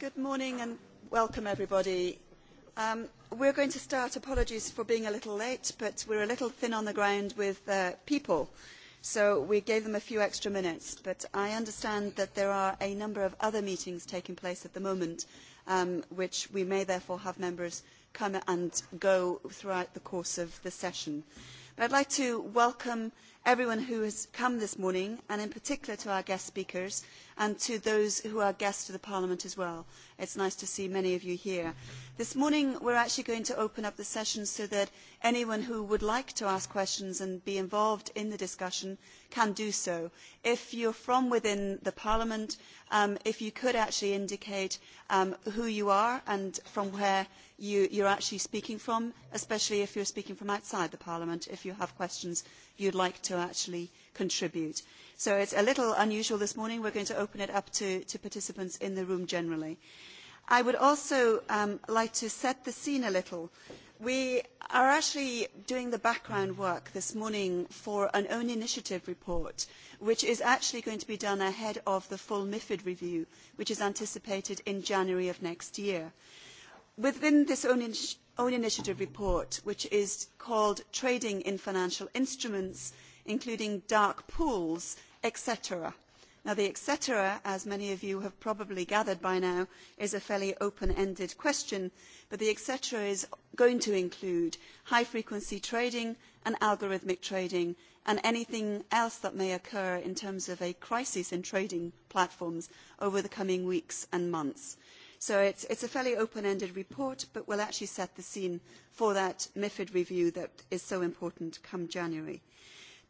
Good morning and welcome everybody. Um, we're going to start, apologies for being a little late, but we're a little thin on the ground with uh, people. So we gave them a few extra minutes, but I understand that there are a number of other meetings taking place at the moment, um, which we may therefore have members come and go throughout the course of the session. But I'd like to welcome everyone who has come this morning, and in particular to our guest speakers and to those who are guests to the Parliament as well. It is nice to see many of you here. This morning we are actually going to open up the session so that anyone who would like to ask questions and be involved in the discussion can do so. If you are from within the Parliament, um, if you could actually indicate um, who you are and from where you, are actually speaking from, especially if you are speaking from outside the Parliament, if you have questions you'd like to actually contribute. So it's a little unusual this morning. We're going to open it up to, to participants in the room generally. I would also um, like to set the scene a little. We are actually doing the background work this morning for an own initiative report, which is actually going to be done ahead of the full MIFID review, which is anticipated in January of next year. Within this own, in own initiative report, which is called Trading in Financial Instruments, including dark pools, etc. Now, the etc., as many of you have probably gathered by now, is a fairly open-ended question, but the etc. is going to include high-frequency trading and algorithmic trading and anything else that may occur in terms of a crisis in trading platforms over the coming weeks and months. So it's, it's a fairly open-ended report, but will actually set the scene for that MIFID review that is so important come January.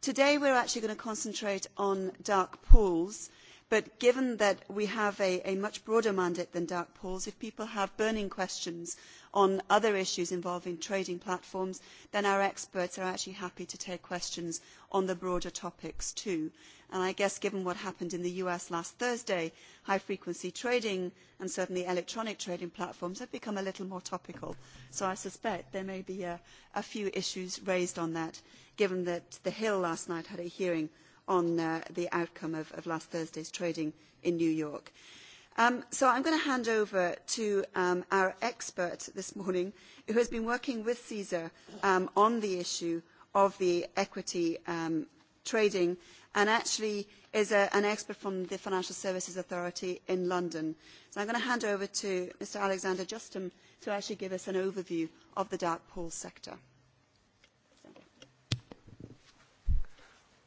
Today we're actually going to concentrate on dark pools, but given that we have a, a much broader mandate than dark pools, if people have burning questions on other issues involving trading platforms, then our experts are actually happy to take questions on the broader topics too. And I guess given what happened in the US last Thursday, high frequency trading and certainly electronic trading platforms have become a little more topical. So I suspect there may be a, a few issues raised on that, given that The Hill last night had a hearing on uh, the outcome of, of last Thursday's trading in New York. Um, so I'm going to hand over to um, our expert this morning, who has been working with CSER um, on the issue of the equity um, trading and actually is a, an expert from the Financial Services Authority in London. So I'm going to hand over to Mr. Alexander Justin to actually give us an overview of the dark pool sector.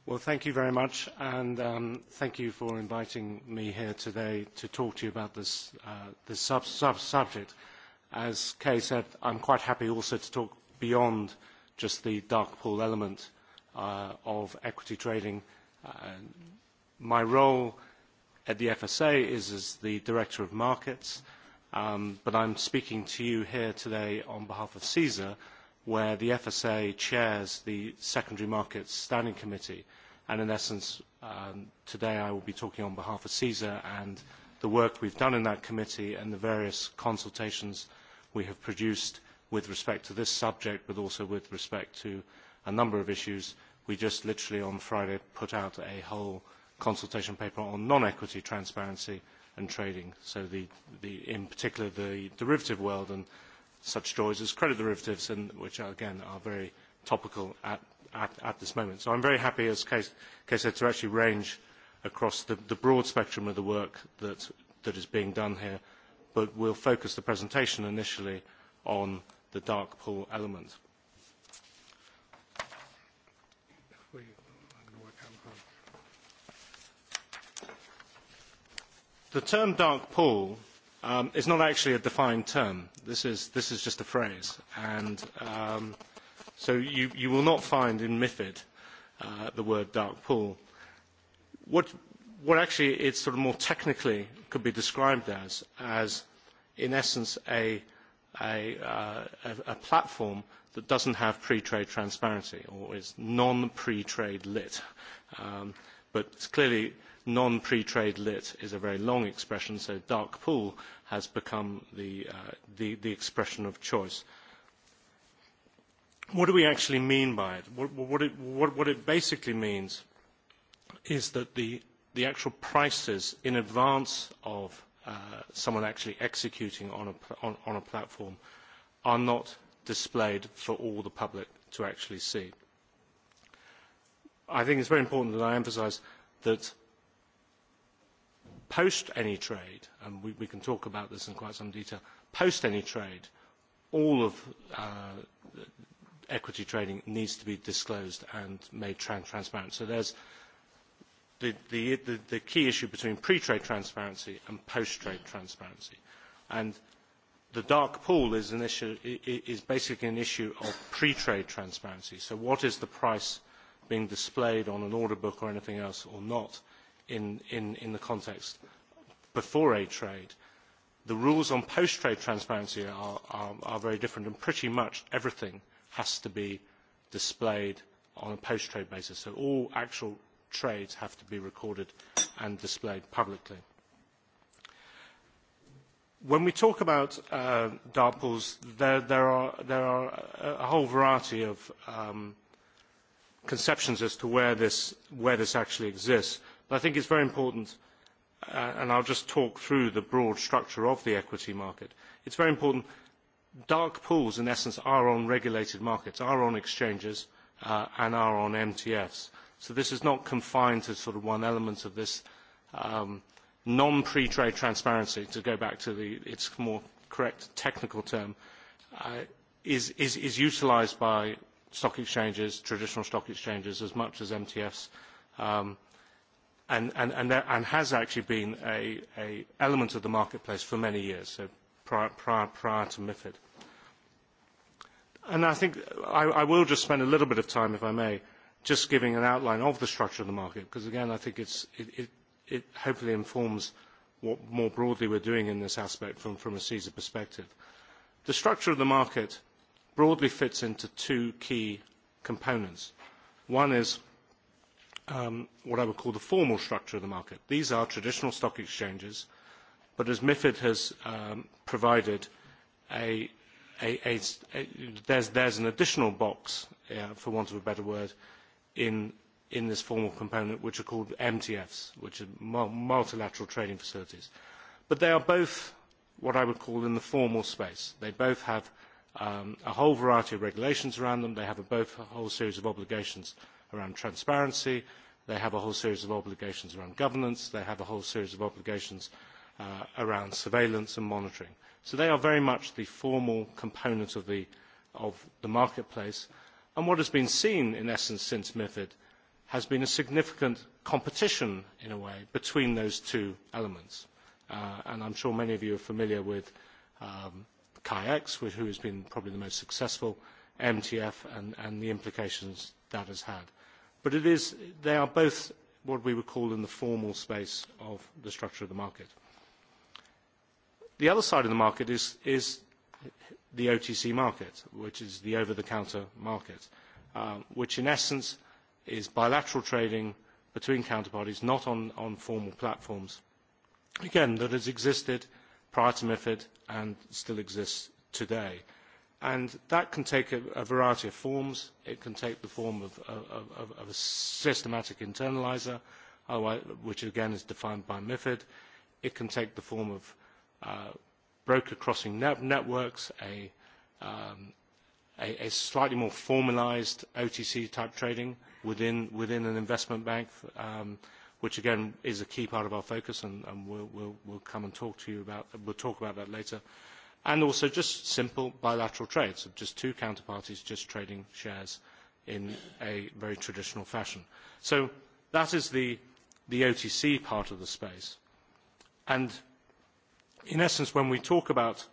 Well, thank you very much, and um, thank you for inviting me here today to talk to you about this, uh, this sub, sub subject. As Kay said, I'm quite happy also to talk beyond just the dark pool element uh, of equity trading Uh, my role at the FSA is as the Director of Markets, um, but I'm speaking to you here today on behalf of CSER, where the FSA chairs the Secondary Markets Standing Committee. And in essence, um, today I will be talking on behalf of CSER and the work we've done in that committee and the various consultations we have produced with respect to this subject, but also with respect to a number of issues We just literally on Friday put out a whole consultation paper on non-equity transparency and trading, so the, the, in particular the derivative world and such joys as credit derivatives, and which are, again are very topical at, at, at this moment. So I'm very happy, as Kay said, to actually range across the, the broad spectrum of the work that, that is being done here, but we'll focus the presentation initially on the dark pool element. The term dark pool um, is not actually a defined term. This is, this is just a phrase. And um, so you, you will not find in MIFID uh, the word dark pool. What, what actually it sort of more technically could be described as, as in essence a, a, uh, a, a platform that doesn't have pre-trade transparency or is non-pre-trade lit. Um, but it's clearly non pre trade lit is a very long expression, so dark pool has become the, uh, the, the expression of choice. What do we actually mean by it? What, what, it, what, what it basically means is that the, the actual prices in advance of uh, someone actually executing on a, on, on a platform are not displayed for all the public to actually see. I think it's very important that I emphasize that post any trade, and we, we can talk about this in quite some detail, post any trade, all of uh, equity trading needs to be disclosed and made tran transparent. So there's the, the, the, the key issue between pre-trade transparency and post-trade transparency. And the dark pool is, an issue, is basically an issue of pre-trade transparency. So what is the price being displayed on an order book or anything else or not? in, in, in the context before aid trade. The rules on post-trade transparency are, are, are very different and pretty much everything has to be displayed on a post-trade basis. So all actual trades have to be recorded and displayed publicly. When we talk about uh, DARPLs, there, there, are, there are a whole variety of um, conceptions as to where this, where this actually exists. But I think it is very important, uh, and I will just talk through the broad structure of the equity market. It is very important. Dark pools, in essence, are on regulated markets, are on exchanges, uh, and are on MTFs. So this is not confined to sort of one element of this um, non-pre-trade transparency, to go back to the, its more correct technical term, uh, is, is, is utilised by stock exchanges, traditional stock exchanges, as much as MTFs. Um, and, and, and, there, and has actually been a, a element of the marketplace for many years, so prior, prior, prior to MIFID. And I think I, I will just spend a little bit of time, if I may, just giving an outline of the structure of the market, because again, I think it's, it, it, it hopefully informs what more broadly we're doing in this aspect from, from a CESA perspective. The structure of the market broadly fits into two key components. One is um, what I would call the formal structure of the market. These are traditional stock exchanges, but as MIFID has um, provided, a, a, a, a, there's, there's an additional box, uh, for want of a better word, in, in this formal component, which are called MTFs, which are multilateral trading facilities. But they are both what I would call in the formal space. They both have um, a whole variety of regulations around them. They have a, both a whole series of obligations around transparency, they have a whole series of obligations around governance, they have a whole series of obligations uh, around surveillance and monitoring. So they are very much the formal component of the, of the marketplace. And what has been seen, in essence, since MIFID has been a significant competition, in a way, between those two elements. Uh, and I'm sure many of you are familiar with um, CAIX, who has been probably the most successful, MTF, and, and the implications that has had but it is, they are both what we would call in the formal space of the structure of the market. The other side of the market is, is the OTC market, which is the over-the-counter market, uh, which in essence is bilateral trading between counterparties, not on, on formal platforms. Again, that has existed prior to MIFID and still exists today. And that can take a, a variety of forms. It can take the form of, of, of a systematic internalizer, which again is defined by MIFID. It can take the form of uh, broker crossing net networks, a, um, a, a slightly more formalized OTC type trading within, within an investment bank, um, which again is a key part of our focus, and, and we'll, we'll, we'll come and talk to you about, we'll talk about that later and also just simple bilateral trades of just two counterparties just trading shares in a very traditional fashion. So that is the, the OTC part of the space. And in essence, when we talk about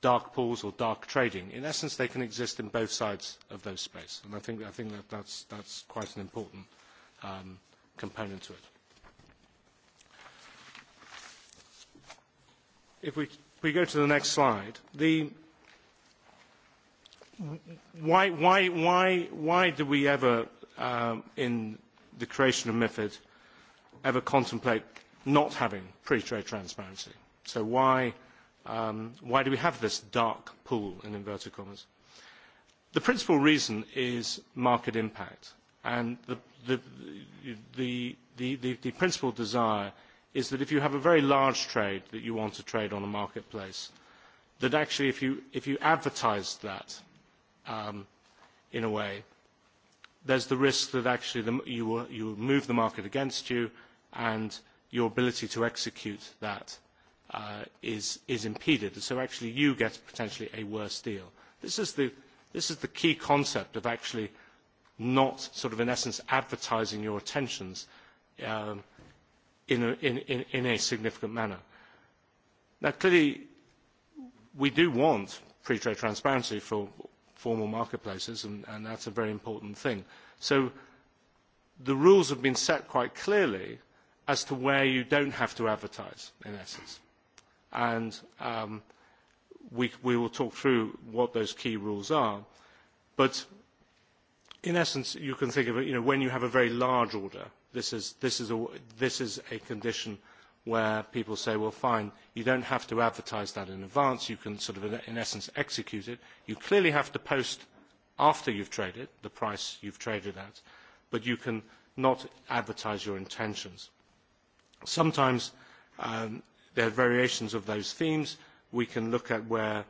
dark pools or dark trading, in essence, they can exist in both sides of those space. And I think, I think that that's, that's quite an important um, component to it. If we we go to the next slide, the, why, why, why, why do we ever, um, in the creation of MIFID, ever contemplate not having pre-trade transparency? So why, um, why do we have this dark pool, in inverted commas? The principal reason is market impact. And the, the, the, the, the, the principal desire is that if you have a very large trade that you want to trade on a marketplace, that actually if you, if you advertise that um, in a way, there's the risk that actually the, you, will, you will move the market against you and your ability to execute that uh, is, is impeded. So actually you get potentially a worse deal. This is the, this is the key concept of actually not sort of in essence advertising your intentions. Um, in a, in, in, in a significant manner. Now, clearly, we do want free trade transparency for formal marketplaces, and, and that's a very important thing. So the rules have been set quite clearly as to where you don't have to advertise, in essence. And um, we, we will talk through what those key rules are. But in essence, you can think of it, you know, when you have a very large order, This is, this is, a, this is a condition where people say, well, fine, you don't have to advertise that in advance. You can sort of, in essence, execute it. You clearly have to post after you've traded, the price you've traded at, but you can not advertise your intentions. Sometimes um, there are variations of those themes. We can look at where,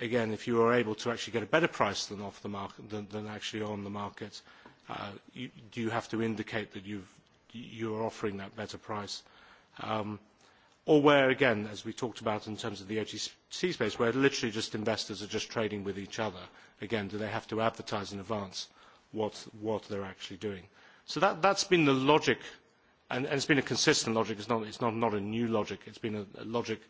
again, if you are able to actually get a better price than off the market, than, than actually on the market, uh, uh, you, do you have to indicate that you've, you're offering that better price? Um, or where, again, as we talked about in terms of the OTC space, where literally just investors are just trading with each other. Again, do they have to advertise in advance what, what they're actually doing? So that, that's been the logic, and, and it's been a consistent logic. It's not, it's not, not a new logic. It's been a, a logic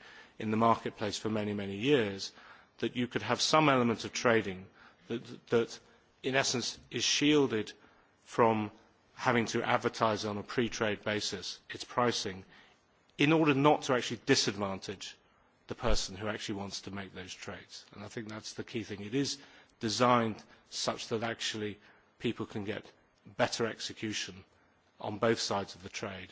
in the marketplace for many, many years that you could have some element of trading that, that in essence, is shielded – from having to advertise on a pre-trade basis its pricing in order not to actually disadvantage the person who actually wants to make those trades. And I think that's the key thing. It is designed such that actually people can get better execution on both sides of the trade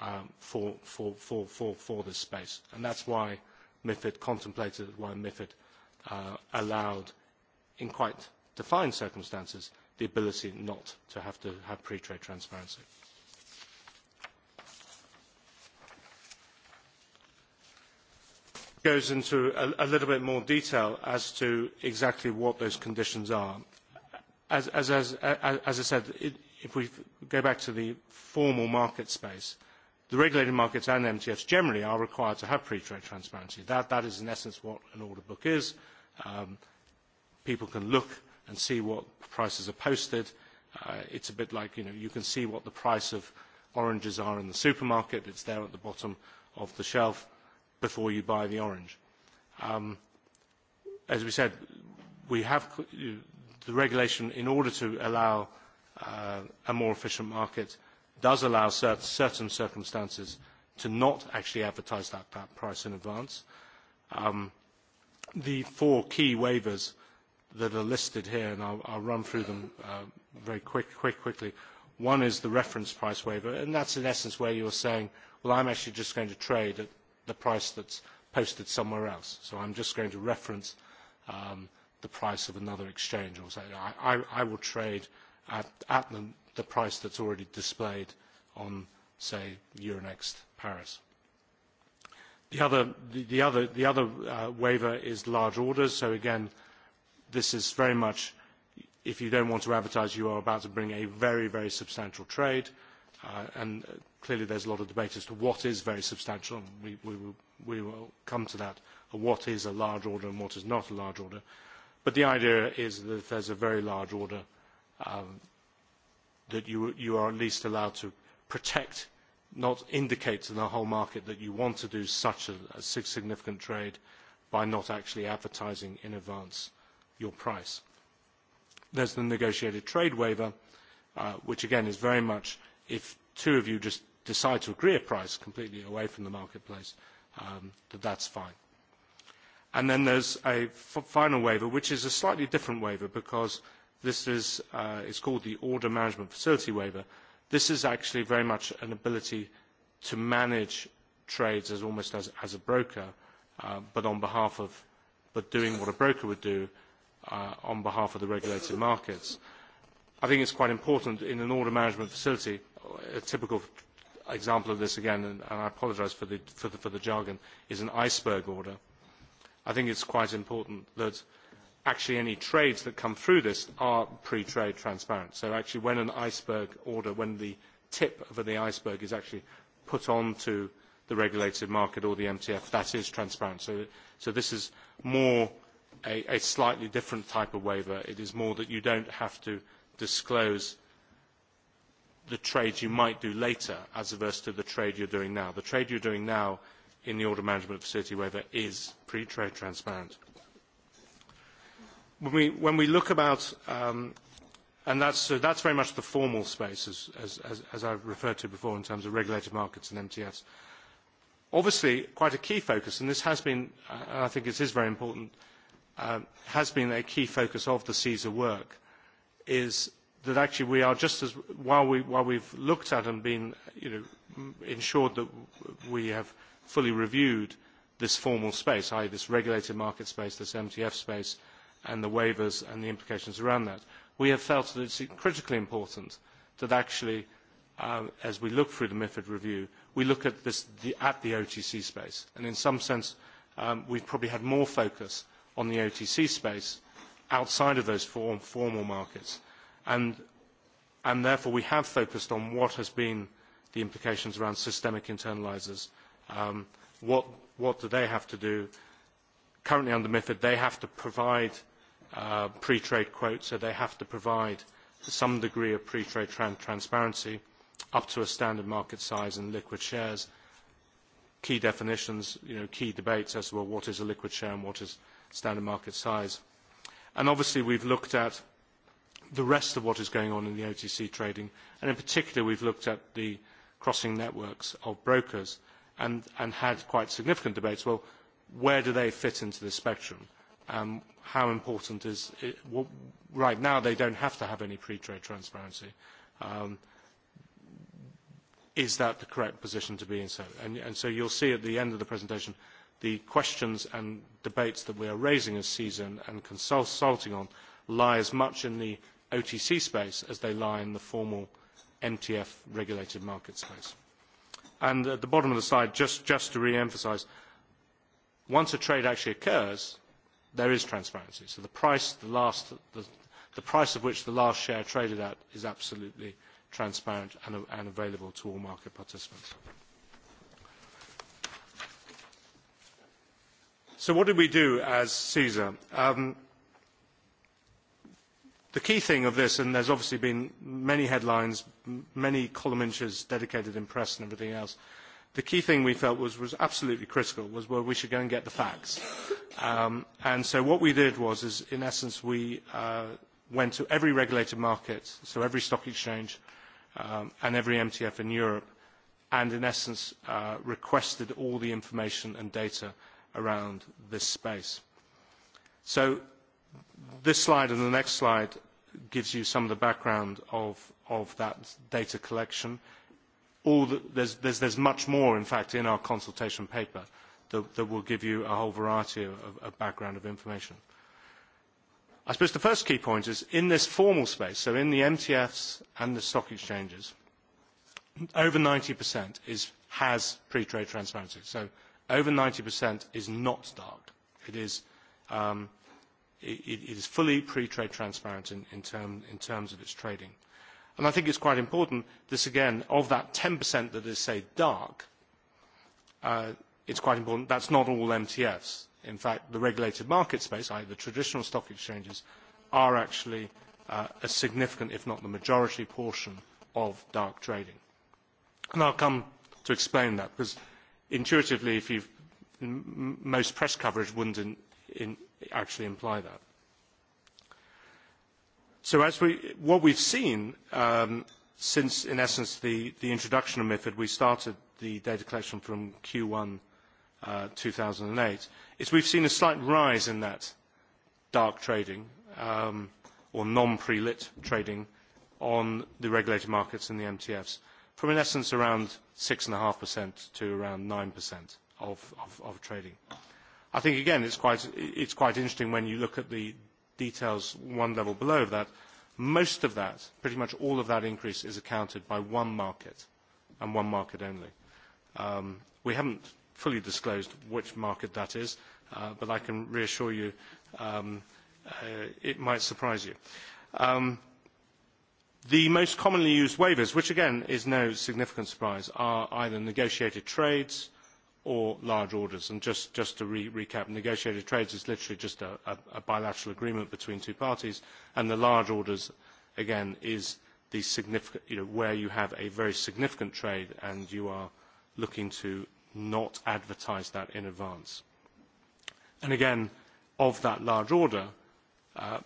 um, for, for, for, for, for this space. And that's why MIFID contemplated, why MIFID uh, allowed, in quite defined circumstances, the ability not to have to have pre-trade transparency. goes into a, a little bit more detail as to exactly what those conditions are. As, as, as, as I said, it, if we go back to the formal market space, the regulated markets and MTFs generally are required to have pre-trade transparency. That, that is in essence what an order book is. Um, people can look and see what prices are posted. Uh, it's a bit like, you know, you can see what the price of oranges are in the supermarket. It's there at the bottom of the shelf before you buy the orange. Um, as we said, we have the regulation in order to allow uh, a more efficient market does allow cert certain circumstances to not actually advertise that, that price in advance. Um, the four key waivers that are listed here, and I'll, I'll run through them uh, very quick, quick, quickly. One is the reference price waiver, and that's in essence where you're saying, well, I'm actually just going to trade at the price that's posted somewhere else. So I'm just going to reference um, the price of another exchange. Or say, I, I, I will trade at, at the, the price that's already displayed on, say, Euronext Paris. The other, the, the other, the other uh, waiver is large orders. So again, this is very much, if you don't want to advertise, you are about to bring a very, very substantial trade. Uh, and uh, clearly there's a lot of debate as to what is very substantial. And we, we, will, we will come to that, what is a large order and what is not a large order. But the idea is that if there's a very large order, um, that you, you are at least allowed to protect, not indicate to the whole market that you want to do such a, a significant trade by not actually advertising in advance. Uh, your price. There's the negotiated trade waiver, uh, which again is very much if two of you just decide to agree a price completely away from the marketplace, um, that that's fine. And then there's a f final waiver, which is a slightly different waiver because this is uh, it's called the order management facility waiver. This is actually very much an ability to manage trades as almost as, as a broker, uh, but on behalf of, but doing what a broker would do uh, on behalf of the regulated markets. I think it's quite important in an order management facility, a typical example of this again, and, I apologise for the, for, the, for the jargon, is an iceberg order. I think it's quite important that actually any trades that come through this are pre-trade transparent. So actually when an iceberg order, when the tip of the iceberg is actually put onto the regulated market or the MTF, that is transparent. So, so this is more a, a slightly different type of waiver. It is more that you don't have to disclose the trade you might do later as opposed to the trade you're doing now. The trade you're doing now in the order management facility waiver is pre-trade transparent. When we, when we look about, um, and that's, so that's very much the formal space as, as, as, as I've referred to before in terms of regulated markets and MTS. Obviously, quite a key focus, and this has been, uh, and I think it is very important, Um, has been a key focus of the CSER work is that actually we are just as, while, we, while we've looked at and been, you know, ensured that we have fully reviewed this formal space, i.e. this regulated market space, this MTF space, and the waivers and the implications around that, we have felt that it is critically important that actually, uh, as we look through the MIFID review, we look at this the, at the OTC space. And in some sense, um, we've probably had more focus on the OTC space outside of those form, formal markets. And, and therefore we have focused on what has been the implications around systemic internalisers. Um, what, what do they have to do? Currently under MIFID, they have to provide uh, pre-trade quotes, so they have to provide some degree of pre-trade tran transparency up to a standard market size and liquid shares. Key definitions, you know, key debates as to well, what is a liquid share and what is standard market size. And obviously we've looked at the rest of what is going on in the OTC trading, and in particular we've looked at the crossing networks of brokers and, and had quite significant debates. Well, where do they fit into the spectrum? Um, how important is it? Well, right now they don't have to have any pre-trade transparency. Um, is that the correct position to be in? So, and, and so you'll see at the end of the presentation the questions and debates that we are raising as season and consulting on lie as much in the OTC space as they lie in the formal MTF regulated market space. And at the bottom of the slide, just, just to re-emphasize, once a trade actually occurs, there is transparency. So the price, the, last, the, the price of which the last share traded at is absolutely transparent and, and available to all market participants. So what did we do as CSER? Um, the key thing of this, and there's obviously been many headlines, many column inches dedicated in press and everything else, the key thing we felt was, was absolutely critical was where we should go and get the facts. Um, and so what we did was, is in essence, we uh, went to every regulated market, so every stock exchange um, and every MTF in Europe, and in essence uh, requested all the information and data around this space. So this slide and the next slide gives you some of the background of, of that data collection. All the, there's, there's, there's much more, in fact, in our consultation paper that, that will give you a whole variety of, of background of information. I suppose the first key point is in this formal space, so in the MTFs and the stock exchanges, over 90% is, has pre-trade transparency. So Over 90% is not dark. It is, um, it, it is fully pre-trade transparent in, in, term, in terms of its trading. And I think it's quite important, this again, of that 10% that is, say, dark, uh, it's quite important, that's not all MTFs. In fact, the regulated market space, i.e. the traditional stock exchanges, are actually uh, a significant, if not the majority portion, of dark trading. And I'll come to explain that, because intuitively, if you've, most press coverage wouldn't in, in actually imply that. So as we, what we've seen um, since, in essence, the, the introduction of MIFID, we started the data collection from Q1 uh, 2008, is we've seen a slight rise in that dark trading um, or non-pre-lit trading on the regulated markets and the MTFs from in essence around 6.5% to around 9% of, of, of trading. I think again it's quite, it's quite interesting when you look at the details one level below of that. Most of that, pretty much all of that increase is accounted by one market and one market only. Um, we haven't fully disclosed which market that is, uh, but I can reassure you um, uh, it might surprise you. Um, The most commonly used waivers, which again is no significant surprise, are either negotiated trades or large orders. And just, just to re recap, negotiated trades is literally just a, a, a bilateral agreement between two parties, and the large orders, again, is the significant, you know, where you have a very significant trade and you are looking to not advertise that in advance. And again, of that large order, uh,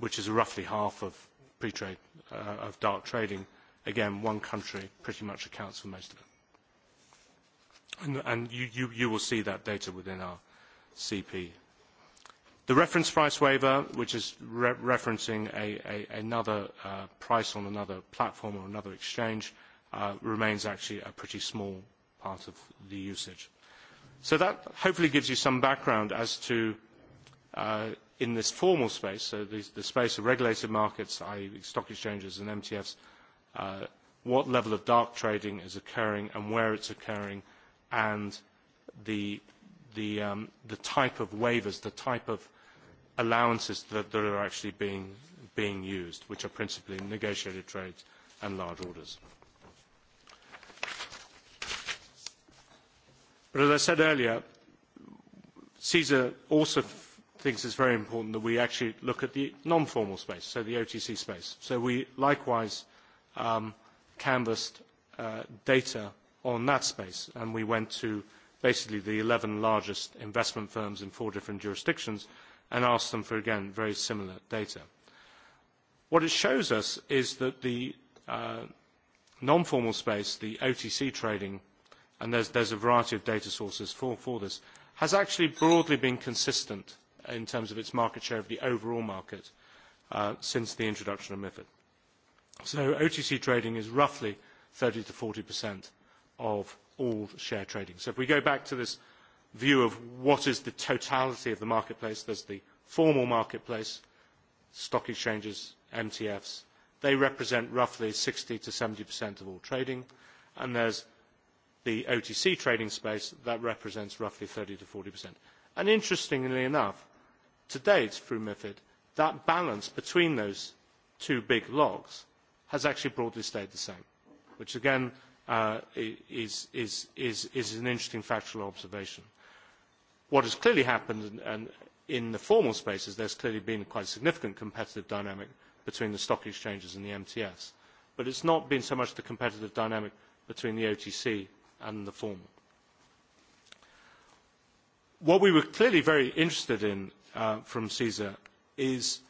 which is roughly half of pre-trade, uh, of dark trading, again, one country pretty much accounts for most of it. And, and you, you, you will see that data within our CP. The reference price waiver, which is re referencing a, a, another uh, price on another platform or another exchange, uh, remains actually a pretty small part of the usage. So that hopefully gives you some background as to uh, in this formal space, so the, the space of regulated markets, i.e. stock exchanges and MTFs, uh, what level of dark trading is occurring and where it's occurring, and the, the, um, the type of waivers, the type of allowances that, that are actually being, being used, which are principally negotiated trades and large orders. But as I said earlier, CESA also thinks it's very important that we actually look at the non-formal space, so the OTC space. So we likewise um, canvassed uh, data on that space, and we went to basically the 11 largest investment firms in four different jurisdictions and asked them for, again, very similar data. What it shows us is that the uh, non-formal space, the OTC trading, and there's, there's a variety of data sources for, for this, has actually broadly been consistent in terms of its market share of the overall market uh, since the introduction of MIFID. So OTC trading is roughly 30 to 40% of all share trading. So if we go back to this view of what is the totality of the marketplace, there's the formal marketplace, stock exchanges, MTFs, they represent roughly 60 to 70% of all trading, and there's the OTC trading space that represents roughly 30 to 40%. And interestingly enough, to date through MIFID, that balance between those two big logs has actually broadly stayed the same, which again uh, is, is, is, is an interesting factual observation. What has clearly happened and, in the formal spaces, there's clearly been quite a significant competitive dynamic between the stock exchanges and the MTS, but it's not been so much the competitive dynamic between the OTC and the formal. What we were clearly very interested in uh, from CISA is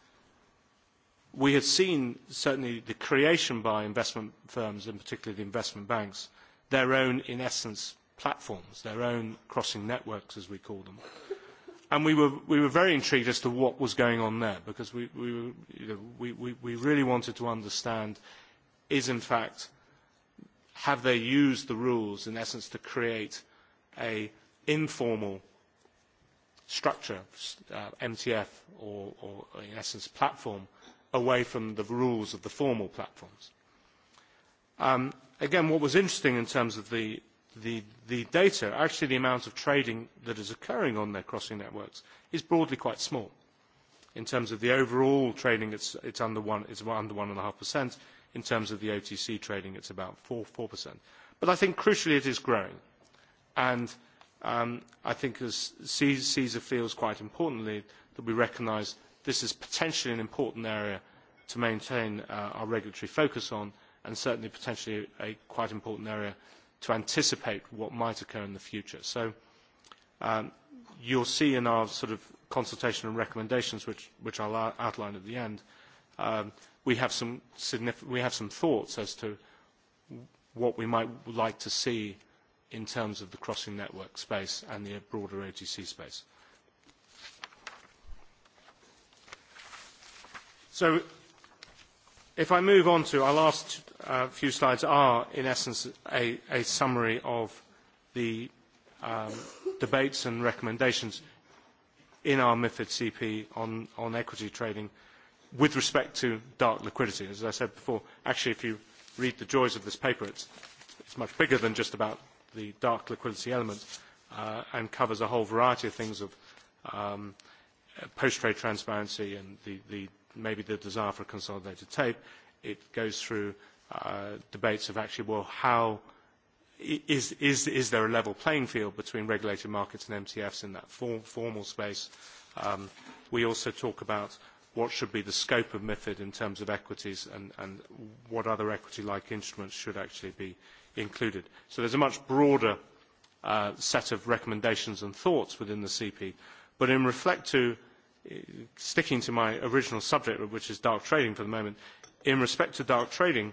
we had seen certainly the creation by investment firms and particularly the investment banks their own in essence platforms, their own crossing networks as we call them. And we were, we were very intrigued as to what was going on there because we, we, were, you know, we, we, we really wanted to understand is in fact have they used the rules in essence to create an informal structure, uh, MTF or, or in essence platform, away from the rules of the formal platforms. Um, again, what was interesting in terms of the, the, the data, actually the amount of trading that is occurring on their crossing networks is broadly quite small. In terms of the overall trading, it's, it's under one, it's under one and a half percent. In terms of the OTC trading, it's about four, four percent. But I think crucially, it is growing. And um, I think as CESA feels quite importantly that we recognise this is potentially an important area to maintain uh, our regulatory focus on and certainly potentially a quite important area to anticipate what might occur in the future. So um, you'll see in our sort of consultation and recommendations, which, which I'll outline at the end, um, we, have some we have some thoughts as to what we might like to see in terms of the crossing network space and the broader OTC space. So if I move on to, our last uh, few slides are in essence a, a summary of the um, debates and recommendations in our MIFID CP on, on equity trading with respect to dark liquidity. As I said before, actually if you read the joys of this paper, it's, it's much bigger than just about the dark liquidity element uh, and covers a whole variety of things of um, post-trade transparency and the, the, maybe the desire for a consolidated tape. It goes through uh, debates of actually, well, how is, is, is there a level playing field between regulated markets and MTFs in that for, formal space? Um, we also talk about what should be the scope of MIFID in terms of equities and, and what other equity-like instruments should actually be uh, included. So there is a much broader uh, set of recommendations and thoughts within the CP. But in reflect to uh, sticking to my original subject, which is dark trading for the moment, in respect to dark trading,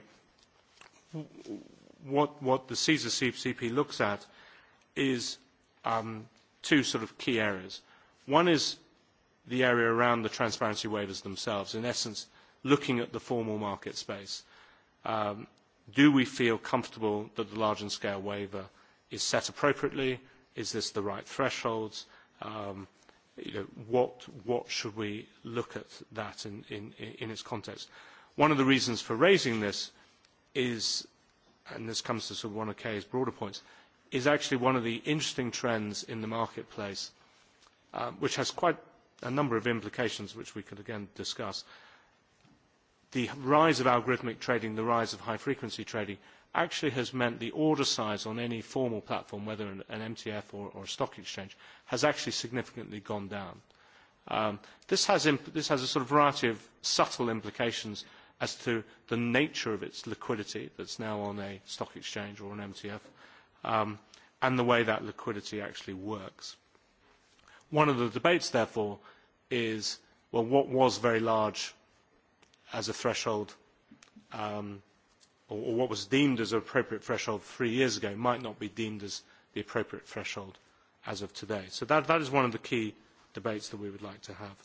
what, what the CSER CP looks at is um, two sort of key areas. One is the area around the transparency waivers themselves, in essence, looking at the formal market space. Um, do we feel comfortable that the large and scale waiver is set appropriately? Is this the right thresholds? Um, you know, what, what should we look at that in, in, in its context? One of the reasons for raising this is, and this comes to sort of one of Kay's broader points, is actually one of the interesting trends in the marketplace, uh, which has quite a number of implications which we could again discuss the rise of algorithmic trading, the rise of high-frequency trading, actually has meant the order size on any formal platform, whether an, an MTF or, or a stock exchange, has actually significantly gone down. Um, this, has imp this has a sort of variety of subtle implications as to the nature of its liquidity that's now on a stock exchange or an MTF, um, and the way that liquidity actually works. One of the debates, therefore, is, well, what was very large as a threshold um, or, or what was deemed as an appropriate threshold three years ago might not be deemed as the appropriate threshold as of today. So that, that is one of the key debates that we would like to have.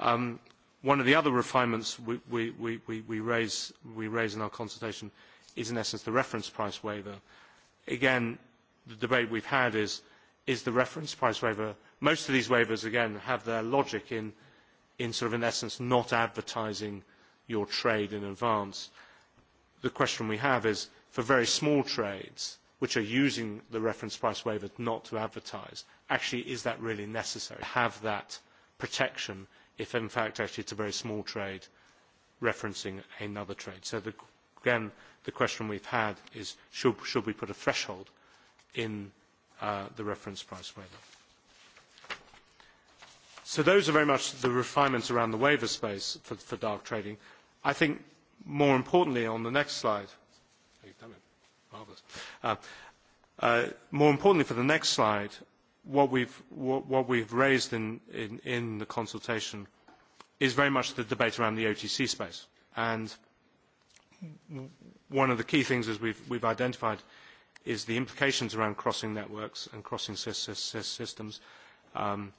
Um, one of the other refinements we, we, we, we, raise, we raise in our consultation is in essence the reference price waiver. Again, the debate we've had is, is the reference price waiver, most of these waivers again have their logic in, in sort of in essence not advertising uh, your trade in advance. The question we have is for very small trades which are using the reference price waiver not to advertise, actually is that really necessary? to Have that protection if in fact actually it's a very small trade referencing another trade. So the, again, the question we've had is should, should we put a threshold in uh, the reference price waiver? So those are very much the refinements around the waiver space for, for dark trading. I think more importantly on the next slide, marvellous. Uh, uh, more importantly for the next slide, what we've, what, what we've raised in, in, in the consultation is very much the debate around the OTC space. And one of the key things as we've, we've identified is the implications around crossing networks and crossing systems. Um,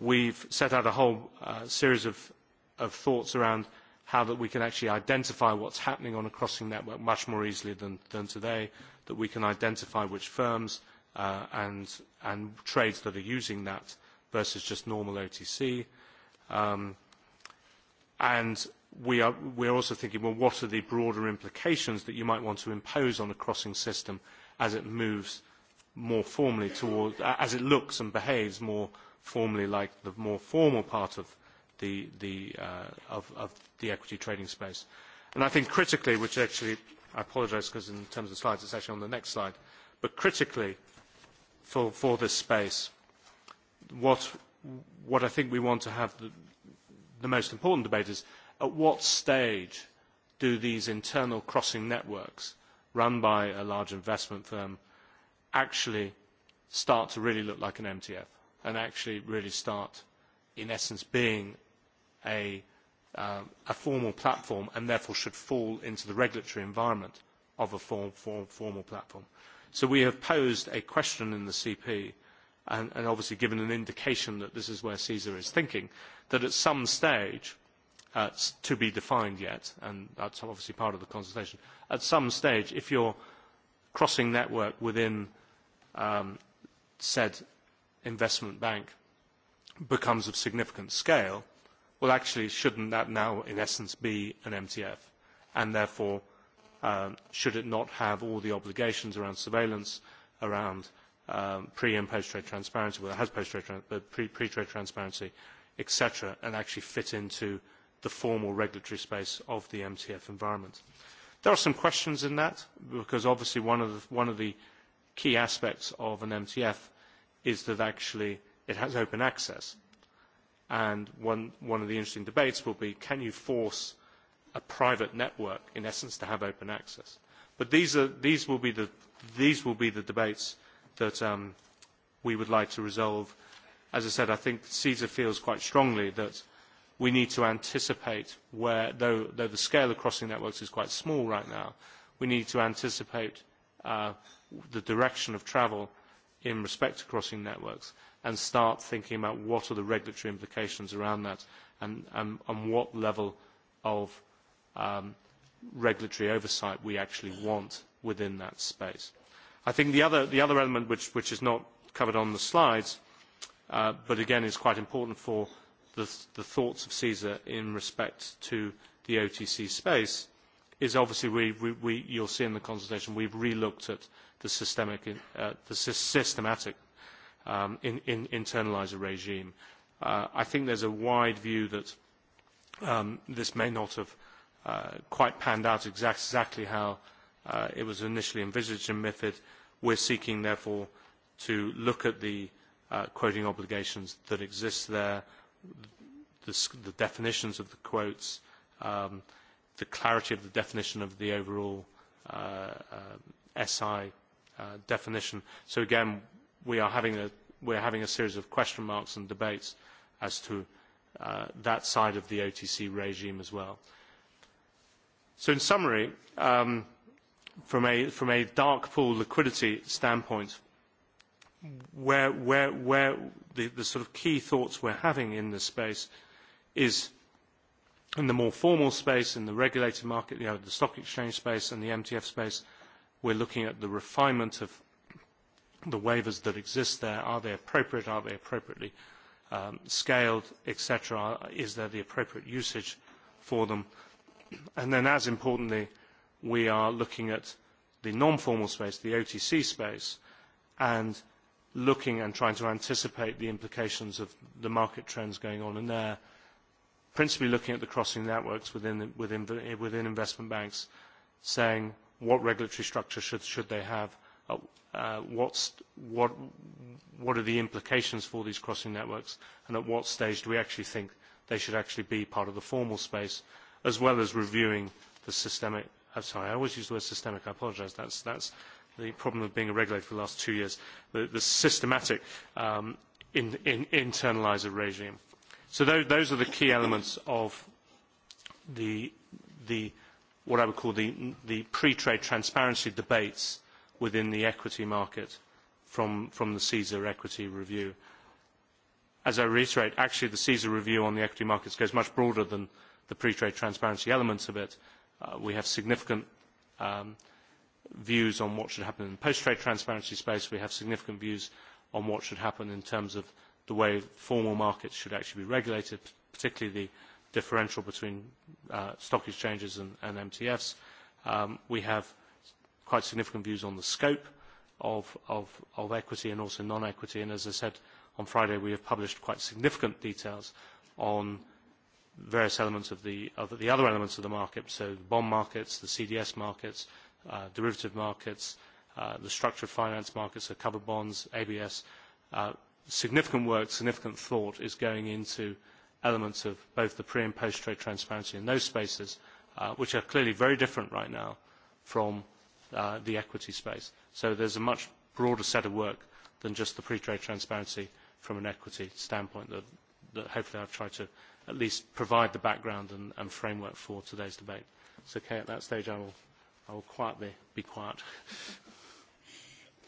we've set out a whole uh, series of, of thoughts around – how that we can actually identify what's happening on a crossing network much more easily than, than today, that we can identify which firms uh, and, and trades that are using that versus just normal OTC. Um, and we are, we are also thinking, well, what are the broader implications that you might want to impose on a crossing system as it moves more formally towards, as it looks and behaves more formally like the more formal part of the, the, uh, of, of the equity trading space. And I think critically, which actually, I apologise because in terms of slides, it's actually on the next slide, but critically for, for this space, what, what I think we want to have the, the most important debate is at what stage do these internal crossing networks run by a large investment firm actually start to really look like an MTF and actually really start in essence being a, um, a formal platform and therefore should fall into the regulatory environment of a form, form, formal platform. So we have posed a question in the CP and, and obviously given an indication that this is where CSER is thinking, that at some stage, uh, to be defined yet, and that's obviously part of the consultation, at some stage, if you're crossing network within um, said investment bank becomes of significant scale, well, actually, shouldn't that now, in essence, be an MTF? And therefore, um, should it not have all the obligations around surveillance, around um, pre and post-trade transparency, well, it has post-trade, tran but pre-trade transparency, etc., and actually fit into the formal regulatory space of the MTF environment. There are some questions in that, because obviously one of the, one of the key aspects of an MTF is that actually it has open access. And one, one of the interesting debates will be, can you force a private network, in essence, to have open access? But these, are, these, will, be the, these will be the debates that um, we would like to resolve. As I said, I think CESA feels quite strongly that we need to anticipate where, though, though the scale of crossing networks is quite small right now, we need to anticipate uh, the direction of travel in respect to crossing networks and start thinking about what are the regulatory implications around that and, and, um, and what level of um, regulatory oversight we actually want within that space. I think the other, the other element which, which is not covered on the slides, uh, but again is quite important for the, the thoughts of CESA in respect to the OTC space, is obviously we, we, we you'll see in the consultation we've relooked at the systemic, uh, the systematic um, in, in, internalise a regime. Uh, I think there's a wide view that um, this may not have uh, quite panned out exact, exactly how uh, it was initially envisaged in MIFID. We're seeking, therefore, to look at the uh, quoting obligations that exist there, the, the definitions of the quotes, um, the clarity of the definition of the overall uh, uh, um, SI uh, definition. So again, we are having a, are having a series of question marks and debates as to uh, that side of the OTC regime as well. So in summary, um, from, a, from a dark pool liquidity standpoint, where, where, where the, the sort of key thoughts we're having in this space is in the more formal space, in the regulated market, you know, the stock exchange space and the MTF space, we're looking at the refinement of the waivers that exist there, are they appropriate, are they appropriately um, scaled, etc., is there the appropriate usage for them. And then as importantly, we are looking at the non-formal space, the OTC space, and looking and trying to anticipate the implications of the market trends going on in there, principally looking at the crossing networks within, within, within investment banks, saying what regulatory structure should, should they have, Uh, uh, what's, what, what are the implications for these crossing networks and at what stage do we actually think they should actually be part of the formal space as well as reviewing the systemic I'm uh, sorry, I always use the word systemic, I apologise, that's, that's the problem of being a regulator for the last two years, the, the systematic um, in, in, internalizer regime. So those, those are the key elements of the, the, what I would call the, the pre-trade transparency debates within the equity market from, from the CSER equity review. As I reiterate, actually the CSER review on the equity markets goes much broader than the pre-trade transparency elements of it. Uh, we have significant um, views on what should happen in the post-trade transparency space. We have significant views on what should happen in terms of the way formal markets should actually be regulated, particularly the differential between uh, stock exchanges and, and MTFs. Um, we have quite significant views on the scope of, of, of equity and also non-equity. And as I said, on Friday we have published quite significant details on various elements of the, of the other elements of the market, so the bond markets, the CDS markets, uh, derivative markets, uh, the structured finance markets, so covered bonds, ABS. Uh, significant work, significant thought is going into elements of both the pre and post-trade transparency in those spaces, uh, which are clearly very different right now from Uh, the equity space. So there's a much broader set of work than just the pre-trade transparency from an equity standpoint that, that hopefully I've tried to at least provide the background and, and framework for today's debate. So Kay, at that stage I will, I will quietly be quiet.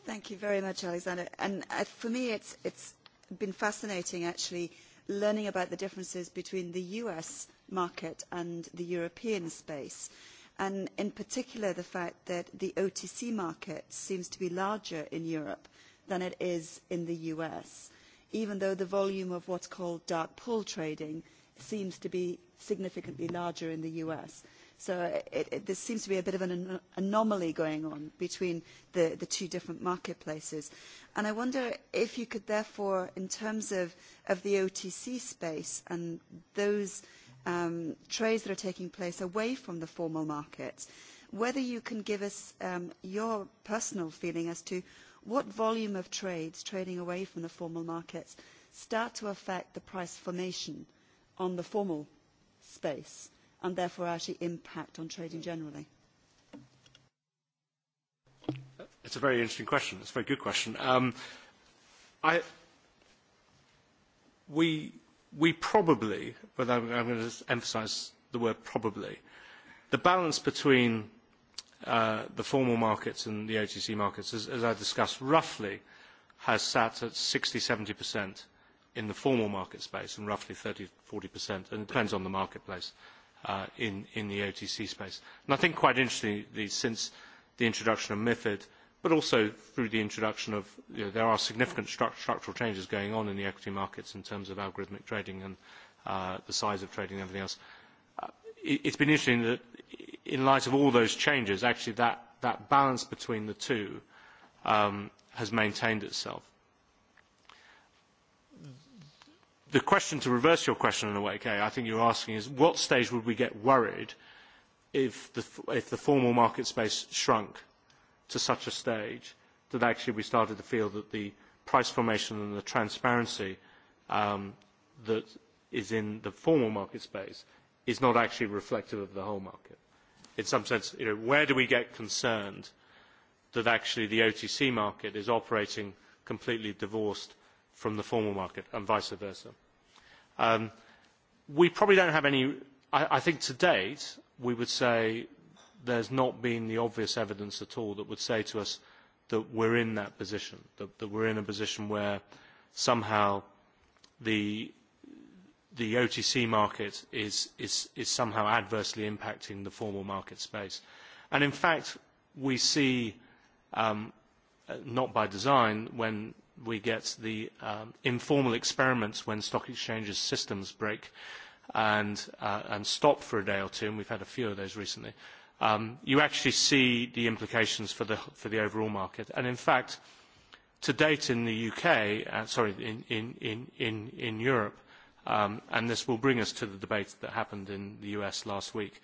Thank you very much, Alexander. And uh, for me, it's, it's been fascinating actually learning about the differences between the US market and the European space and in particular the fact that the OTC market seems to be larger in Europe than it is in the US, even though the volume of what's called dark pool trading seems to be significantly larger in the US. So it, it, there seems to be a bit of an, an anomaly going on between the, the two different marketplaces. And I wonder if you could therefore, in terms of, of the OTC space and those – um, trades that are taking place away from the formal market, whether you can give us um, your personal feeling as to what volume of trades trading away from the formal markets start to affect the price formation on the formal space and therefore actually impact on trading generally? It's a very interesting question. It's a very good question. Um, I, we we probably, but I'm, am going to emphasise the word probably, the balance between uh, the formal markets and the OTC markets, as, as I discussed, roughly has sat at 60-70% in the formal market space and roughly 30-40%, and it depends on the marketplace, uh, in, in the OTC space. And I think quite interestingly, since the introduction of MIFID, but also through the introduction of, you know, there are significant stru structural changes going on in the equity markets in terms of algorithmic trading and uh, the size of trading and everything else. Uh, it, it's been interesting that in light of all those changes, actually that, that balance between the two um, has maintained itself. The question to reverse your question in a way, Kay, I think you're asking is what stage would we get worried if the, if the formal market space shrunk to such a stage that actually we started to feel that the price formation and the transparency um, that is in the formal market space is not actually reflective of the whole market. In some sense, you know, where do we get concerned that actually the OTC market is operating completely divorced from the formal market and vice versa? Um, we probably don't have any, I, I think to date, we would say there's not been the obvious evidence at all that would say to us that we're in that position, that, that we're in a position where somehow the, the OTC market is, is, is somehow adversely impacting the formal market space. And in fact, we see, um, not by design, when we get the um, informal experiments when stock exchanges systems break and, uh, and stop for a day or two, and we've had a few of those recently, um, you actually see the implications for the, for the overall market. And in fact, to date in the UK, uh, sorry, in, in, in, in, in Europe, um, and this will bring us to the debate that happened in the US last week,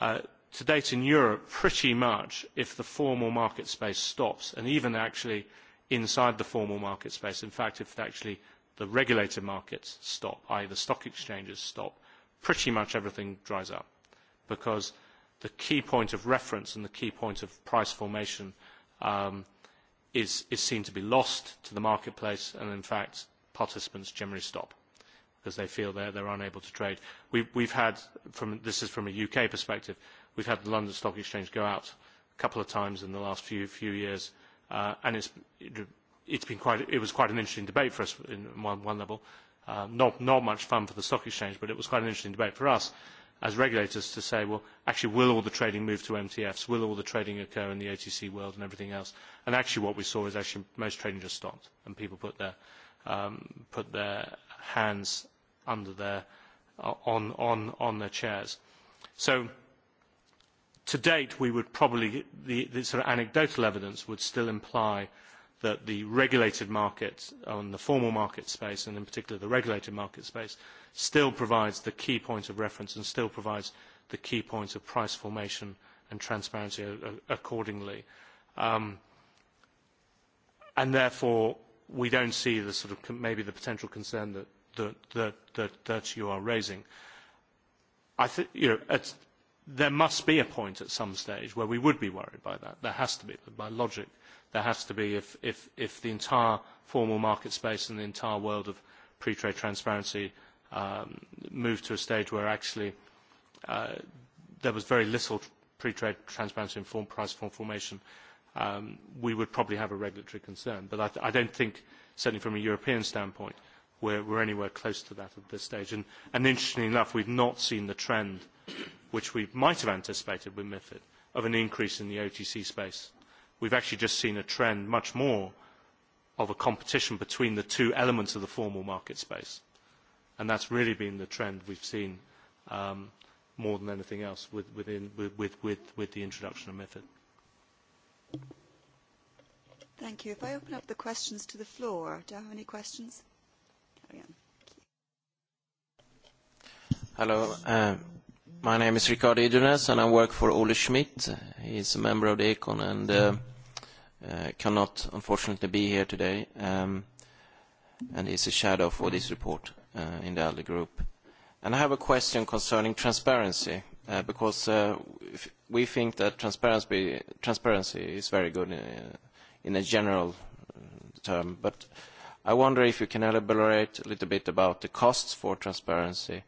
uh, to date in Europe, pretty much if the formal market space stops, and even actually inside the formal market space, in fact, if actually the regulated markets stop, i.e. the stock exchanges stop, pretty much everything dries up because – the key point of reference and the key point of price formation um, is, is seen to be lost to the marketplace and in fact participants generally stop because they feel they're, they're unable to trade. We've, we've had, from, this is from a UK perspective, we've had the London Stock Exchange go out a couple of times in the last few, few years uh, and it's, it, it's been quite, it was quite an interesting debate for us in one, one level. Uh, not, not much fun for the stock exchange, but it was quite an interesting debate for us as regulators to say, well, actually, will all the trading move to MTFs? Will all the trading occur in the OTC world and everything else? And actually what we saw is actually most trading just stopped and people put their, um, put their hands under their, uh, on, on, on their chairs. So to date, we would probably, the, the sort of anecdotal evidence would still imply that the regulated market on the formal market space and in particular the regulated market space still provides the key point of reference and still provides the key point of price formation and transparency accordingly. Um, and therefore we don't see the sort of maybe the potential concern that, that, that, that, that you are raising. I think you know, at, there must be a point at some stage where we would be worried by that. There has to be, by logic there has to be if, if, if the entire formal market space and the entire world of pre-trade transparency um, moved to a stage where actually uh, there was very little pre-trade transparency and form, price form formation, um, we would probably have a regulatory concern. But I, I don't think, certainly from a European standpoint, we're, we're anywhere close to that at this stage. And, and interestingly enough, we've not seen the trend, which we might have anticipated with MIFID, of an increase in the OTC space we have actually just seen a trend much more of a competition between the two elements of the formal market space. And that's really been the trend we've seen um, more than anything else with, within, with, with, with, with the introduction of MIFID. Thank you. If I open up the questions to the floor, do I have any questions? Carry on. Hello, um, My name is Ricardo Idrunes and I work for Ole Schmidt. He is a member of the ECON and uh, uh, cannot unfortunately be here today. Um, and he's a shadow for this report uh, in the ALDE group. And I have a question concerning transparency uh, because uh, we think that transparency, transparency is very good in, uh, in a general uh, term, but I wonder if you can elaborate a little bit about the costs for transparency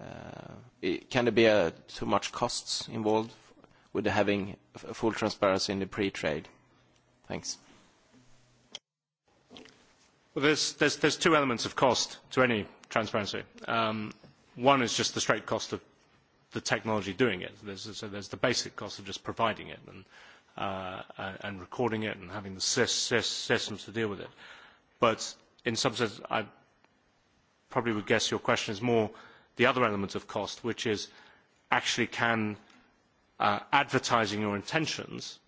uh, can there be a, too much costs involved with having a full transparency in the pre-trade? Thanks. Well, there's, there's, there's two elements of cost to any transparency. Um, one is just the straight cost of the technology doing it. There's, so there's the basic cost of just providing it and, uh, uh and recording it and having the systems to deal with it. But in some sense, I probably would guess your question is more – the other element of cost, which is actually can uh, advertising your intentions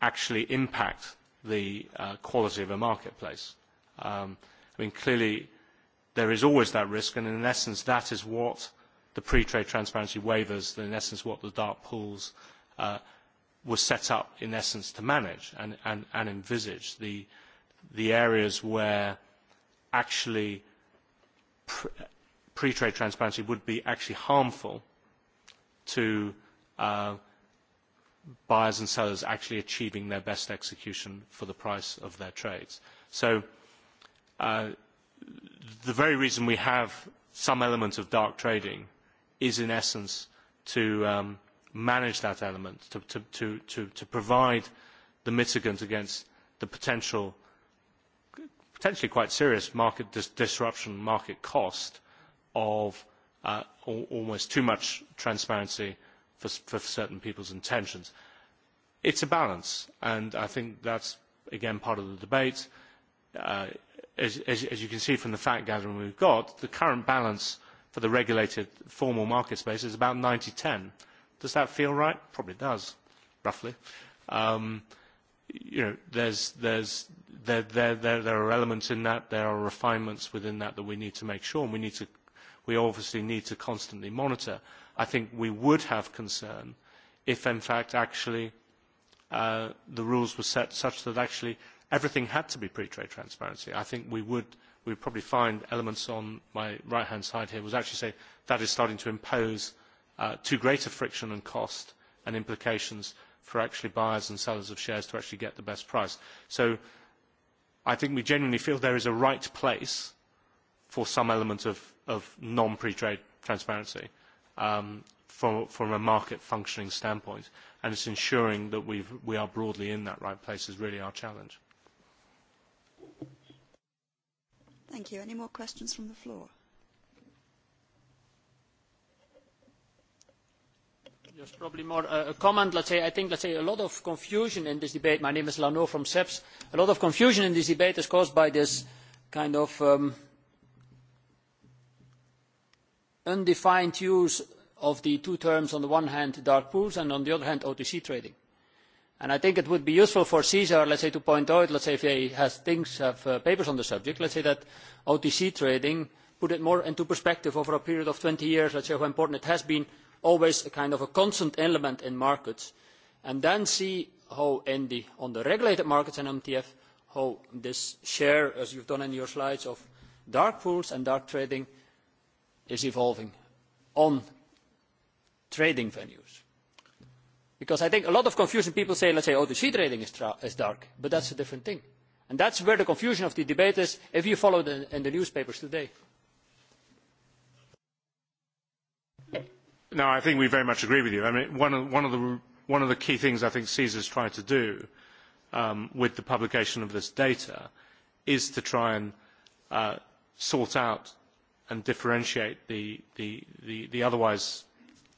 actually impact the uh, quality of a marketplace. Um, I mean, clearly, there is always that risk, and in essence, that is what the pre-trade transparency waivers, in essence, what the dark pools uh, were set up, in essence, to manage and, and, and envisage the, the areas where actually pre-trade transparency would be actually harmful to uh, buyers and sellers actually achieving their best execution for the price of their trades. So uh, the very reason we have some element of dark trading is in essence to um, manage that element, to, to, to, to, to provide the mitigant against the potential, potentially quite serious market dis disruption, market cost of uh, almost too much transparency for, for certain people's intentions. It's a balance, and I think that's, again, part of the debate. Uh, as, as, as you can see from the fact gathering we've got, the current balance for the regulated formal market space is about 90-10. Does that feel right? Probably does, roughly. Um, you know, there's, there's, there, there, there, there are elements in that, there are refinements within that that we need to make sure, and we need to we obviously need to constantly monitor. I think we would have concern if in fact actually uh, the rules were set such that actually everything had to be pre-trade transparency. I think we would we would probably find elements on my right-hand side here was actually say that is starting to impose uh, too great a friction and cost and implications for actually buyers and sellers of shares to actually get the best price. So I think we genuinely feel there is a right place for some element of of non-pre-trade transparency um, from, from a market functioning standpoint. And it's ensuring that we've, we are broadly in that right place is really our challenge. Thank you. Any more questions from the floor? Just probably more uh, a comment, let's say, I think, let's say, a lot of confusion in this debate. My name is Lano from SEPS. E a lot of confusion in this debate is caused by this kind of um, undefined use of the two terms on the one hand dark pools and on the other hand OTC trading. And I think it would be useful for CSER, let's say, to point out, let's say if he has things, have uh, papers on the subject, let's say that OTC trading, put it more into perspective over a period of 20 years, let's say how important it has been, always a kind of a constant element in markets, and then see how in the, on the regulated markets and MTF, how this share, as you've done in your slides, of dark pools and dark trading is evolving on trading venues. Because I think a lot of confusion, people say, let's say OTC oh, trading is, is dark, but that's a different thing. And that's where the confusion of the debate is if you follow the, in the newspapers today. No, I think we very much agree with you. I mean, one of, one of, the, one of the key things I think CSER's tried to do um, with the publication of this data is to try and uh, sort out and differentiate the, the, the, the otherwise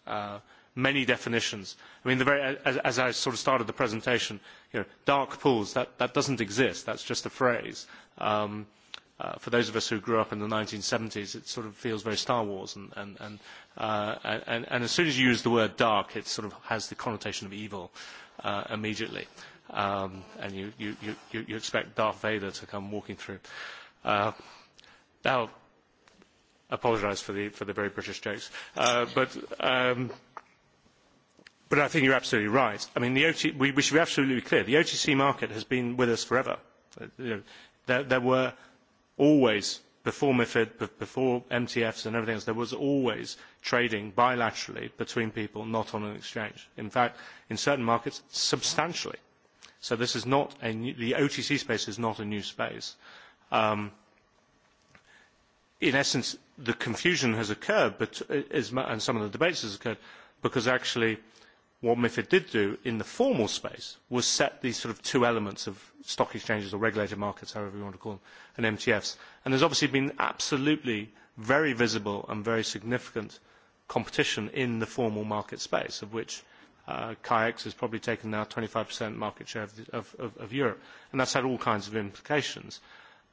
uh, many definitions. I mean, the very, as, as I sort of started the presentation, you know, dark pools, that, that doesn't exist. That's just a phrase. Um, uh, for those of us who grew up in the 1970s, it sort of feels very Star Wars. And, and, and, uh, and, and as soon as you use the word dark, it sort of has the connotation of evil uh, immediately. Um, and you, you, you, you expect Darth Vader to come walking through. Uh, now, apologise for the, for the very British jokes. Uh, but, um, but I think you're absolutely right. I mean, the OT, we, we should be absolutely clear. The OTC market has been with us forever. Uh, you know, there, there were always, before MIFID, before MTFs and everything else, there was always trading bilaterally between people not on an exchange. In fact, in certain markets, substantially. So this is not a new, the OTC space is not a new space. Um, in essence, the confusion has occurred but, is, and some of the debates has occurred because actually what MIFID did do in the formal space was set these sort of two elements of stock exchanges or regulated markets, however you want to call them, and MTFs. And there's obviously been absolutely very visible and very significant competition in the formal market space, of which uh, has probably taken now 25% market share of, the, of, of, of Europe. And that's had all kinds of implications.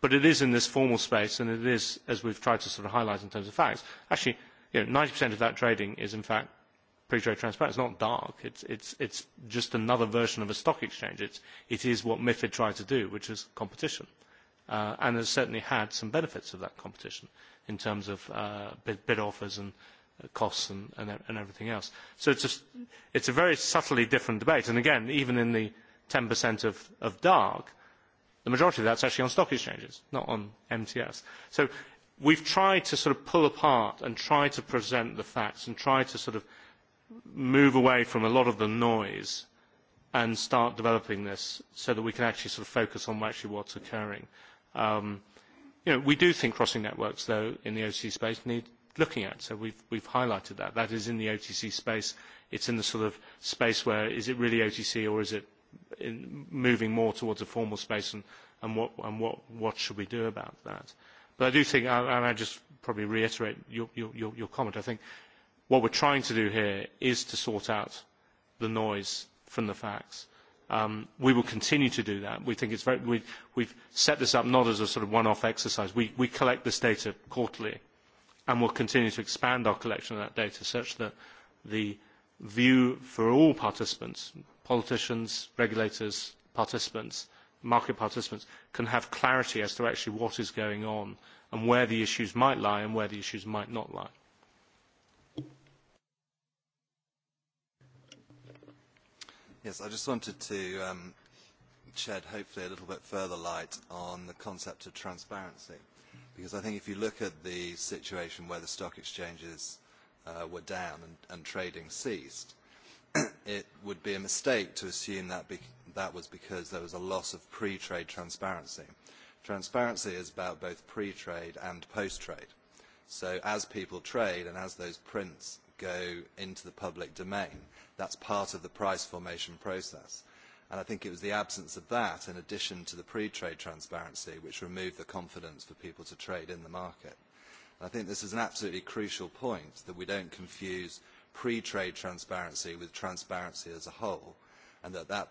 But it is in this formal space, and it is, as we've tried to sort of highlight in terms of facts, actually, you know, 90% of that trading is in fact pre-trade transparent. It's not dark. It's, it's, it's just another version of a stock exchange. It's, it is what MIFID tried to do, which is competition. Uh, and has certainly had some benefits of that competition in terms of uh, bid, bid offers and uh, costs and, and, and everything else. So it's, just, it's a very subtly different debate. And again, even in the 10% of, of dark, The majority of that is actually on stock exchanges, not on MTS. So we've tried to sort of pull apart and try to present the facts and try to sort of move away from a lot of the noise and start developing this so that we can actually sort of focus on actually what's occurring. Um, you know, we do think crossing networks, though, in the OTC space need looking at, so we've, we've highlighted that. That is in the OTC space. It's in the sort of space where is it really OTC or is it in moving more towards a formal space and, and, what, and what, what should we do about that. But I do think, and I just probably reiterate your, your, your comment, I think what we're trying to do here is to sort out the noise from the facts. Um, we will continue to do that. We think it's very, we, we've set this up not as a sort of one-off exercise. We, we collect this data quarterly and we'll continue to expand our collection of that data such that the view for all participants, politicians, regulators, participants, market participants can have clarity as to actually what is going on and where the issues might lie and where the issues might not lie. Yes, I just wanted to um, shed hopefully a little bit further light on the concept of transparency because I think if you look at the situation where the stock exchanges uh, were down and, and trading ceased, it would be a mistake to assume that be that was because there was a loss of pre-trade transparency. Transparency is about both pre-trade and post-trade. So as people trade and as those prints go into the public domain, that's part of the price formation process. And I think it was the absence of that, in addition to the pre-trade transparency, which removed the confidence for people to trade in the market. And I think this is an absolutely crucial point, that we don't confuse pre-trade transparency with transparency as a whole, and that that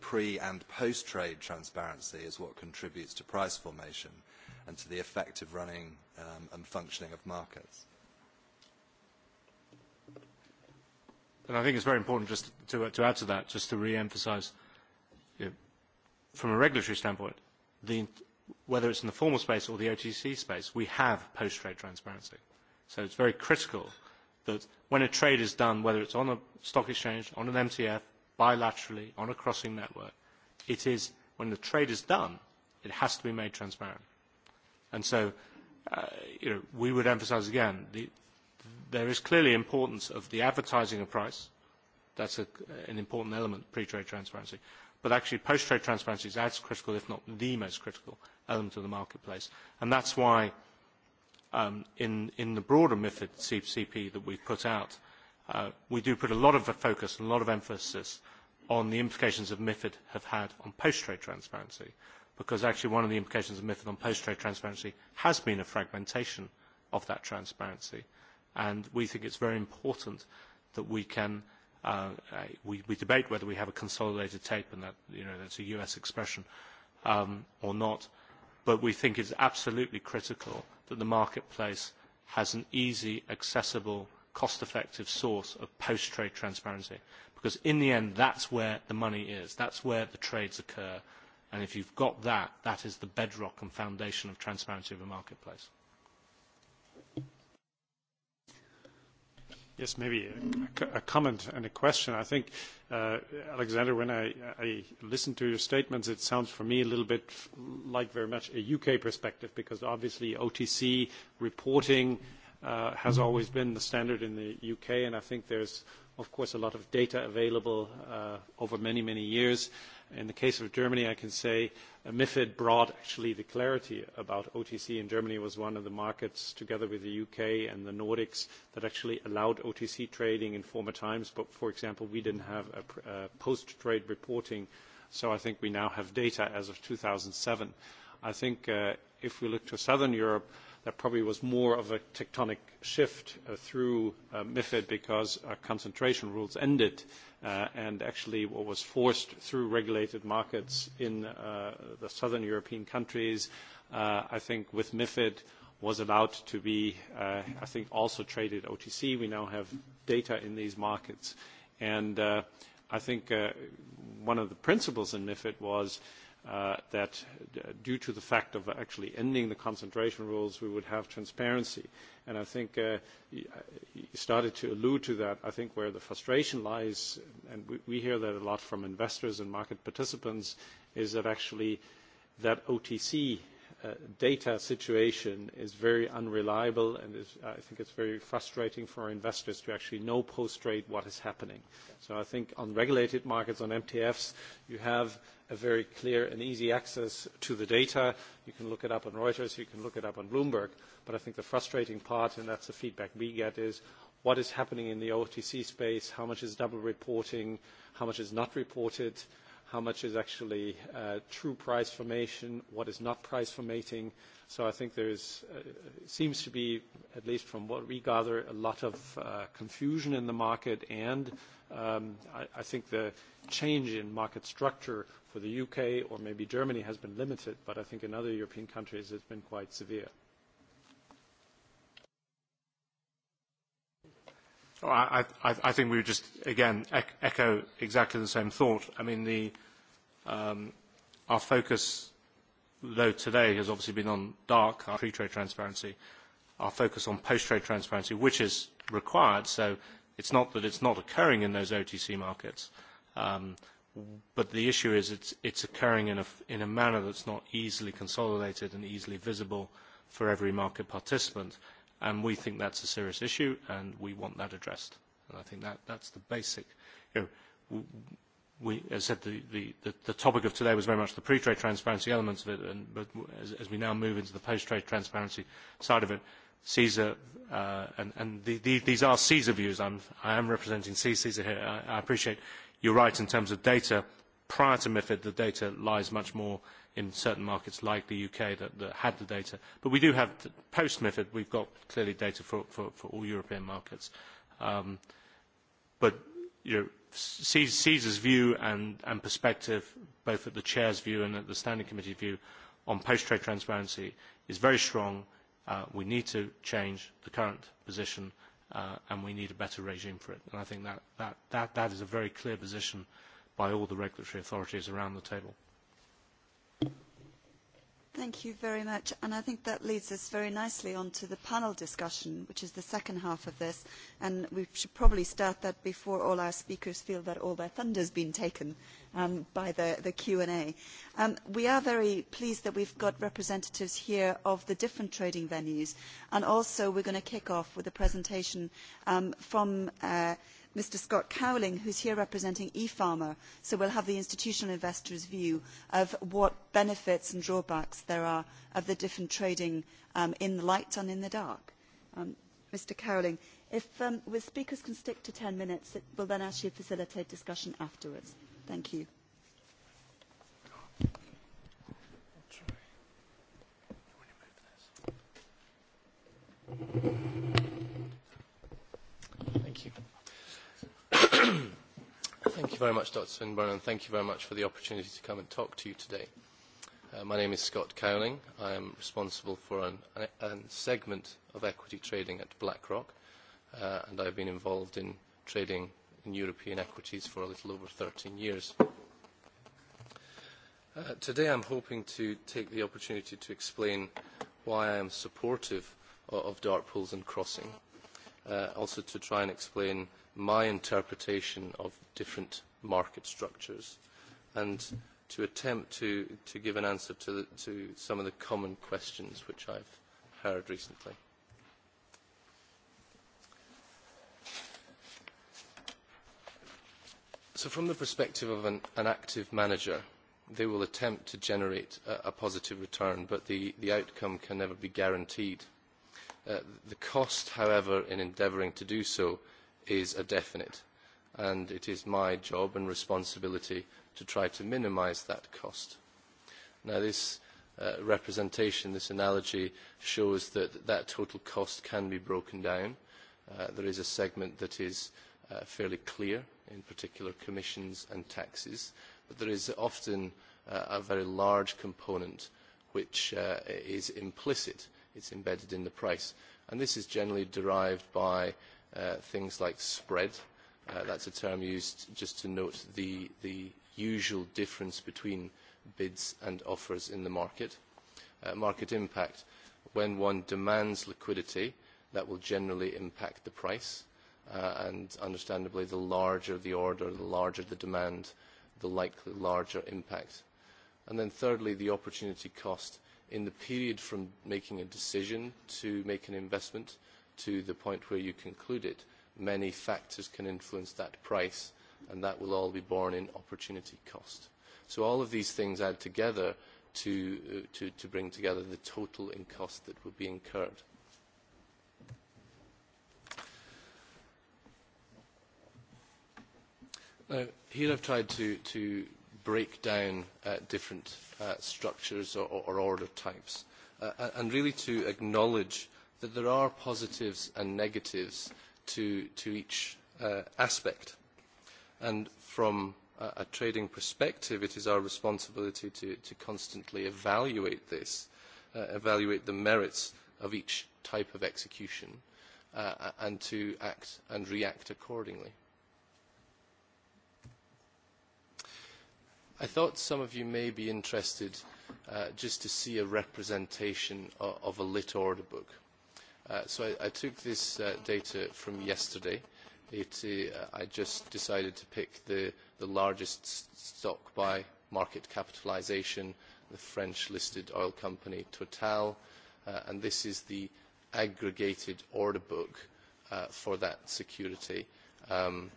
pre- and post-trade transparency is what contributes to price formation and to the effective running um, and functioning of markets. And I think it's very important just to, to add to that, just to re-emphasize, you know, from a regulatory standpoint, the, whether it's in the formal space or the OTC space, we have post-trade transparency. So it's very critical that when a trade is done, whether it's on a stock exchange, on an MTF, bilaterally, on a crossing network, it is, when the trade is done, it has to be made transparent. And so, uh, you know, we would emphasize again, the, there is clearly importance of the advertising of price. That's a, an important element, pre-trade transparency. But actually, post-trade transparency is as critical, if not the most critical, element of the marketplace. And that's why um, in, in the broader MIFID CCP that we've put out, uh, we do put a lot of focus and a lot of emphasis on the implications of MIFID have had on post-trade transparency, because actually one of the implications of MIFID on post-trade transparency has been a fragmentation of that transparency. And we think it's very important that we can uh, uh we, we debate whether we have a consolidated tape, and that you know that's a US expression um, or not. But we think it's absolutely critical that the marketplace has an easy, accessible, cost-effective source of post-trade transparency. Because in the end, that's where the money is. That's where the trades occur. And if you've got that, that is the bedrock and foundation of transparency of a marketplace. Yes, maybe a, a comment and a question. I think, uh, Alexander, when I, I listen to your statements, it sounds for me a little bit like very much a UK perspective, because obviously OTC reporting uh, has always been the standard in the UK, and I think there's, of course, a lot of data available uh, over many, many years. Uh, In the case of Germany, I can say uh, MIFID brought actually the clarity about OTC, and Germany was one of the markets, together with the UK and the Nordics, that actually allowed OTC trading in former times. But, for example, we didn't have a, a uh, post-trade reporting, so I think we now have data as of 2007. I think uh, if we look to southern Europe, that probably was more of a tectonic shift uh, through uh, MIFID because our uh, concentration rules ended Uh, and actually what was forced through regulated markets in uh, the southern European countries, uh, I think with MIFID was allowed to be, uh, I think, also traded OTC. We now have data in these markets. And uh, I think uh, one of the principles in MIFID was uh, uh, that due to the fact of actually ending the concentration rules, we would have transparency. And I think uh, uh, you started to allude to that. I think where the frustration lies, and we, we hear that a lot from investors and market participants, is that actually that OTC uh, data situation is very unreliable and is, I think it's very frustrating for our investors to actually know post-trade what is happening. So I think on regulated markets, on MTFs, you have – a very clear and easy access to the data. You can look it up on Reuters, you can look it up on Bloomberg, but I think the frustrating part, and that's the feedback we get, is what is happening in the OTC space, how much is double reporting, how much is not reported, how much is actually uh, true price formation, what is not price formating. So I think there is, uh, seems to be, at least from what we gather, a lot of uh, confusion in the market and um, I, I think the change in market structure for the UK or maybe Germany has been limited, but I think in other European countries it's been quite severe. I, I, I think we would just, again, echo exactly the same thought. I mean, the, um, our focus, though today, has obviously been on dark, our pre-trade transparency, our focus on post-trade transparency, which is required. So it's not that it's not occurring in those OTC markets, um, but the issue is it's, it's occurring in a, in a manner that's not easily consolidated and easily visible for every market participant. And we think that's a serious issue, and we want that addressed. And I think that, that's the basic. You know, we, as I said, the, the, the, the topic of today was very much the pre-trade transparency elements of it, and, but as, as we now move into the post-trade transparency side of it, CSER, uh, and, and the, the, these are Caesar views. I'm, I am representing Caesar here. I, I appreciate you're right in terms of data. Prior to MIFID, the data lies much more in certain markets like the UK that, that had the data. But we do have, post-MIFID, we've got clearly data for, for, for all European markets. Um, but you know, CESA's view and, and perspective, both at the chair's view and at the standing committee view, on post-trade transparency is very strong. Uh, we need to change the current position uh, and we need a better regime for it. And I think that, that, that, that is a very clear position by all the regulatory authorities around the table. Thank you very much. And I think that leads us very nicely on to the panel discussion, which is the second half of this. And we should probably start that before all our speakers feel that all their thunder has been taken um, by the, the Q&A. Um, we are very pleased that we've got representatives here of the different trading venues. And also we're going to kick off with a presentation um, from uh, Mr Scott Cowling, who is here representing eFarmer, so we will have the institutional investor's view of what benefits and drawbacks there are of the different trading um, in the light and in the dark. Um, Mr Cowling, if um, the speakers can stick to 10 minutes, it will then actually facilitate discussion afterwards. Thank you. Thank you. Thank you very much, Dr. Swinburne, and thank you very much for the opportunity to come and talk to you today. Uh, my name is Scott Cowling. I am responsible for an, segment of equity trading at BlackRock, uh, and I've been involved in trading in European equities for a little over 13 years. Uh, today I'm hoping to take the opportunity to explain why I am supportive of, of dart pools and crossing, uh, also to try and explain my interpretation of different market structures and to attempt to, to give an answer to, the, to some of the common questions which I've heard recently. So from the perspective of an, an active manager, they will attempt to generate a, a positive return, but the, the outcome can never be guaranteed. Uh, the cost, however, in endeavouring to do so is a definite. And it is my job and responsibility to try to minimise that cost. Now, this uh, representation, this analogy, shows that that total cost can be broken down. Uh, there is a segment that is uh, fairly clear, in particular commissions and taxes, but there is often uh, a very large component which uh, is implicit. It's embedded in the price. And this is generally derived by uh, things like spread. Uh, that's a term used just to note the, the usual difference between bids and offers in the market. Uh, market impact. When one demands liquidity, that will generally impact the price. Uh, and understandably, the larger the order, the larger the demand, the likely larger impact. And then thirdly, the opportunity cost. In the period from making a decision to make an investment, uh, to the point where you conclude it, many factors can influence that price, and that will all be borne in opportunity cost. So all of these things add together to, uh, to, to bring together the total in cost that would be incurred. Now, here I've tried to, to break down uh, different uh, structures or, or order types uh, and really to acknowledge that there are positives and negatives to, to each uh, aspect. And from a, a trading perspective, it is our responsibility to, to constantly evaluate this, uh, evaluate the merits of each type of execution, uh, and to act and react accordingly. I thought some of you may be interested uh, just to see a representation of, of a lit order book Uh, so I, I took this uh, data from yesterday. It, uh, I just decided to pick the, the largest stock by market capitalisation, the French-listed oil company Total, uh, and this is the aggregated order book uh, for that security, um,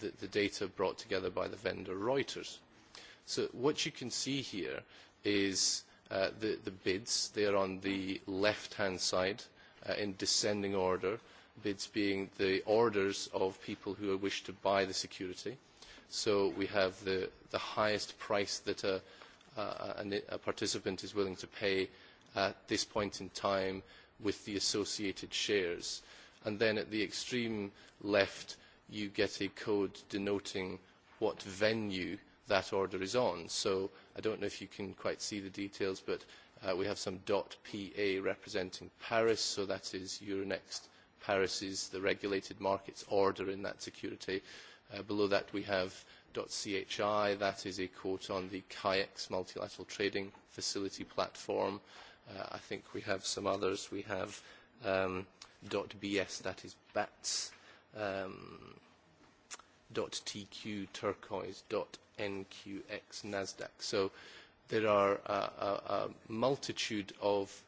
the, the data brought together by the vendor Reuters. So what you can see here is uh, the, the bids. They are on the left-hand side. Uh, uh, in descending order, bids being the orders of people who wish to buy the security. So we have the, the highest price that a, a, a participant is willing to pay at this point in time with the associated shares. And then at the extreme left, you get a code denoting what venue that order is on. So I don't know if you can quite see the details, but Uh, we have some dot .pa representing Paris, so that is Euronext Paris is the regulated markets order in that security. Uh, below that we have .chi, that is a quote on the CAIX multilateral trading facility platform. Uh, I think we have some others. We have um, .bs, that is BATS, um, .tq turquoise, .nqx NASDAQ. So there are a, a, a multitude of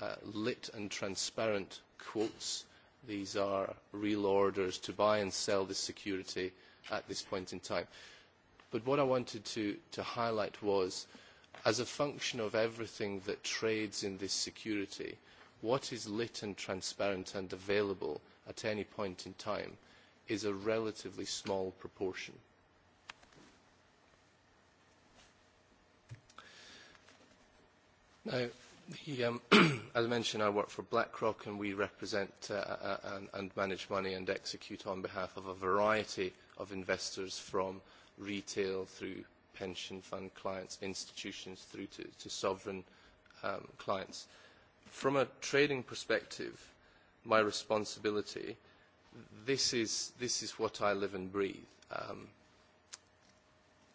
uh, lit and transparent quotes. These are real orders to buy and sell this security at this point in time. But what I wanted to, to highlight was, as a function of everything that trades in this security, what is lit and transparent and available at any point in time is a relatively small proportion. Now, he, um, as mentioned, I work for BlackRock and we represent uh, uh, uh, and, and manage money and execute on behalf of a variety of investors from retail through pension fund clients, institutions through to, to sovereign um, clients. From a trading perspective, my responsibility, this is, this is what I live and breathe. Um,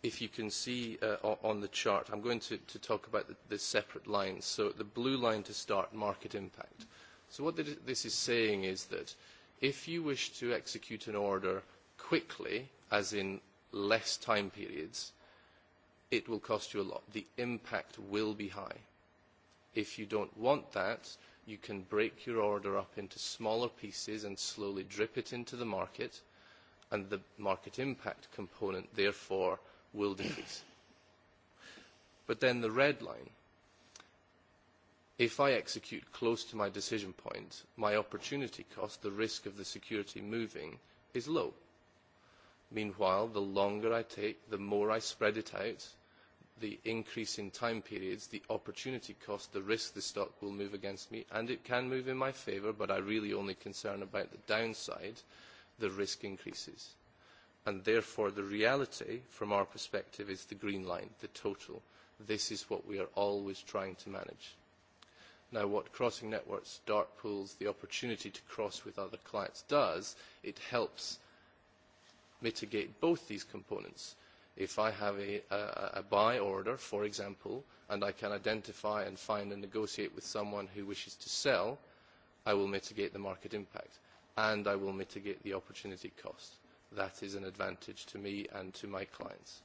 if you can see uh, on the chart, I'm going to, to talk about the, the separate lines. So the blue line to start, market impact. So what this is saying is that if you wish to execute an order quickly, as in less time periods, it will cost you a lot. The impact will be high. If you don't want that, you can break your order up into smaller pieces and slowly drip it into the market, and the market impact component, therefore, will decrease. But then the red line, if I execute close to my decision point, my opportunity cost, the risk of the security moving, is low. Meanwhile, the longer I take, the more I spread it out, the increase in time periods, the opportunity cost, the risk the stock will move against me, and it can move in my favour, but I really only concern about the downside, the risk increases and therefore the reality from our perspective is the green line, the total. This is what we are always trying to manage. Now what Crossing Networks, dark Pools, the opportunity to cross with other clients does, it helps mitigate both these components. If I have a, a, a buy order, for example, and I can identify and find and negotiate with someone who wishes to sell, I will mitigate the market impact and I will mitigate the opportunity cost that is an advantage to me and to my clients.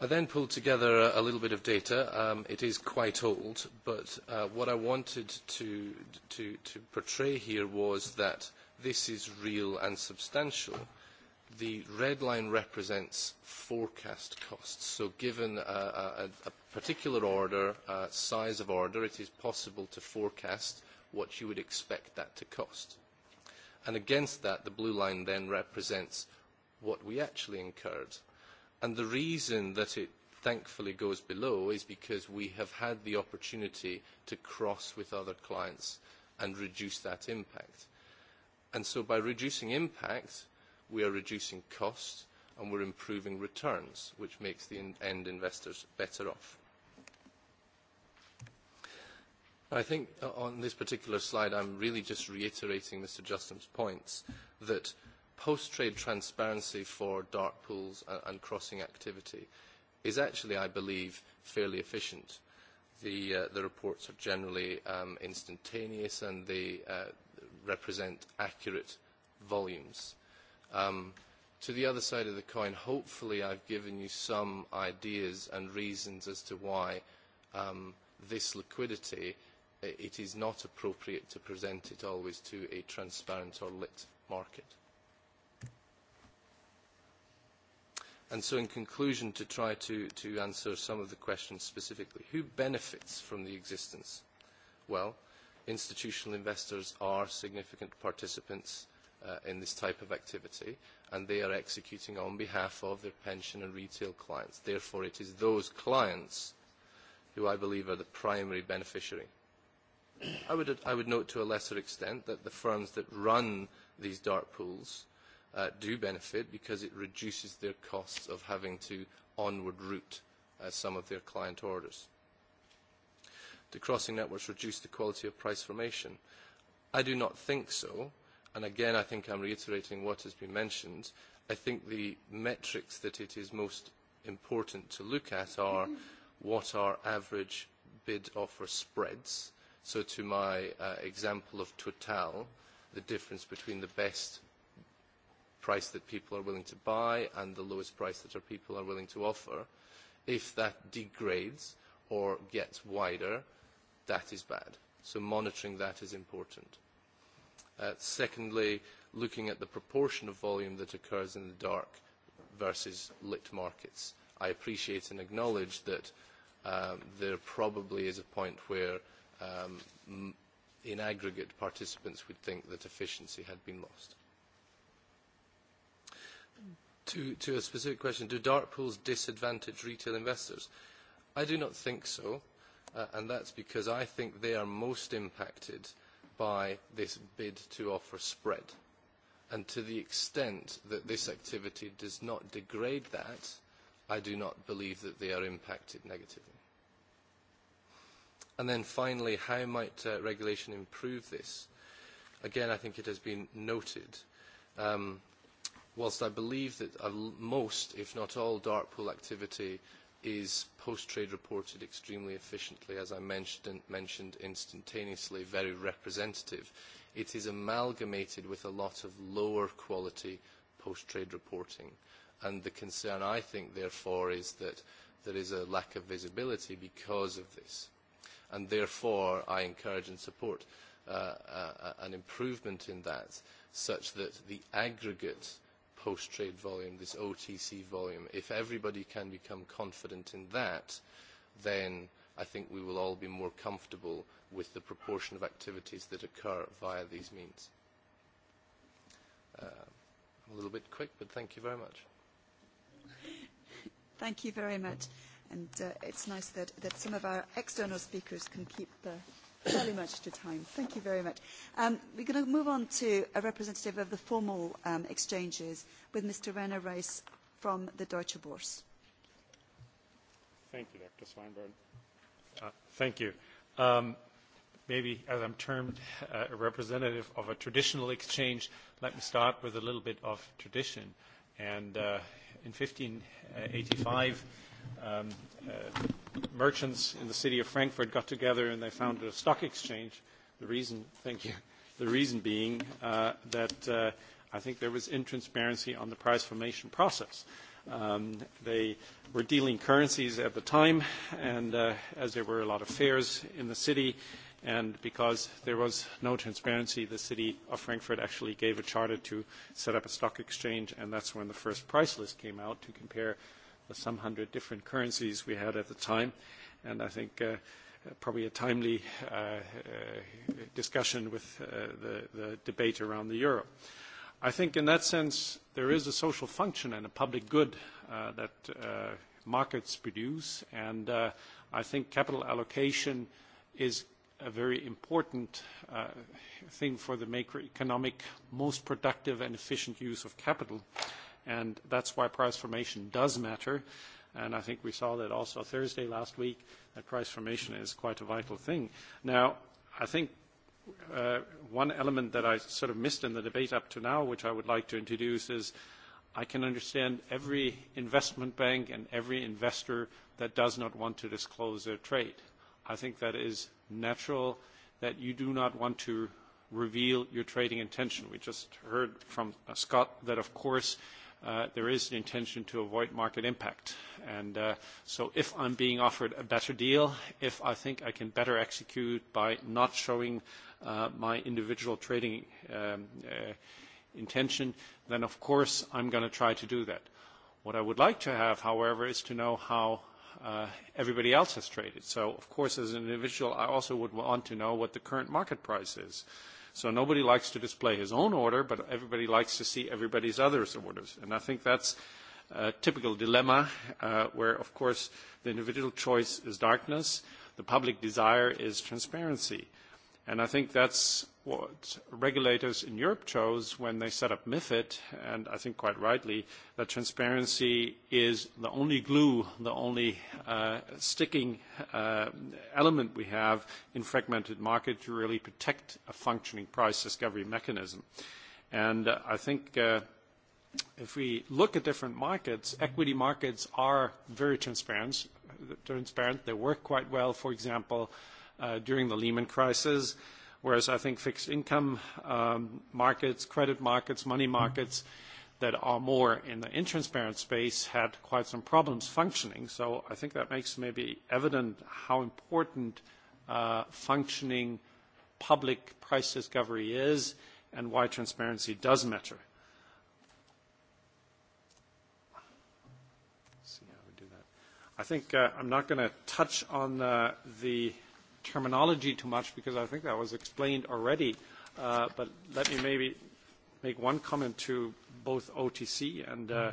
I then pulled together a, a little bit of data. Um, it is quite old, but uh, what I wanted to, to, to portray here was that this is real and substantial. The red line represents forecast costs. So given a, a, a particular order, uh, size of order, it is possible to forecast what you would expect that to cost. And against that, the blue line then represents what we actually incurred. And the reason that it thankfully goes below is because we have had the opportunity to cross with other clients and reduce that impact. And so by reducing impact, we are reducing cost and we're improving returns, which makes the end investors better off. I think uh, on this particular slide, I'm really just reiterating Mr. Justin's points that post-trade transparency for dark pools and crossing activity is actually, I believe, fairly efficient. The, uh, the reports are generally um, instantaneous and they uh, represent accurate volumes. Um, to the other side of the coin, hopefully I've given you some ideas and reasons as to why um, this liquidity it is not appropriate to present it always to a transparent or lit market. And so in conclusion, to try to, to answer some of the questions specifically, who benefits from the existence? Well, institutional investors are significant participants uh, in this type of activity, and they are executing on behalf of their pension and retail clients. Therefore, it is those clients who I believe are the primary beneficiary I would, I would note to a lesser extent that the firms that run these dark pools uh, do benefit because it reduces their costs of having to onward route uh, some of their client orders. Do crossing networks reduce the quality of price formation? I do not think so. And again, I think I'm reiterating what has been mentioned. I think the metrics that it is most important to look at are what are average bid-offer spreads, So to my uh, example of Total, the difference between the best price that people are willing to buy and the lowest price that our people are willing to offer, if that degrades or gets wider, that is bad. So monitoring that is important. Uh, secondly, looking at the proportion of volume that occurs in the dark versus lit markets. I appreciate and acknowledge that um, there probably is a point where um, in aggregate participants would think that efficiency had been lost. To, to a specific question, do dark pools disadvantage retail investors? I do not think so, uh, and that's because I think they are most impacted by this bid to offer spread. And to the extent that this activity does not degrade that, I do not believe that they are impacted negatively. And then finally, how might uh, regulation improve this? Again, I think it has been noted. Um, whilst I believe that most, if not all, dark pool activity is post-trade reported extremely efficiently, as I mentioned, mentioned instantaneously, very representative, it is amalgamated with a lot of lower quality post-trade reporting. And the concern, I think, therefore, is that there is a lack of visibility because of this and therefore I encourage and support uh, uh, uh, an improvement in that such that the aggregate post-trade volume, this OTC volume, if everybody can become confident in that, then I think we will all be more comfortable with the proportion of activities that occur via these means. Uh, I'm a little bit quick, but thank you very much. Thank you very much. And uh, it's nice that, that some of our external speakers can keep the uh, fairly much to time. Thank you very much. Um, we're going to move on to a representative of the formal um, exchanges with Mr. Werner Reis from the Deutsche Börse. Thank you, Dr. Swinburne. Uh, thank you. Um, maybe as I'm termed uh, a representative of a traditional exchange, let me start with a little bit of tradition. And uh, in 1585, um, uh, merchants in the city of Frankfurt got together and they founded a stock exchange. The reason, thank you, the reason being uh, that uh, I think there was intransparency on the price formation process. Um, they were dealing currencies at the time, and uh, as there were a lot of fairs in the city, and because there was no transparency, the city of Frankfurt actually gave a charter to set up a stock exchange, and that's when the first price list came out to compare some hundred different currencies we had at the time. And I think uh, probably a timely uh, uh, discussion with uh, the, the debate around the euro. I think in that sense there is a social function and a public good uh, that uh, markets produce and uh, I think capital allocation is a very important uh, thing for the macroeconomic most productive and efficient use of capital. Uh, and that's why price formation does matter. And I think we saw that also Thursday last week, that price formation is quite a vital thing. Now, I think uh, one element that I sort of missed in the debate up to now, which I would like to introduce, is I can understand every investment bank and every investor that does not want to disclose their trade. I think that is natural that you do not want to reveal your trading intention. We just heard from Scott that, of course, uh, there is an intention to avoid market impact. And uh, so if I'm being offered a better deal, if I think I can better execute by not showing uh, my individual trading um, uh, intention, then of course I'm going to try to do that. What I would like to have, however, is to know how uh, everybody else has traded. So, of course, as an individual, I also would want to know what the current market price is. Uh, So nobody likes to display his own order, but everybody likes to see everybody's other's orders. And I think that's a typical dilemma uh, where, of course, the individual choice is darkness, the public desire is transparency. Uh, And I think that's what regulators in Europe chose when they set up MIFID, and I think quite rightly, that transparency is the only glue, the only uh, sticking uh, element we have in fragmented market to really protect a functioning price discovery mechanism. And uh, I think uh, if we look at different markets, equity markets are very transparent. transparent. They work quite well, for example, uh, during the Lehman crisis, whereas I think fixed income um, markets, credit markets, money markets that are more in the intransparent space had quite some problems functioning. So I think that makes maybe evident how important uh, functioning public price discovery is and why transparency does matter. I think uh, I'm not going to touch on uh, the terminology too much because I think that was explained already, uh, but let me maybe make one comment to both OTC and uh,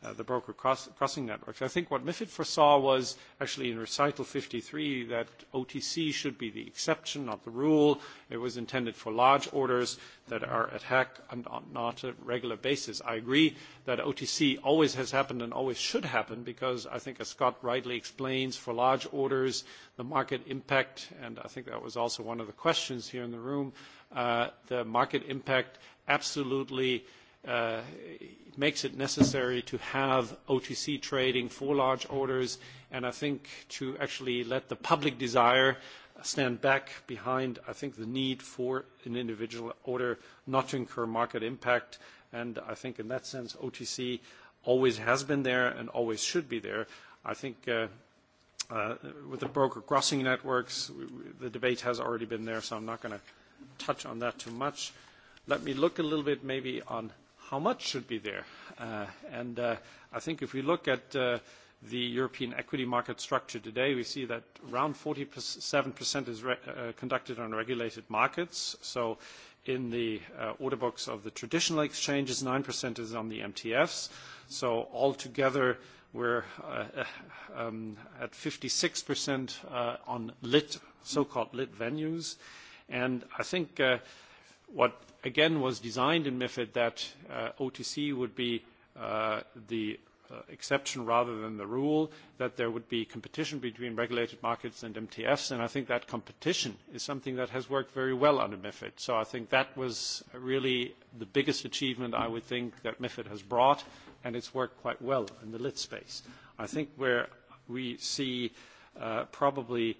Uh, the broker cross crossing networks. I think what MIFID foresaw was actually in recital 53 that OTC should be the exception, not the rule. It was intended for large orders that are at hack and on not a regular basis. I agree that OTC always has happened and always should happen because I think as Scott rightly explains, for large orders, the market impact, and I think that was also one of the questions here in the room, uh, the market impact absolutely uh, uh, it makes it necessary to have OTC trading for large orders, and I think to actually let the public desire stand back behind, I think, the need for an individual order not to incur market impact. And I think in that sense, OTC always has been there and always should be there. I think uh, uh, with the broker crossing networks, the debate has already been there, so I'm not going to touch on that too much. Let me look a little bit maybe on how much should be there? Uh, and uh, I think if we look at uh, the European equity market structure today, we see that around 47% is re uh, conducted on regulated markets. So in the uh, order books of the traditional exchanges, 9% is on the MTFs. So altogether, we're uh, uh um, at 56% uh, on lit, so-called lit venues. And I think uh, what again was designed in MIFID that uh, OTC would be uh, the uh, exception rather than the rule, that there would be competition between regulated markets and MTFs, and I think that competition is something that has worked very well under MIFID. So I think that was really the biggest achievement I would think that MIFID has brought, and it's worked quite well in the lit space. I think where we see uh, probably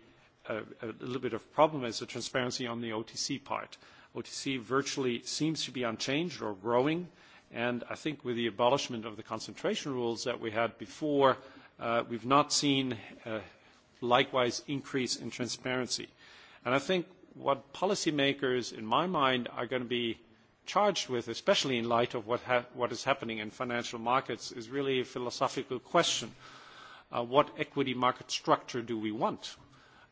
a, a little bit of problem is the transparency on the OTC part. Uh, OTC virtually seems to be unchanged or growing. And I think with the abolishment of the concentration rules that we had before, uh, we've not seen a likewise increase in transparency. And I think what policymakers, in my mind, are going to be charged with, especially in light of what, is happening in financial markets, is really a philosophical question. Uh, what equity market structure do we want?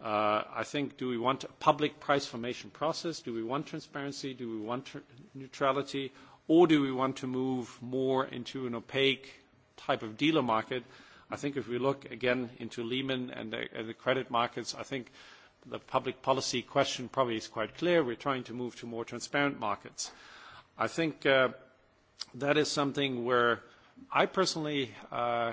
Uh, I think, do we want a public price formation process? Do we want transparency? Do we want tr neutrality? Or do we want to move more into an opaque type of dealer market? I think if we look again into Lehman and the, and the credit markets, I think the public policy question probably is quite clear. We're trying to move to more transparent markets. I think uh, that is something where I personally, uh,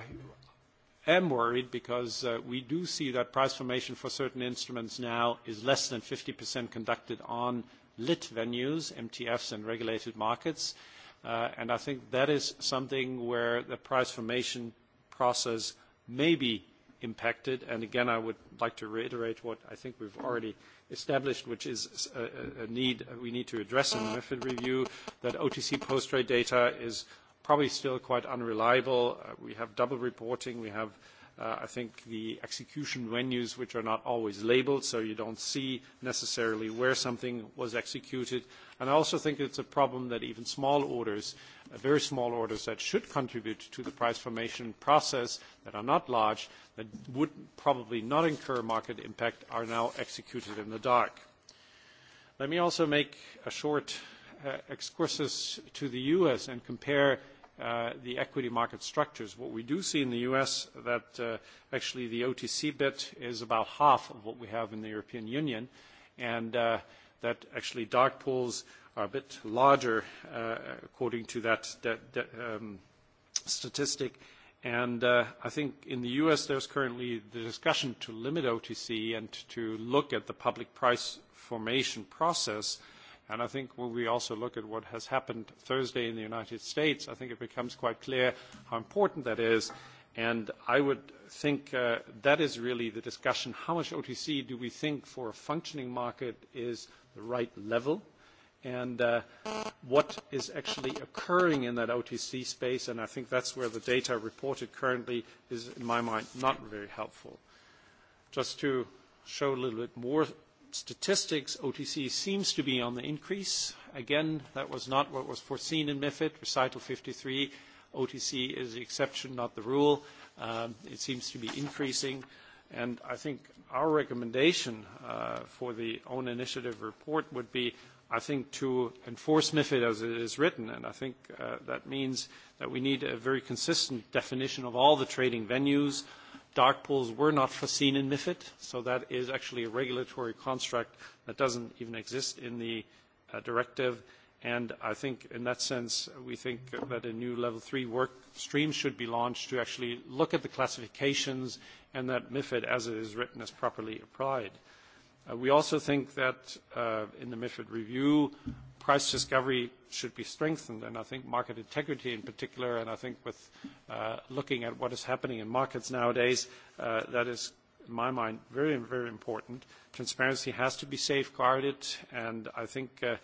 am worried because uh, we do see that price formation for certain instruments now is less than 50% conducted on lit venues, MTFs and regulated markets. Uh, and I think that is something where the price formation process may be impacted. And again, I would like to reiterate what I think we've already established, which is a, a need we need to address in the MIFID review, that OTC post-trade data is – probably still quite unreliable. Uh, we have double reporting. We have, uh, I think, the execution venues which are not always labeled, so you don't see necessarily where something was executed. And I also think it's a problem that even small orders, uh, very small orders that should contribute to the price formation process, that are not large, that would probably not incur market impact, are now executed in the dark. Let me also make a short uh, excursus to the U.S. and compare uh, the equity market structures. What we do see in the US that uh, actually the OTC bit is about half of what we have in the European Union, and uh, that actually dark pools are a bit larger uh, according to that, that, that um, statistic. And uh, I think in the US there's currently the discussion to limit OTC and to look at the public price formation process uh, And I think when we also look at what has happened Thursday in the United States, I think it becomes quite clear how important that is. And I would think uh, that is really the discussion. How much OTC do we think for a functioning market is the right level? And uh, what is actually occurring in that OTC space? And I think that's where the data reported currently is, in my mind, not very helpful. Just to show a little bit more statistics, OTC seems to be on the increase. Again, that was not what was foreseen in MIFID, recital 53. OTC is the exception, not the rule. Um, it seems to be increasing. And I think our recommendation uh, for the own initiative report would be, I think, to enforce MIFID as it is written. And I think uh, that means that we need a very consistent definition of all the trading venues, uh, Dark pools were not foreseen in MIFID, so that is actually a regulatory construct that doesn't even exist in the uh, directive. And I think in that sense, we think that a new level three work stream should be launched to actually look at the classifications and that MIFID, as it is written, is properly applied. Uh, we also think that uh, in the MIFID review, price discovery should be strengthened, and I think market integrity in particular, and I think with uh, looking at what is happening in markets nowadays, uh, that is, in my mind, very, very important. Transparency has to be safeguarded, and I think uh,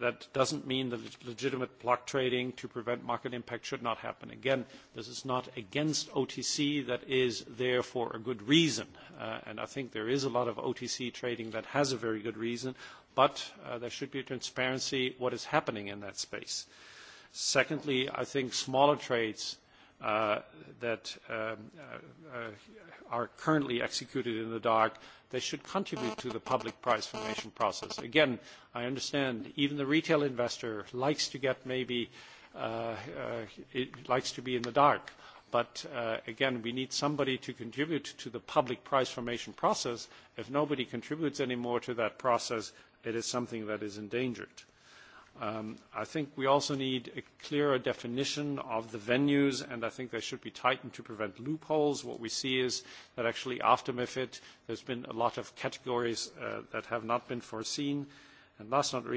that doesn't mean that legitimate block trading to prevent market impact should not happen. Again, this is not against OTC, that is there for a good reason, uh, and I think there is a lot of OTC trading that has a very good reason, but uh, there should be transparency what is happening in that space. Secondly, I think smaller trades uh, that um, uh, uh, are currently executed in the dark, they should contribute to the public price formation process. Again, I understand even the retail investor likes to get maybe, uh, uh, it likes to be in the dark. But uh, again, we need somebody to contribute to the public price formation process. If nobody contributes anymore to that process, it is something that is endangered. Um, I think we also need a clearer definition of the venues, and I think they should be tightened to prevent loopholes. What we see is that actually after MIFID, there's been a lot of categories uh, that have not been foreseen. And last but not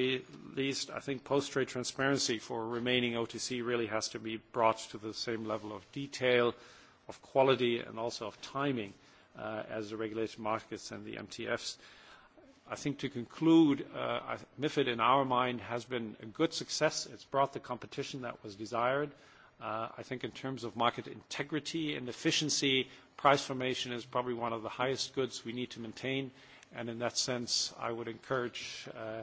least, I think post-trade transparency for remaining OTC really has to be brought to the same level of detail, of quality, and also of timing uh, as the regulated markets and the MTFs. I think to conclude, uh, MIFID in our mind has been a good success. It's brought the competition that was desired. Uh, I think in terms of market integrity and efficiency, price formation is probably one of the highest goods we need to maintain. And in that sense, I would encourage, uh,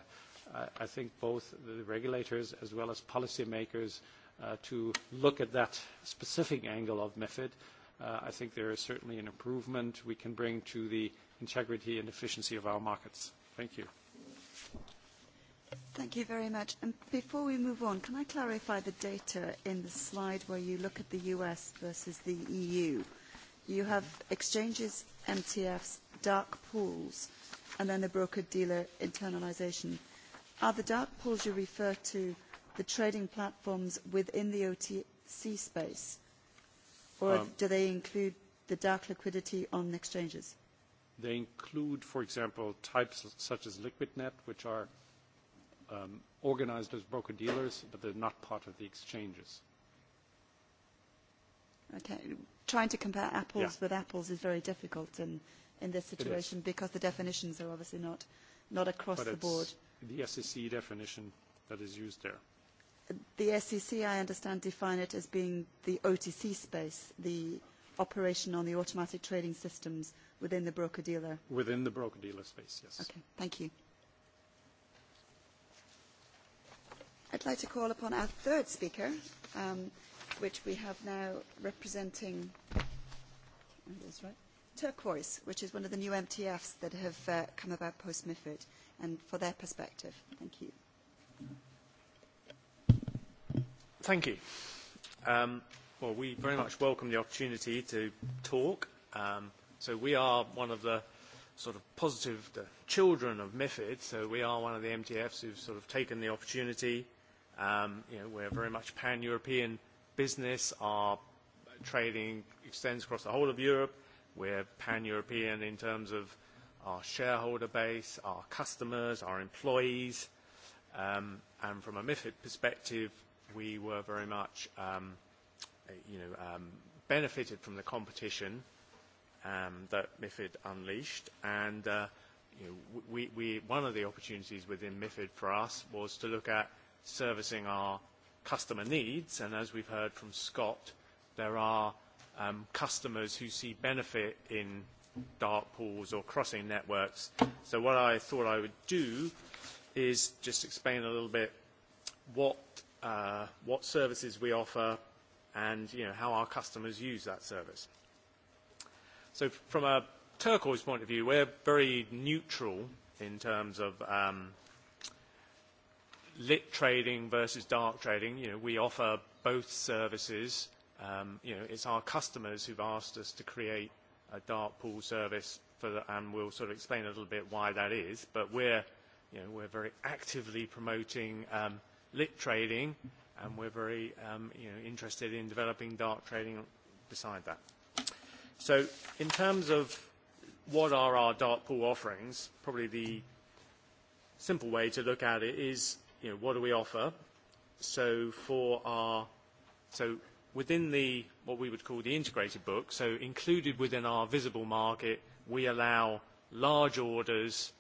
I think, both the regulators as well as policymakers uh, to look at that specific angle of MIFID. Uh, I think there is certainly an improvement we can bring to the integrity and efficiency of our markets. Thank you. Thank you very much. And before we move on, can I clarify the data in the slide where you look at the US versus the EU? You have exchanges, MTFs, dark pools, and then the broker-dealer internalization. Are the dark pools you refer to the trading platforms within the OTC space, or um, do they include the dark liquidity on exchanges? They include, for example, types such as LiquidNet, which are um, organized as broker-dealers, but they're not part of the exchanges. Okay. Trying to compare apples yeah. with apples is very difficult in, in this situation because the definitions are obviously not, not across but the board. the SEC definition that is used there. The SEC, I understand, define it as being the OTC space, the operation on the automatic trading systems within the broker-dealer? Within the broker-dealer space, yes. Okay, thank you. I'd like to call upon our third speaker, um, which we have now representing is, oh, right? turquoise, which is one of the new MTFs that have uh, come about post-MIFID, and for their perspective. Thank you. Thank you. Um, Well, we very much welcome the opportunity to talk. Um, so we are one of the sort of positive the children of MIFID, so we are one of the MTFs who've sort of taken the opportunity. Um, you know, we're very much pan-European business. Our trading extends across the whole of Europe. We're pan-European in terms of our shareholder base, our customers, our employees. Um, and from a MIFID perspective, we were very much um, – Uh, you know, um, benefited from the competition um, that MIFID unleashed. And uh, you know, we, we, one of the opportunities within MIFID for us was to look at servicing our customer needs. And as we've heard from Scott, there are um, customers who see benefit in dark pools or crossing networks. So what I thought I would do is just explain a little bit what, uh, what services we offer, and you know, how our customers use that service. So from a turquoise point of view, we're very neutral in terms of um, lit trading versus dark trading. You know, we offer both services. Um, you know, it's our customers who've asked us to create a dark pool service, for the, and we'll sort of explain a little bit why that is. But we're, you know, we're very actively promoting um, lit trading. Mm-hmm and we're very um, you know, interested in developing dark trading beside that. So in terms of what are our dark pool offerings, probably the simple way to look at it is you know, what do we offer? So for our, so within the, what we would call the integrated book, so included within our visible market, we allow large orders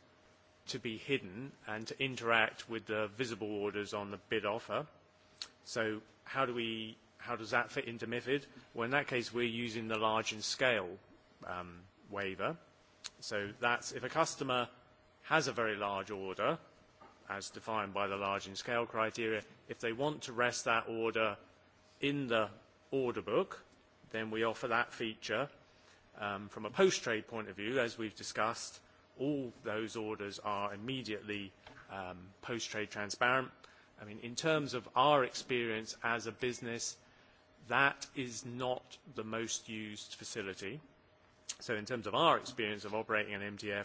to be hidden and to interact with the visible orders on the bid offer. So how, do we, how does that fit into MIFID? Well, in that case, we're using the large and scale um, waiver. So that's if a customer has a very large order, as defined by the large and scale criteria, if they want to rest that order in the order book, then we offer that feature. Um, from a post-trade point of view, as we've discussed, all those orders are immediately um, post-trade transparent. I mean, in terms of our experience as a business, that is not the most used facility. So in terms of our experience of operating an MTF,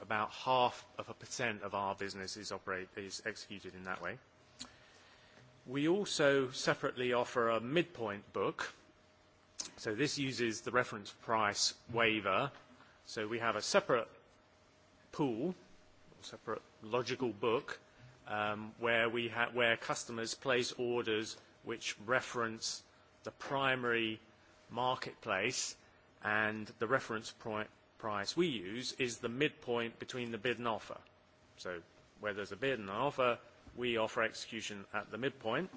about half of a percent of our business is, operate, is executed in that way. We also separately offer a midpoint book. So this uses the reference price waiver. So we have a separate pool, or separate logical book, um, where, we ha where customers place orders which reference the primary marketplace and the reference point price we use is the midpoint between the bid and offer. So where there's a bid and an offer, we offer execution at the midpoint.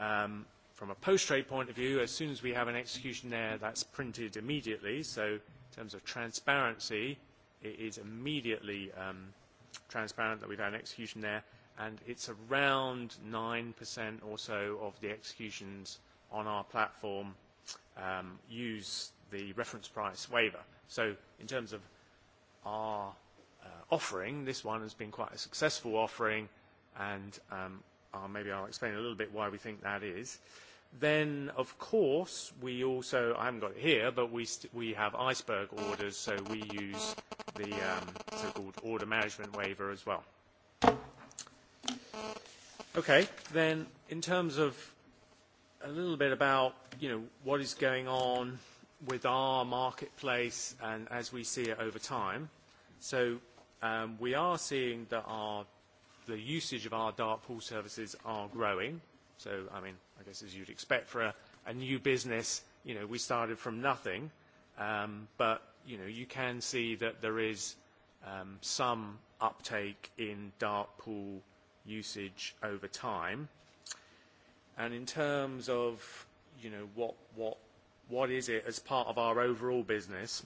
Um, from a post-trade point of view, as soon as we have an execution there, that's printed immediately. So in terms of transparency, it is immediately um, transparent that we've had an execution there and it's around 9% or so of the executions on our platform um, use the reference price waiver. So in terms of our uh, offering, this one has been quite a successful offering, and um, uh, maybe I'll explain a little bit why we think that is. Then, of course, we also, I haven't got it here, but we, st we have iceberg orders, so we use the um, so-called order management waiver as well. Okay, then in terms of a little bit about, you know, what is going on with our marketplace and as we see it over time. So um, we are seeing that our, the usage of our dark pool services are growing. So, I mean, I guess as you'd expect for a, a new business, you know, we started from nothing. Um, but, you know, you can see that there is um, some uptake in dark pool usage over time. And in terms of, you know, what, what, what is it as part of our overall business?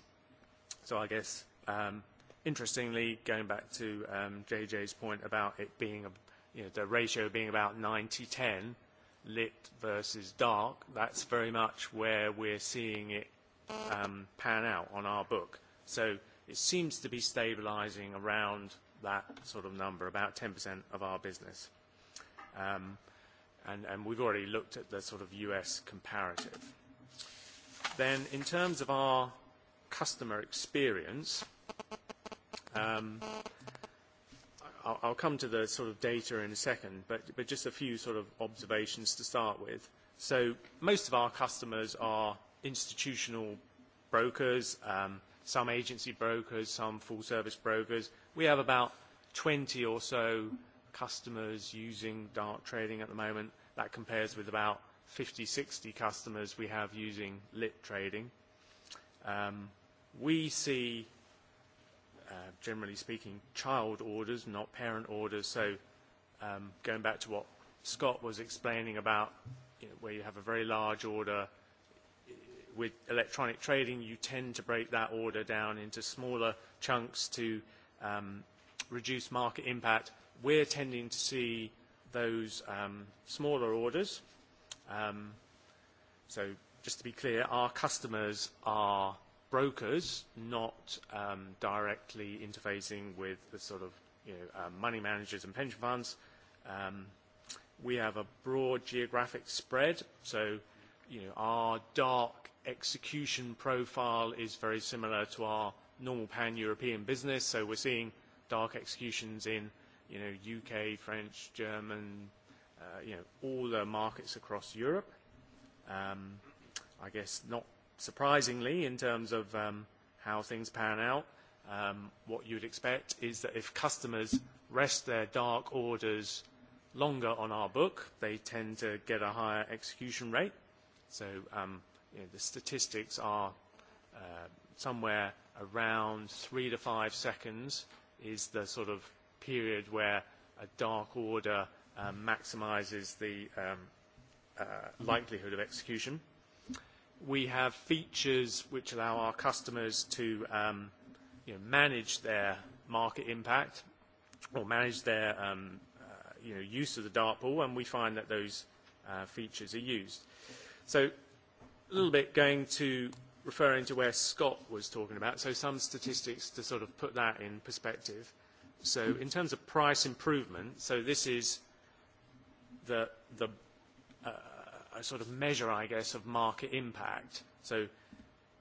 So I guess, um, interestingly, going back to um, JJ's point about it being, a, you know, the ratio being about 90-10, lit versus dark, that's very much where we're seeing it um, pan out on our book. So it seems to be stabilizing around that sort of number, about 10% of our business. Um, and, and we've already looked at the sort of US comparative. Then in terms of our customer experience, um, I'll, I'll come to the sort of data in a second, but, but just a few sort of observations to start with. So most of our customers are institutional brokers, um, some agency brokers, some full service brokers, We have about 20 or so customers using dark trading at the moment. That compares with about 50, 60 customers we have using lit trading. Um, we see, uh, generally speaking, child orders, not parent orders. So um, going back to what Scott was explaining about you know, where you have a very large order with electronic trading, you tend to break that order down into smaller chunks to um, reduce market impact, we're tending to see those um, smaller orders. Um, so just to be clear, our customers are brokers, not um, directly interfacing with the sort of you know, uh, money managers and pension funds. Um, we have a broad geographic spread, so you know, our dark execution profile is very similar to our normal pan-European business. So we're seeing dark executions in, you know, UK, French, German, uh, you know, all the markets across Europe. Um, I guess not surprisingly in terms of um, how things pan out, um, what you'd expect is that if customers rest their dark orders longer on our book, they tend to get a higher execution rate. So um, you know, the statistics are uh, somewhere around three to five seconds is the sort of period where a dark order um, maximizes the um, uh, mm-hmm. likelihood of execution. We have features which allow our customers to um, you know, manage their market impact or manage their um, uh, you know, use of the dart pool, and we find that those uh, features are used. So a little bit going to referring to where Scott was talking about, so some statistics to sort of put that in perspective. So in terms of price improvement, so this is the, the uh, a sort of measure, I guess, of market impact. So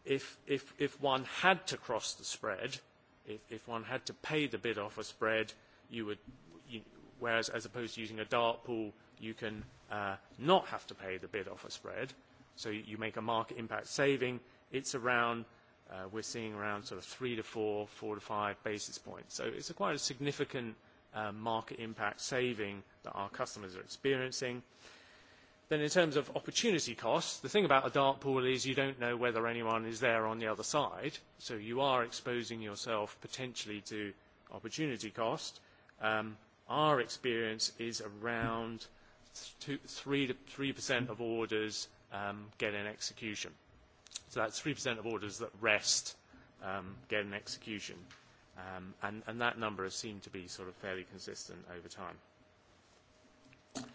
if, if, if one had to cross the spread, if, if one had to pay the bid off a spread, you would, you, whereas as opposed to using a dart pool, you can uh, not have to pay the bid off a spread. So you make a market impact saving it's around, uh, we're seeing around sort of three to four, four to five basis points. So it's a quite a significant uh, market impact saving that our customers are experiencing. Then in terms of opportunity costs, the thing about a dark pool is you don't know whether anyone is there on the other side, so you are exposing yourself potentially to opportunity cost. Um, our experience is around two, three to 3% of orders um, get an execution. So that's 3% of orders that rest um, get an execution. Um, and, and that number has seemed to be sort of fairly consistent over time.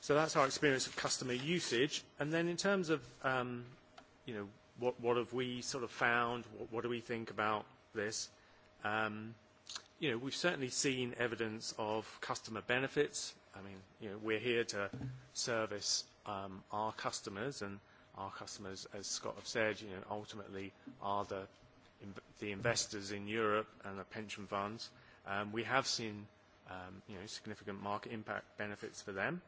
So that's our experience of customer usage. And then in terms of, um, you know, what, what have we sort of found? What, what do we think about this? Um, you know, we've certainly seen evidence of customer benefits. I mean, you know, we're here to service um, our customers and – our customers, as Scott have said, you know, ultimately are the, the investors in Europe and the pension funds. Um, we have seen um, you know, significant market impact benefits for them.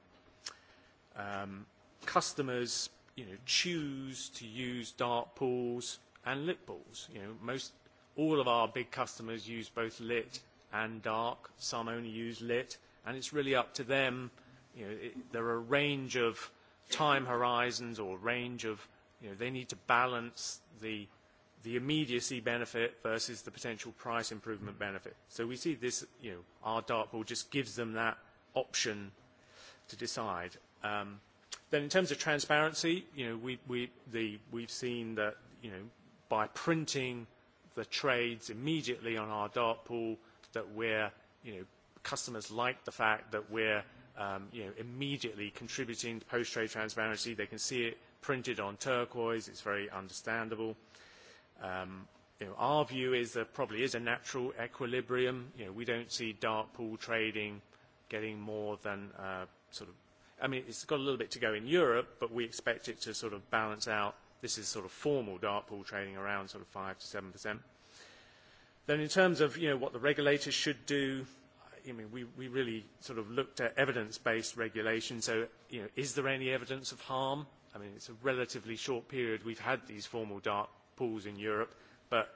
Um, customers you know, choose to use dark pools and lit pools. You know, most, all of our big customers use both lit and dark. Some only use lit, and it's really up to them. You know, it, there are a range of time horizons or range of, you know, they need to balance the, the immediacy benefit versus the potential price improvement benefit. So we see this, you know, our dartboard just gives them that option to decide. Um, then in terms of transparency, you know, we, we, the, we've seen that, you know, by printing the trades immediately on our dart pool that we're, you know, customers like the fact that we're um, you know, immediately contributing to post-trade transparency. They can see it printed on turquoise. It's very understandable. Um, you know, our view is there probably is a natural equilibrium. You know, we don't see dark pool trading getting more than uh, sort of, I mean, it's got a little bit to go in Europe, but we expect it to sort of balance out. This is sort of formal dark pool trading around sort of 5 to 7%. Then in terms of, you know, what the regulators should do, I mean, we, we really sort of looked at evidence-based regulation. So, you know, is there any evidence of harm? I mean, it's a relatively short period we've had these formal dark pools in Europe, but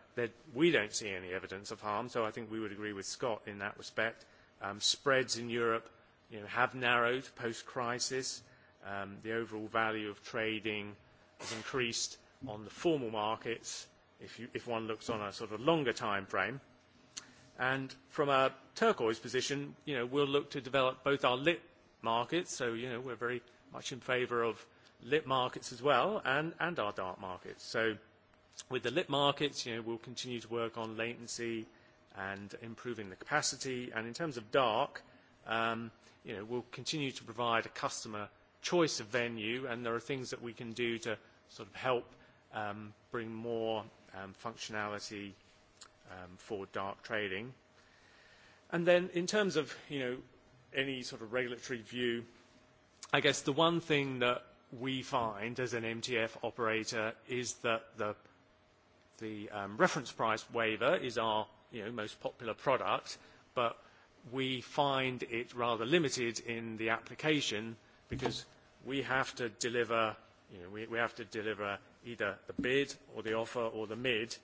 we don't see any evidence of harm. So I think we would agree with Scott in that respect. Um, spreads in Europe you know, have narrowed post-crisis. Um, the overall value of trading has increased on the formal markets if, you, if one looks on a sort of longer time frame. And from a turquoise position, you know, we'll look to develop both our lit markets, so you know, we're very much in favour of lit markets as well, and, and our dark markets. So with the lit markets, you know, we'll continue to work on latency and improving the capacity. And in terms of dark, um, you know, we'll continue to provide a customer choice of venue, and there are things that we can do to sort of help um, bring more um, functionality um, for dark trading. And then in terms of, you know, any sort of regulatory view, I guess the one thing that we find as an MTF operator is that the, the um, reference price waiver is our you know, most popular product, but we find it rather limited in the application because we have to deliver, you know, we, we have to deliver either the bid or the offer or the mid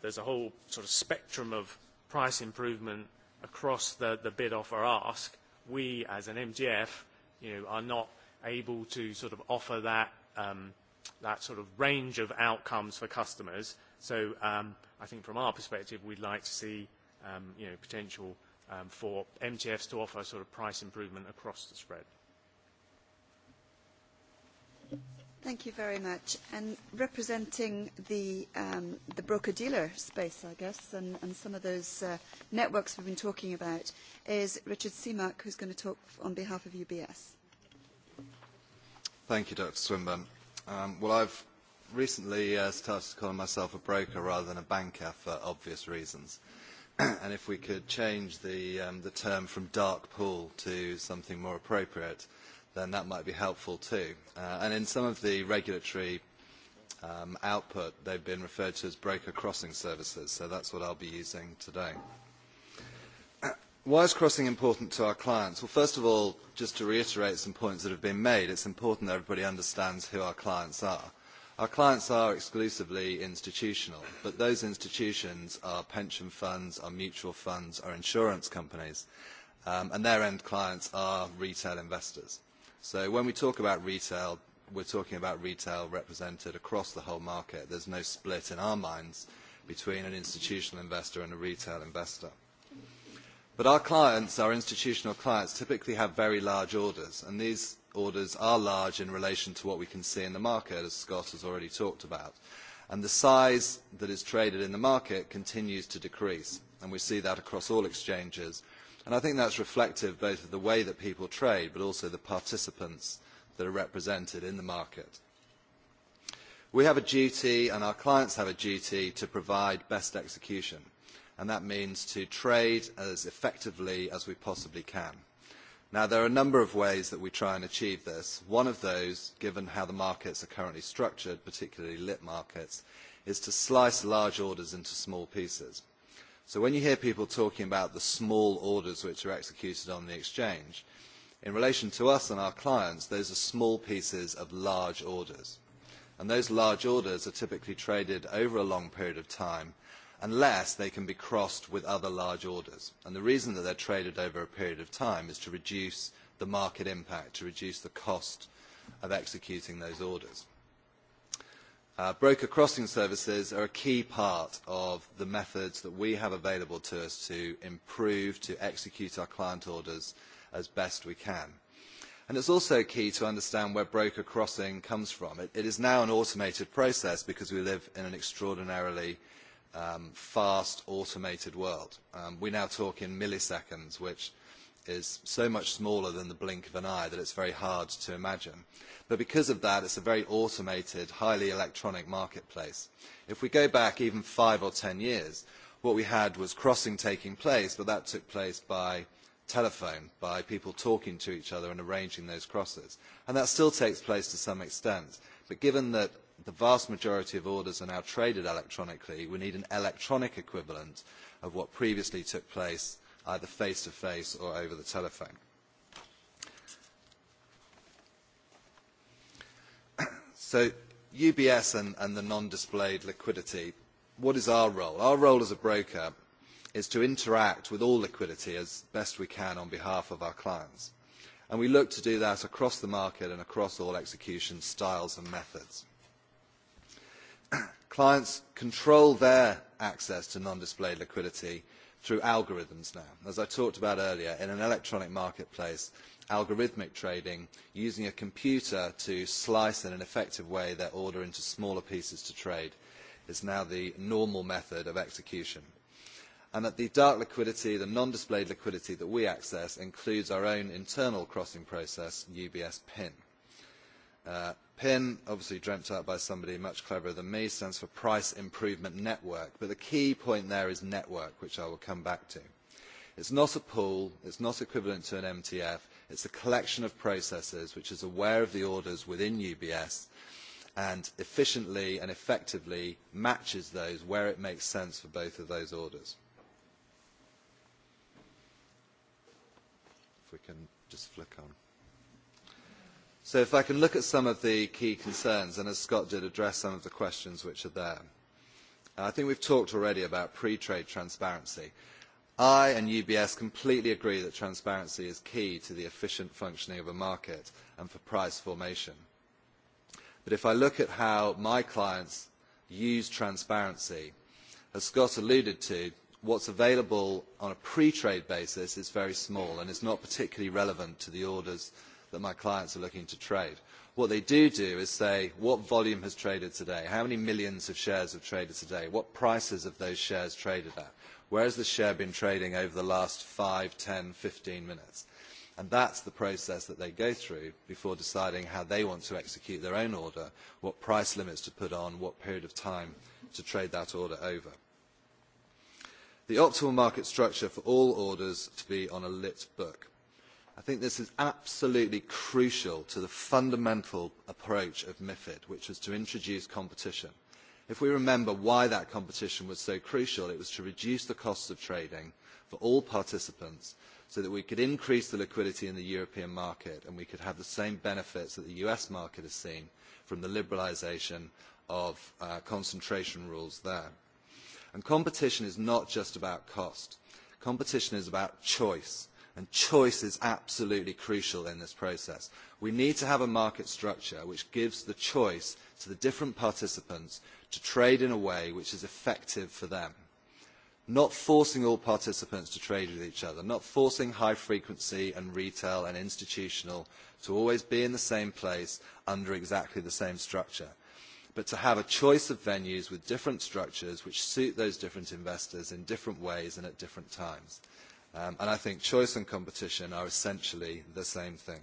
there's a whole sort of spectrum of price improvement across the, the bid offer ask, we as an MGF you know, are not able to sort of offer that, um, that sort of range of outcomes for customers. So um, I think from our perspective, we'd like to see um, you know, potential um, for MTFs to offer sort of price improvement across the spread. Thank you very much. And representing the, um, the broker-dealer space, I guess, and, and some of those uh, networks we've been talking about, is Richard Seamark, who's going to talk on behalf of UBS. Thank you, Dr. Swinburne. Um, well, I've recently uh, started calling myself a broker rather than a banker for obvious reasons. and if we could change the, um, the term from dark pool to something more appropriate – then that might be helpful too. Uh, and in some of the regulatory um, output, they've been referred to as breaker crossing services, so that's what I'll be using today. Why is crossing important to our clients? Well, first of all, just to reiterate some points that have been made, it's important that everybody understands who our clients are. Our clients are exclusively institutional, but those institutions are pension funds, are mutual funds, are insurance companies, um, and their end clients are retail investors. So when we talk about retail, we're talking about retail represented across the whole market. There's no split in our minds between an institutional investor and a retail investor. But our clients, our institutional clients, typically have very large orders, and these orders are large in relation to what we can see in the market, as Scott has already talked about. And the size that is traded in the market continues to decrease, and we see that across all exchanges And I think that's reflective both of the way that people trade, but also the participants that are represented in the market. We have a duty, and our clients have a duty, to provide best execution. And that means to trade as effectively as we possibly can. Now, there are a number of ways that we try and achieve this. One of those, given how the markets are currently structured, particularly lit markets, is to slice large orders into small pieces. So when you hear people talking about the small orders which are executed on the exchange, in relation to us and our clients, those are small pieces of large orders. And those large orders are typically traded over a long period of time unless they can be crossed with other large orders. And the reason that they are traded over a period of time is to reduce the market impact, to reduce the cost of executing those orders. Uh, broker crossing services are a key part of the methods that we have available to us to improve, to execute our client orders as best we can. And is also key to understand where broker crossing comes from. It, it is now an automated process because we live in an extraordinarily um, fast automated world. Um, we now talk in milliseconds, which is so much smaller than the blink of an eye that it's very hard to imagine. But because of that, it's a very automated, highly electronic marketplace. If we go back even five or ten years, what we had was crossing taking place, but that took place by telephone, by people talking to each other and arranging those crosses. And that still takes place to some extent. But given that the vast majority of orders are now traded electronically, we need an electronic equivalent of what previously took place either face to face or over the telephone. so UBS and, and the non-displayed liquidity, what is our role? Our role as a broker is to interact with all liquidity as best we can on behalf of our clients. And we look to do that across the market and across all execution styles and methods. clients control their access to non-displayed liquidity through algorithms now. As I talked about earlier, in an electronic marketplace, algorithmic trading, using a computer to slice in an effective way their order into smaller pieces to trade, is now the normal method of execution. And that the dark liquidity, the non-displayed liquidity that we access includes our own internal crossing process, UBS PIN. Uh, PIN, obviously dreamt up by somebody much cleverer than me, stands for Price Improvement Network. But the key point there is network, which I will come back to. It's not a pool, it's not equivalent to an MTF, it's a collection of processes which is aware of the orders within UBS and efficiently and effectively matches those where it makes sense for both of those orders. If we can just flick on. So if I can look at some of the key concerns, and as Scott did, address some of the questions which are there. Uh, I think we have talked already about pre-trade transparency. I and UBS completely agree that transparency is key to the efficient functioning of a market and for price formation. But if I look at how my clients use transparency, as Scott alluded to, what is available on a pre-trade basis is very small and is not particularly relevant to the orders that my clients are looking to trade. What they do do is say, what volume has traded today? How many millions of shares have traded today? What prices have those shares traded at? Where has the share been trading over the last five, ten, fifteen minutes? And that's the process that they go through before deciding how they want to execute their own order, what price limits to put on, what period of time to trade that order over. The optimal market structure for all orders to be on a lit book. I think this is absolutely crucial to the fundamental approach of MIFID, which was to introduce competition. If we remember why that competition was so crucial, it was to reduce the costs of trading for all participants so that we could increase the liquidity in the European market and we could have the same benefits that the US market has seen from the liberalisation of uh, concentration rules there. And competition is not just about cost. Competition is about choice And choice is absolutely crucial in this process. We need to have a market structure which gives the choice to the different participants to trade in a way which is effective for them. Not forcing all participants to trade with each other, not forcing high frequency and retail and institutional to always be in the same place under exactly the same structure, but to have a choice of venues with different structures which suit those different investors in different ways and at different times. Um, and I think choice and competition are essentially the same thing.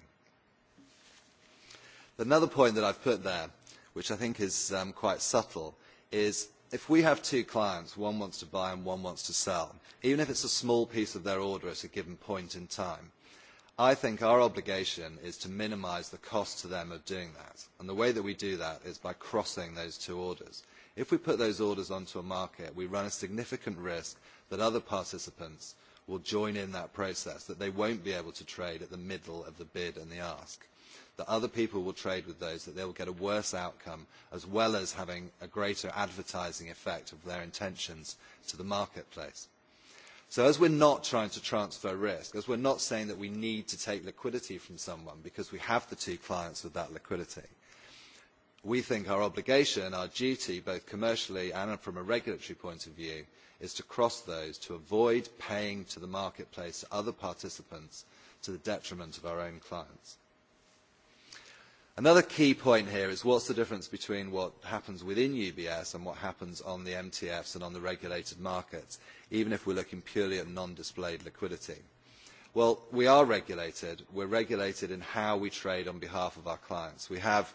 Another point that I've put there, which I think is um, quite subtle, is if we have two clients, one wants to buy and one wants to sell, even if it's a small piece of their order at a given point in time, I think our obligation is to minimise the cost to them of doing that. And the way that we do that is by crossing those two orders. If we put those orders onto a market, we run a significant risk that other participants will join in that process, that they won't be able to trade at the middle of the bid and the ask, that other people will trade with those, that they will get a worse outcome, as well as having a greater advertising effect of their intentions to the marketplace. So as we're not trying to transfer risk, as we're not saying that we need to take liquidity from someone because we have the two clients with that liquidity, we think our obligation, our duty, both commercially and from a regulatory point of view, is to cross those, to avoid paying to the marketplace to other participants to the detriment of our own clients. Another key point here is what's the difference between what happens within UBS and what happens on the MTFs and on the regulated markets, even if we're looking purely at non-displayed liquidity. Well, we are regulated. We're regulated in how we trade on behalf of our clients. We have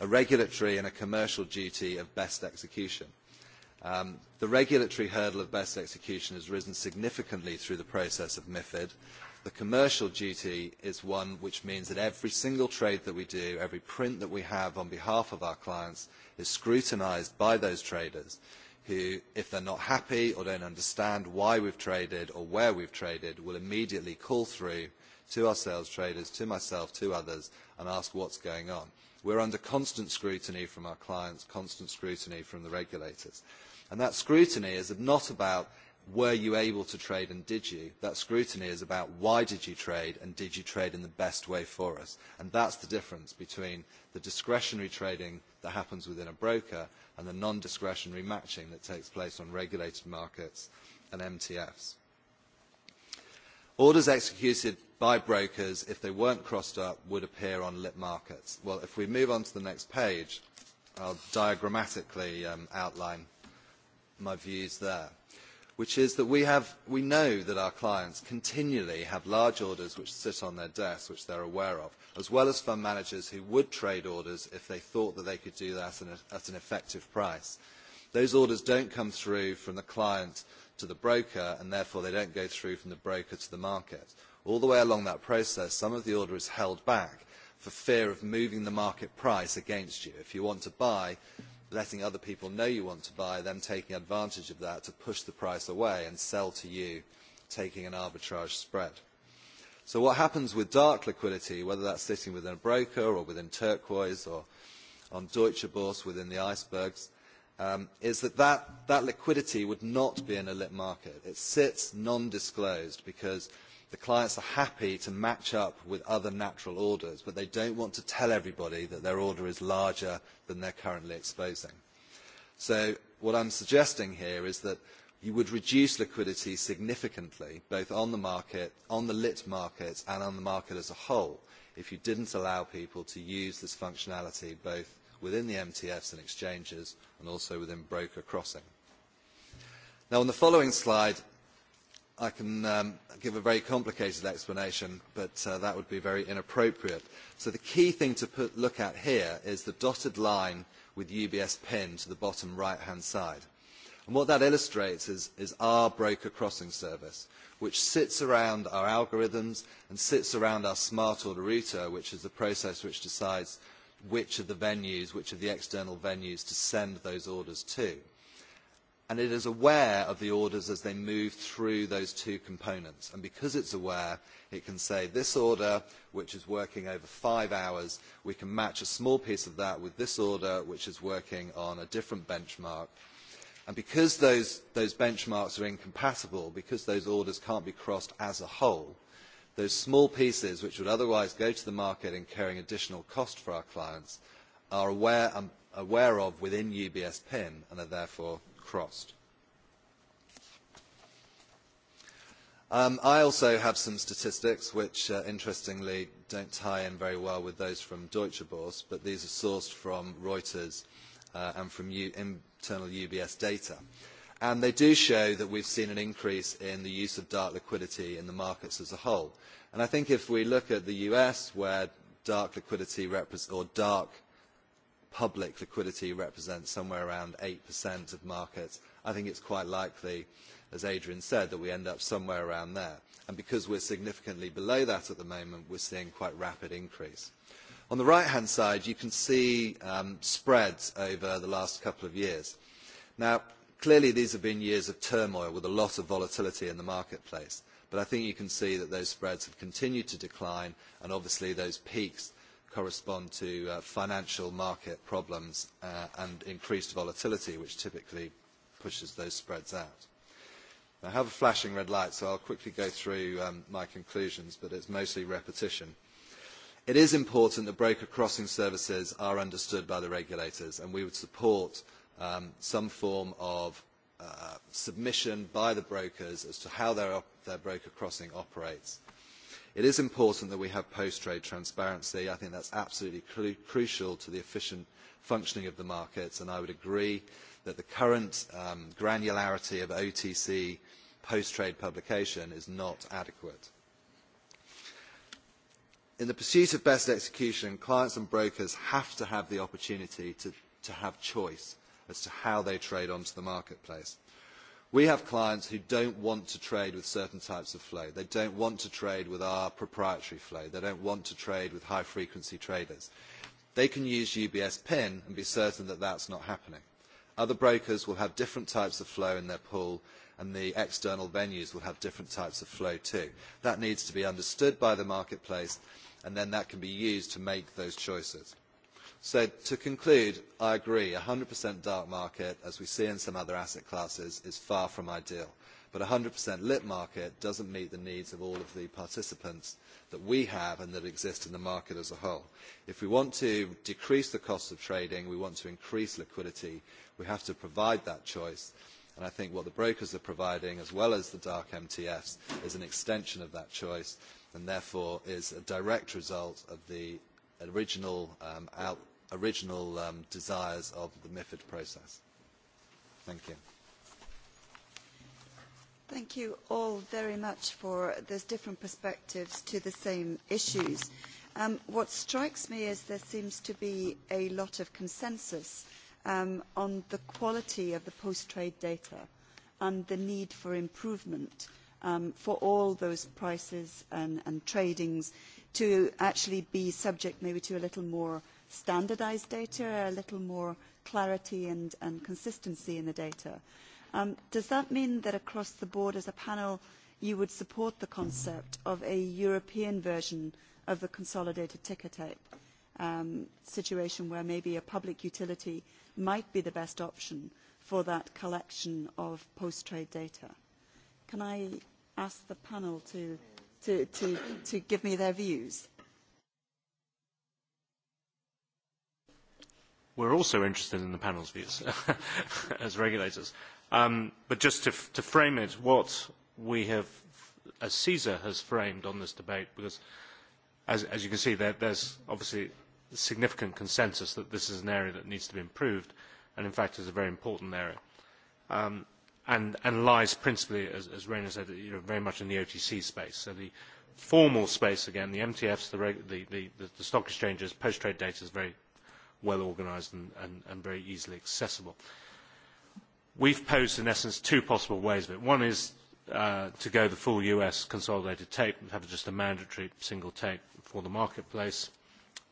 a regulatory and a commercial duty of best execution. Um, the regulatory hurdle of best execution has risen significantly through the process of MIFID. The commercial duty is one which means that every single trade that we do, every print that we have on behalf of our clients is scrutinised by those traders who, if they are not happy or do not understand why we have traded or where we have traded, will immediately call through to our sales traders, to myself, to others, and ask what is going on. We are under constant scrutiny from our clients, constant scrutiny from the regulators. And that scrutiny is not about were you able to trade and did you? That scrutiny is about why did you trade and did you trade in the best way for us? And that's the difference between the discretionary trading that happens within a broker and the non-discretionary matching that takes place on regulated markets and MTFs. Orders executed by brokers, if they weren't crossed up, would appear on lit markets. Well, if we move on to the next page, I'll diagrammatically um, outline my views there, which is that we, have, we know that our clients continually have large orders which sit on their desks, which they're aware of, as well as fund managers who would trade orders if they thought that they could do that at an, at an effective price. Those orders don't come through from the client to the broker and therefore they don't go through from the broker to the market. All the way along that process, some of the order is held back for fear of moving the market price against you. If you want to buy, letting other people know you want to buy, them taking advantage of that to push the price away and sell to you, taking an arbitrage spread. So what happens with dark liquidity, whether that's sitting within a broker or within turquoise or on Deutsche Börse within the icebergs, um, is that, that that liquidity would not be in a lit market. It sits non-disclosed because the clients are happy to match up with other natural orders, but they don't want to tell everybody that their order is larger than they're currently exposing. So what I'm suggesting here is that you would reduce liquidity significantly, both on the market, on the lit markets, and on the market as a whole, if you didn't allow people to use this functionality both within the MTFs and exchanges and also within broker crossing. Now on the following slide, I can um, give a very complicated explanation, but uh, that would be very inappropriate. So the key thing to put, look at here is the dotted line with UBS PIN to the bottom right-hand side. And what that illustrates is, is our broker crossing service, which sits around our algorithms and sits around our smart order router, which is the process which decides which of the venues, which of the external venues to send those orders to. And it is aware of the orders as they move through those two components. And because it is aware, it can say this order, which is working over five hours, we can match a small piece of that with this order, which is working on a different benchmark. And because those, those benchmarks are incompatible, because those orders cannot be crossed as a whole, Those small pieces which would otherwise go to the market incurring additional cost for our clients are aware, um, aware of within UBS PIN and are therefore crossed. Um, I also have some statistics which, uh, interestingly, don't tie in very well with those from Deutsche Börse, but these are sourced from Reuters uh, and from U internal UBS data. Mm -hmm and they do show that we have seen an increase in the use of dark liquidity in the markets as a whole. I think if we look at the US, where dark liquidity or dark public liquidity represents somewhere around eight of markets, I think it is quite likely, as Adrian said, that we end up somewhere around there. And because we are significantly below that at the moment, we are seeing quite rapid increase. On the right-hand side, you can see um, spreads over the last couple of years. Now, Clearly, these have been years of turmoil with a lot of volatility in the marketplace. But I think you can see that those spreads have continued to decline, and obviously those peaks correspond to uh, financial market problems uh, and increased volatility, which typically pushes those spreads out. I have a flashing red light, so I'll quickly go through um, my conclusions, but it's mostly repetition. It is important that broker crossing services are understood by the regulators, and we would support um, some form of uh, submission by the brokers as to how their, their broker crossing operates. It is important that we have post-trade transparency. I think that's absolutely crucial to the efficient functioning of the markets, and I would agree that the current um, granularity of OTC post-trade publication is not adequate. In the pursuit of best execution, clients and brokers have to have the opportunity to, to have choice as to how they trade onto the marketplace. We have clients who don't want to trade with certain types of flow. They don't want to trade with our proprietary flow. They don't want to trade with high-frequency traders. They can use UBS PIN and be certain that that's not happening. Other brokers will have different types of flow in their pool, and the external venues will have different types of flow too. That needs to be understood by the marketplace, and then that can be used to make those choices. So to conclude, I agree, a 100% dark market, as we see in some other asset classes, is far from ideal. But a 100% lit market doesn't meet the needs of all of the participants that we have and that exist in the market as a whole. If we want to decrease the cost of trading, we want to increase liquidity, we have to provide that choice. And I think what the brokers are providing, as well as the dark MTFs, is an extension of that choice and therefore is a direct result of the original, um, out, original um, desires of the MIFID process. Thank you. Thank you all very much for those different perspectives to the same issues. Um, what strikes me is there seems to be a lot of consensus um, on the quality of the post-trade data and the need for improvement um, for all those prices and, and tradings to actually be subject maybe to a little more standardised data, a little more clarity and, and consistency in the data. Um, does that mean that across the board as a panel you would support the concept of a European version of the consolidated ticker tape um, situation where maybe a public utility might be the best option for that collection of post-trade data? Can I ask the panel to to, to, to give me their views. We're also interested in the panel's views as regulators. Um, but just to, to frame it, what we have, as CSER has framed on this debate, because as, as you can see, there, there's obviously significant consensus that this is an area that needs to be improved, and in fact is a very important area. Um, and, and lies principally, as, as Rainer said, you know, very much in the OTC space. So the formal space, again, the MTFs, the, reg the, the, the stock exchanges, post-trade data is very well organised and, and, and very easily accessible. We've posed, in essence, two possible ways of it. One is uh, to go the full US consolidated tape and have just a mandatory single tape for the marketplace.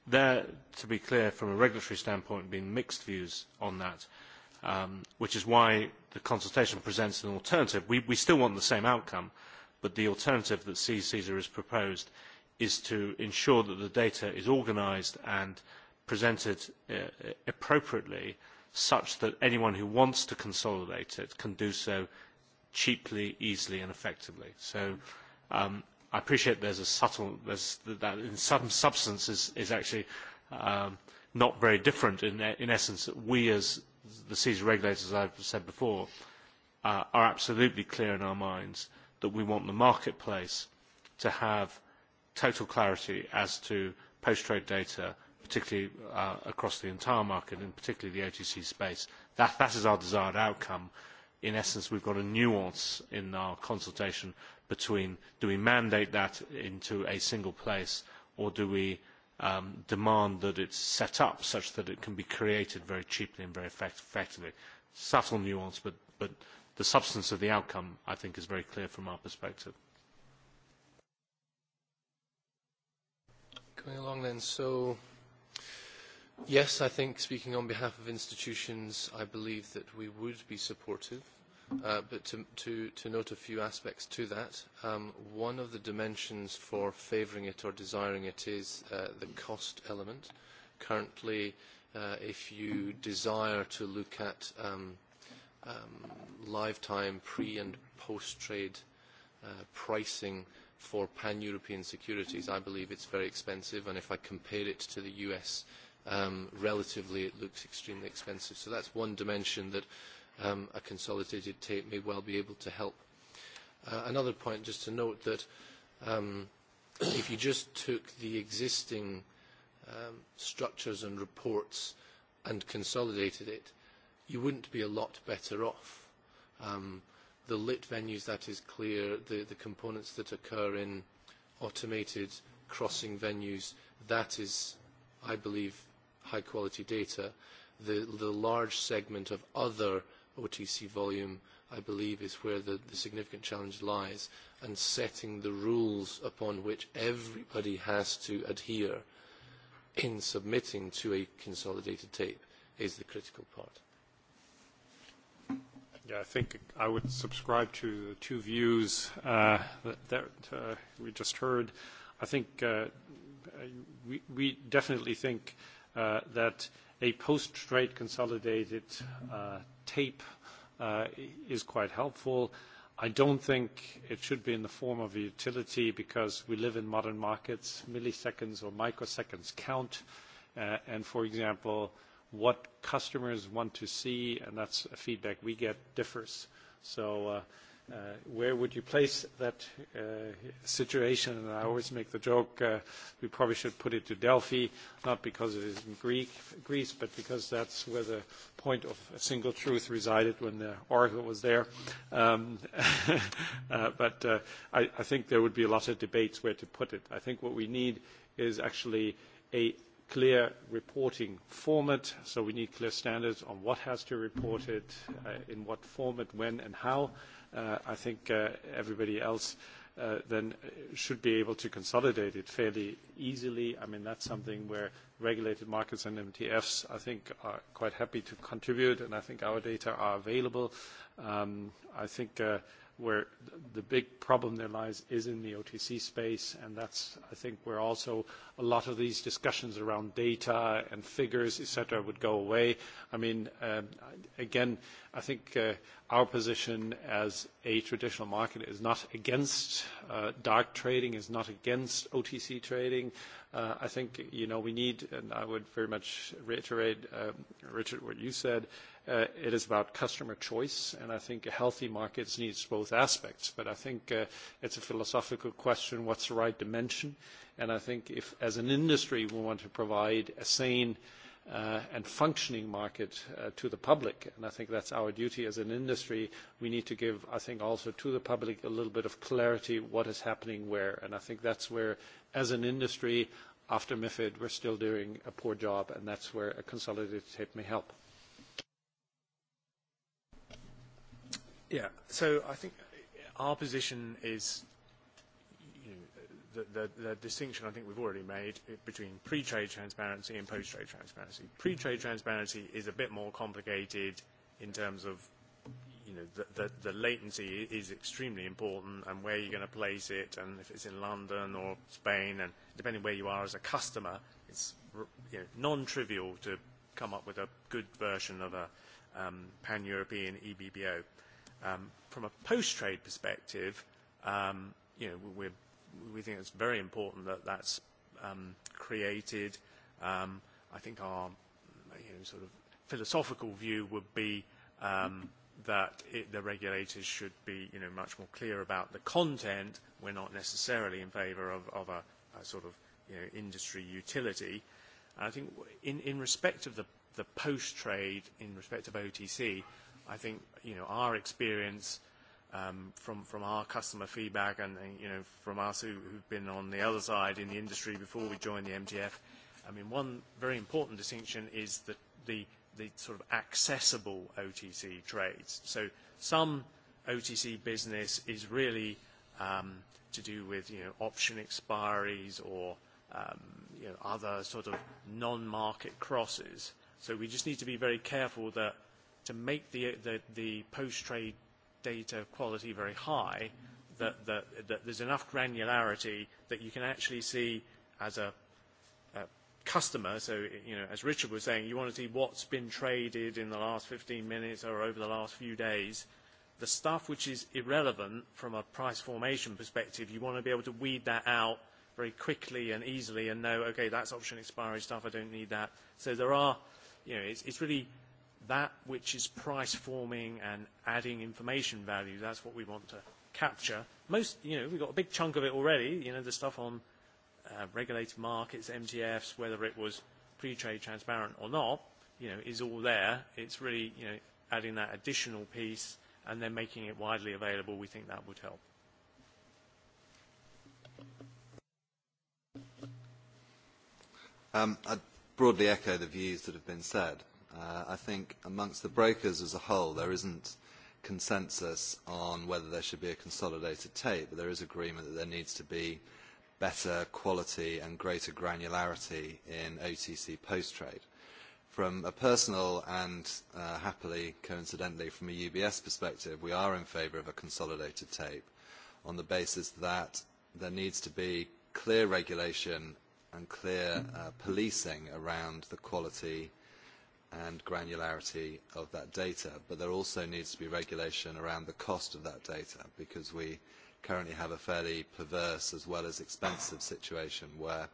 There, to be clear, from a regulatory standpoint, have been mixed views on that um, which is why the consultation presents an alternative. We, we still want the same outcome, but the alternative that sees CSER has proposed is to ensure that the data is organised and presented uh, appropriately such that anyone who wants to consolidate it can do so cheaply, easily and effectively. So um, I appreciate there's a subtle, there's, that in some substance is, is actually um, not very different in, in essence. We as the seas regulators, as I've said before, uh, are absolutely clear in our minds that we want the marketplace to have total clarity as to post-trade data, particularly uh, across the entire market and particularly the OTC space. That, that is our desired outcome. In essence, we've got a nuance in our consultation between do we mandate that into a single place or do we um, demand that it is set up such that it can be created very cheaply and very effect effectively. Subtle nuance, but, but the substance of the outcome, I think, is very clear from our perspective. Going along then, so yes, I think speaking on behalf of institutions, I believe that we would be supportive uh, but to, to, to note a few aspects to that. Um, one of the dimensions for favouring it or desiring it is uh, the cost element. Currently, uh, if you desire to look at um, um, lifetime pre- and post-trade uh, pricing for pan-European securities, I believe it's very expensive, and if I compare it to the US, um, relatively it looks extremely expensive. So that's one dimension that um, a consolidated tape may well be able to help. Uh, another point just to note that um, if you just took the existing um, structures and reports and consolidated it, you wouldn't be a lot better off. Um, the lit venues, that is clear, the, the components that occur in automated crossing venues, that is, I believe, high quality data. The, the large segment of other OTC volume, I believe, is where the, the significant challenge lies, and setting the rules upon which everybody has to adhere in submitting to a consolidated tape is the critical part. Yeah, I think I would subscribe to the two views uh, that, that uh, we just heard. I think uh, we, we definitely think uh, that a post-trade consolidated uh, tape uh, is quite helpful. I don't think it should be in the form of a utility because we live in modern markets. Milliseconds or microseconds count. Uh, and for example, what customers want to see, and that's a feedback we get, differs. So uh, where would you place that uh, situation? And I always make the joke, uh, we probably should put it to Delphi, not because it is in Greek, Greece, but because that's where the point of a single truth resided when the oracle was there. Um, uh, but uh, I, I think there would be a lot of debates where to put it. I think what we need is actually a clear reporting format, so we need clear standards on what has to be reported, uh, in what format, when and how uh, I think uh, everybody else uh, then should be able to consolidate it fairly easily. I mean, that's something where regulated markets and MTFs, I think, are quite happy to contribute, and I think our data are available. Um, I think uh, where the big problem there lies is in the OTC space, and that's, I think, where also a lot of these discussions around data and figures, et cetera, would go away. I mean, um, again, I think uh, our position as a traditional market is not against uh, dark trading, is not against OTC trading. Uh, I think, you know, we need, and I would very much reiterate, um, Richard, what you said, uh, Uh, it is about customer choice, and I think a healthy market needs both aspects. But I think uh, it's a philosophical question, what's the right dimension? And I think if, as an industry, we want to provide a sane uh, and functioning market uh, to the public, and I think that's our duty as an industry, we need to give, I think, also to the public a little bit of clarity what is happening where. And I think that's where, as an industry, after MIFID, we're still doing a poor job, and that's where a consolidated tape may help. Yeah, so I think our position is you know, the, the, the distinction I think we've already made between pre-trade transparency and post-trade transparency. Pre-trade transparency is a bit more complicated in terms of you know, the, the, the latency is extremely important and where you're going to place it and if it's in London or Spain and depending where you are as a customer, it's you know, non-trivial to come up with a good version of a um, pan-European EBBO. Um, from a post-trade perspective, um, you know, we're, we think it's very important that that's um, created. Um, I think our you know, sort of philosophical view would be um, that it, the regulators should be you know, much more clear about the content. We're not necessarily in favour of, of a, a sort of you know, industry utility. And I think in, in respect of the, the post-trade, in respect of OTC, I think you know our experience um, from from our customer feedback and you know from us who, who've been on the other side in the industry before we joined the MTF. I mean, one very important distinction is the the, the sort of accessible OTC trades. So some OTC business is really um, to do with you know option expiries or um, you know, other sort of non-market crosses. So we just need to be very careful that to make the, the, the post-trade data quality very high, that, that, that there's enough granularity that you can actually see as a, a customer, so you know, as Richard was saying, you want to see what's been traded in the last 15 minutes or over the last few days. The stuff which is irrelevant from a price formation perspective, you want to be able to weed that out very quickly and easily and know, okay, that's option expiry stuff, I don't need that. So there are, you know, it's, it's really that which is price forming and adding information value, that's what we want to capture. Most, you know, we've got a big chunk of it already, you know, the stuff on uh, regulated markets, MTFs, whether it was pre-trade transparent or not, you know, is all there. It's really, you know, adding that additional piece and then making it widely available, we think that would help. Um, I broadly echo the views that have been said. Uh, I think amongst the brokers as a whole, there isn't consensus on whether there should be a consolidated tape, but there is agreement that there needs to be better quality and greater granularity in OTC post-trade. From a personal and uh, happily, coincidentally, from a UBS perspective, we are in favour of a consolidated tape on the basis that there needs to be clear regulation and clear uh, policing around the quality and granularity of that data, but there also needs to be regulation around the cost of that data because we currently have a fairly perverse as well as expensive situation where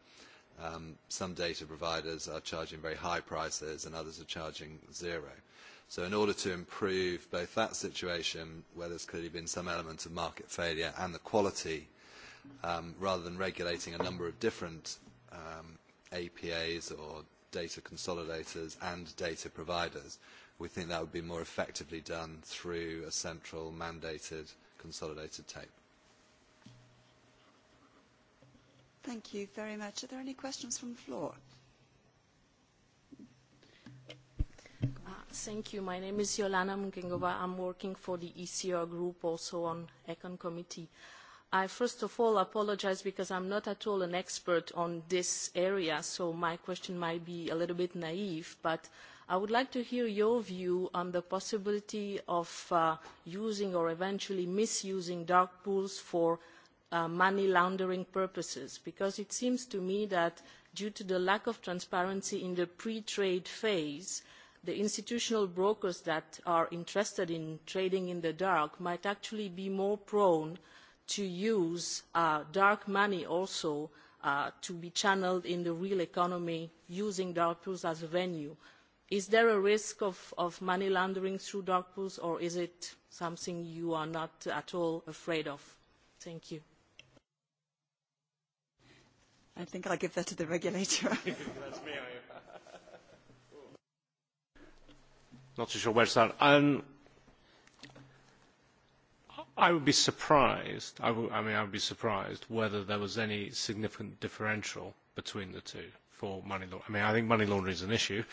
um, some data providers are charging very high prices and others are charging zero. So in order to improve both that situation, where there's clearly been some element of market failure, and the quality, um, rather than regulating a number of different um, APAs or data consolidators and data providers. We think that would be more effectively done through a central mandated consolidated tape. Thank you very much. Are there any questions from the floor? Uh, thank you. My name is Yolana Mukengova. I'm working for the ECR group also on Econ Committee. I first of all apologize because I'm not at all an expert on this area, so my question might be a little bit naive, but I would like to hear your view on the possibility of uh, using or eventually misusing dark pools for uh, money laundering purposes, because it seems to me that due to the lack of transparency in the pre-trade phase, the institutional brokers that are interested in trading in the dark might actually be more prone to use uh, dark money also uh, to be channeled in the real economy using dark pools as a venue. Is there a risk of, of money laundering through dark pools or is it something you are not at all afraid of? Thank you. I think I'll give that to the regulator. That's me, I am. Not so sure where to start. Um, I would be surprised, I, would, I mean, I would be surprised whether there was any significant differential between the two for money laundering. I mean, I think money laundering is an issue,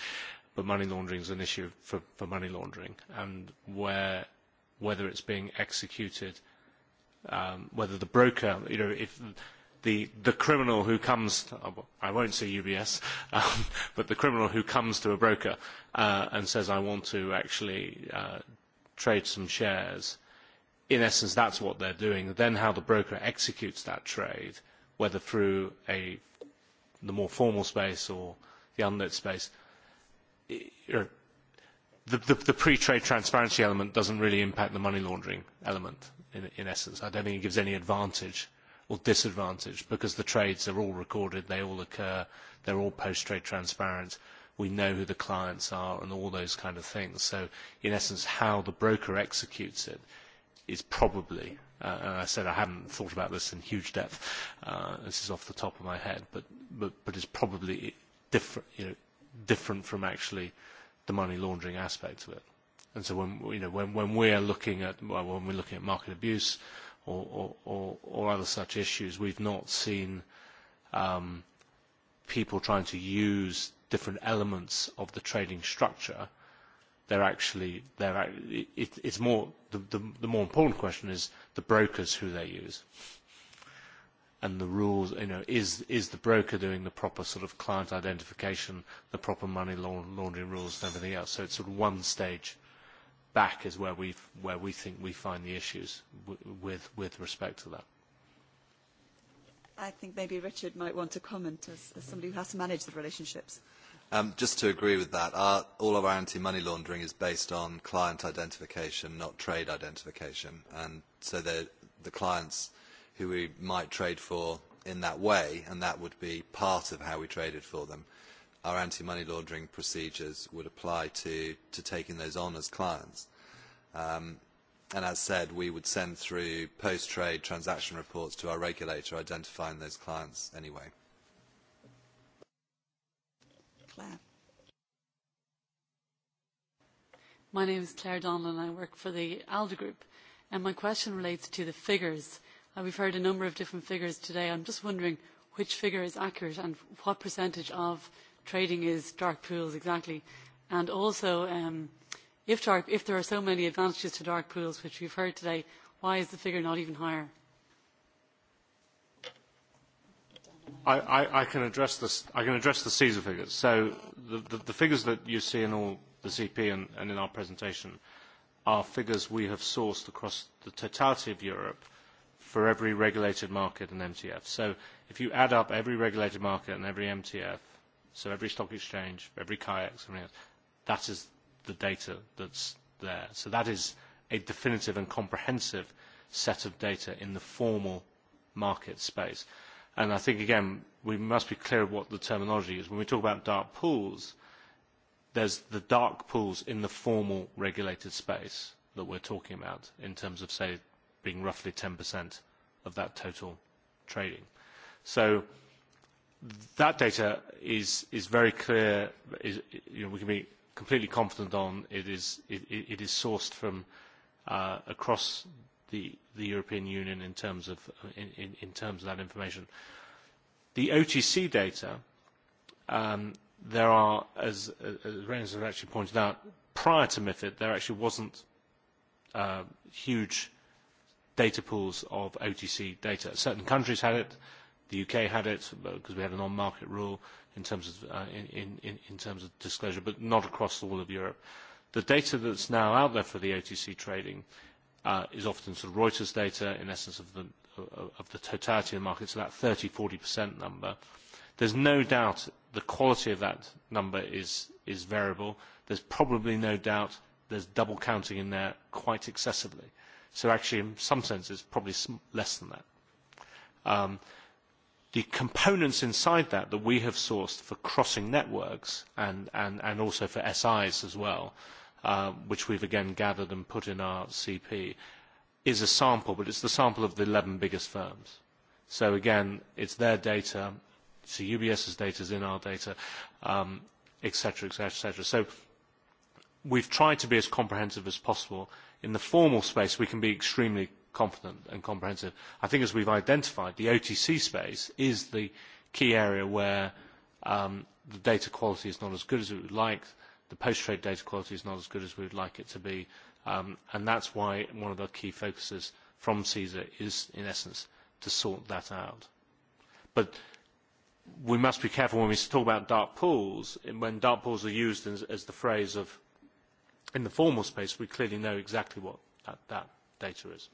but money laundering is an issue for, for money laundering and where, whether it's being executed, um, whether the broker, you know, if the, the criminal who comes, to, oh, I won't say UBS, um, but the criminal who comes to a broker uh, and says, I want to actually uh, trade some shares, in essence, that's what they're doing. Then how the broker executes that trade, whether through a, the more formal space or the unlit space, the, the, the pre-trade transparency element doesn't really impact the money laundering element, in, in essence. I don't think it gives any advantage or disadvantage because the trades are all recorded, they all occur, they're all post-trade transparent, we know who the clients are and all those kind of things. So in essence, how the broker executes it is probably uh, and I said I hadn't thought about this in huge depth. Uh, this is off the top of my head, but but but it's probably different, you know, different from actually the money laundering aspect of it. And so when you know when when we are looking at well, when we're looking at market abuse or or or, or other such issues, we've not seen um, people trying to use different elements of the trading structure they're actually they're uh, it, it's more the, the, the more important question is the brokers who they use and the rules you know is is the broker doing the proper sort of client identification the proper money laundering rules and everything else so it's sort of one stage back is where we where we think we find the issues w with with respect to that I think maybe Richard might want to comment as, as somebody who has to manage the relationships. Um, just to agree with that, our, all of our anti-money laundering is based on client identification, not trade identification. And so the, the clients who we might trade for in that way, and that would be part of how we traded for them, our anti-money laundering procedures would apply to, to taking those on as clients. Um, and as said, we would send through post-trade transaction reports to our regulator identifying those clients anyway plan. My name is Claire Donlan and I work for the ALDE Group. And my question relates to the figures. Uh, we've heard a number of different figures today. I'm just wondering which figure is accurate and what percentage of trading is dark pools exactly. And also, um, if, dark, if there are so many advantages to dark pools, which we've heard today, why is the figure not even higher? I, I, I can address this. I can address the CSER figures. So the, the, the figures that you see in all the CP and, and in our presentation are figures we have sourced across the totality of Europe for every regulated market and MTF. So if you add up every regulated market and every MTF, so every stock exchange, every kayak, everything else, that is the data that's there. So that is a definitive and comprehensive set of data in the formal market space. And I think, again, we must be clear what the terminology is. When we talk about dark pools, there's the dark pools in the formal regulated space that we're talking about in terms of, say, being roughly 10% of that total trading. So that data is, is very clear. Is, you know, we can be completely confident on it is, it, it is sourced from uh, across the, the European Union in terms, of, uh, in, in, in terms of that information. The OTC data, um, there are, as, uh, as Reynolds has actually pointed out, prior to MIFID, there actually wasn't uh, huge data pools of OTC data. Certain countries had it, the UK had it, because uh, we had an on-market rule in terms, of, uh, in, in, in terms of disclosure, but not across all of Europe. The data that's now out there for the OTC trading uh, is often sort of Reuters data, in essence, of the, uh, of the totality of the market, so that 30-40% number. There's no doubt the quality of that number is, is variable. There's probably no doubt there's double counting in there quite excessively. So actually, in some sense, it's probably less than that. Um, the components inside that that we have sourced for crossing networks and, and, and also for SIs as well uh, which we've again gathered and put in our CP, is a sample, but it's the sample of the 11 biggest firms. So again, it's their data, so UBS's data is in our data, um, et cetera, et cetera, et cetera. So we've tried to be as comprehensive as possible. In the formal space, we can be extremely confident and comprehensive. I think as we've identified, the OTC space is the key area where um, the data quality is not as good as it would like the post-trade data quality is not as good as we would like it to be. Um, and that's why one of the key focuses from CSER is, in essence, to sort that out. But we must be careful when we talk about dark pools. When dark pools are used as, as the phrase of, in the formal space, we clearly know exactly what that, that data is.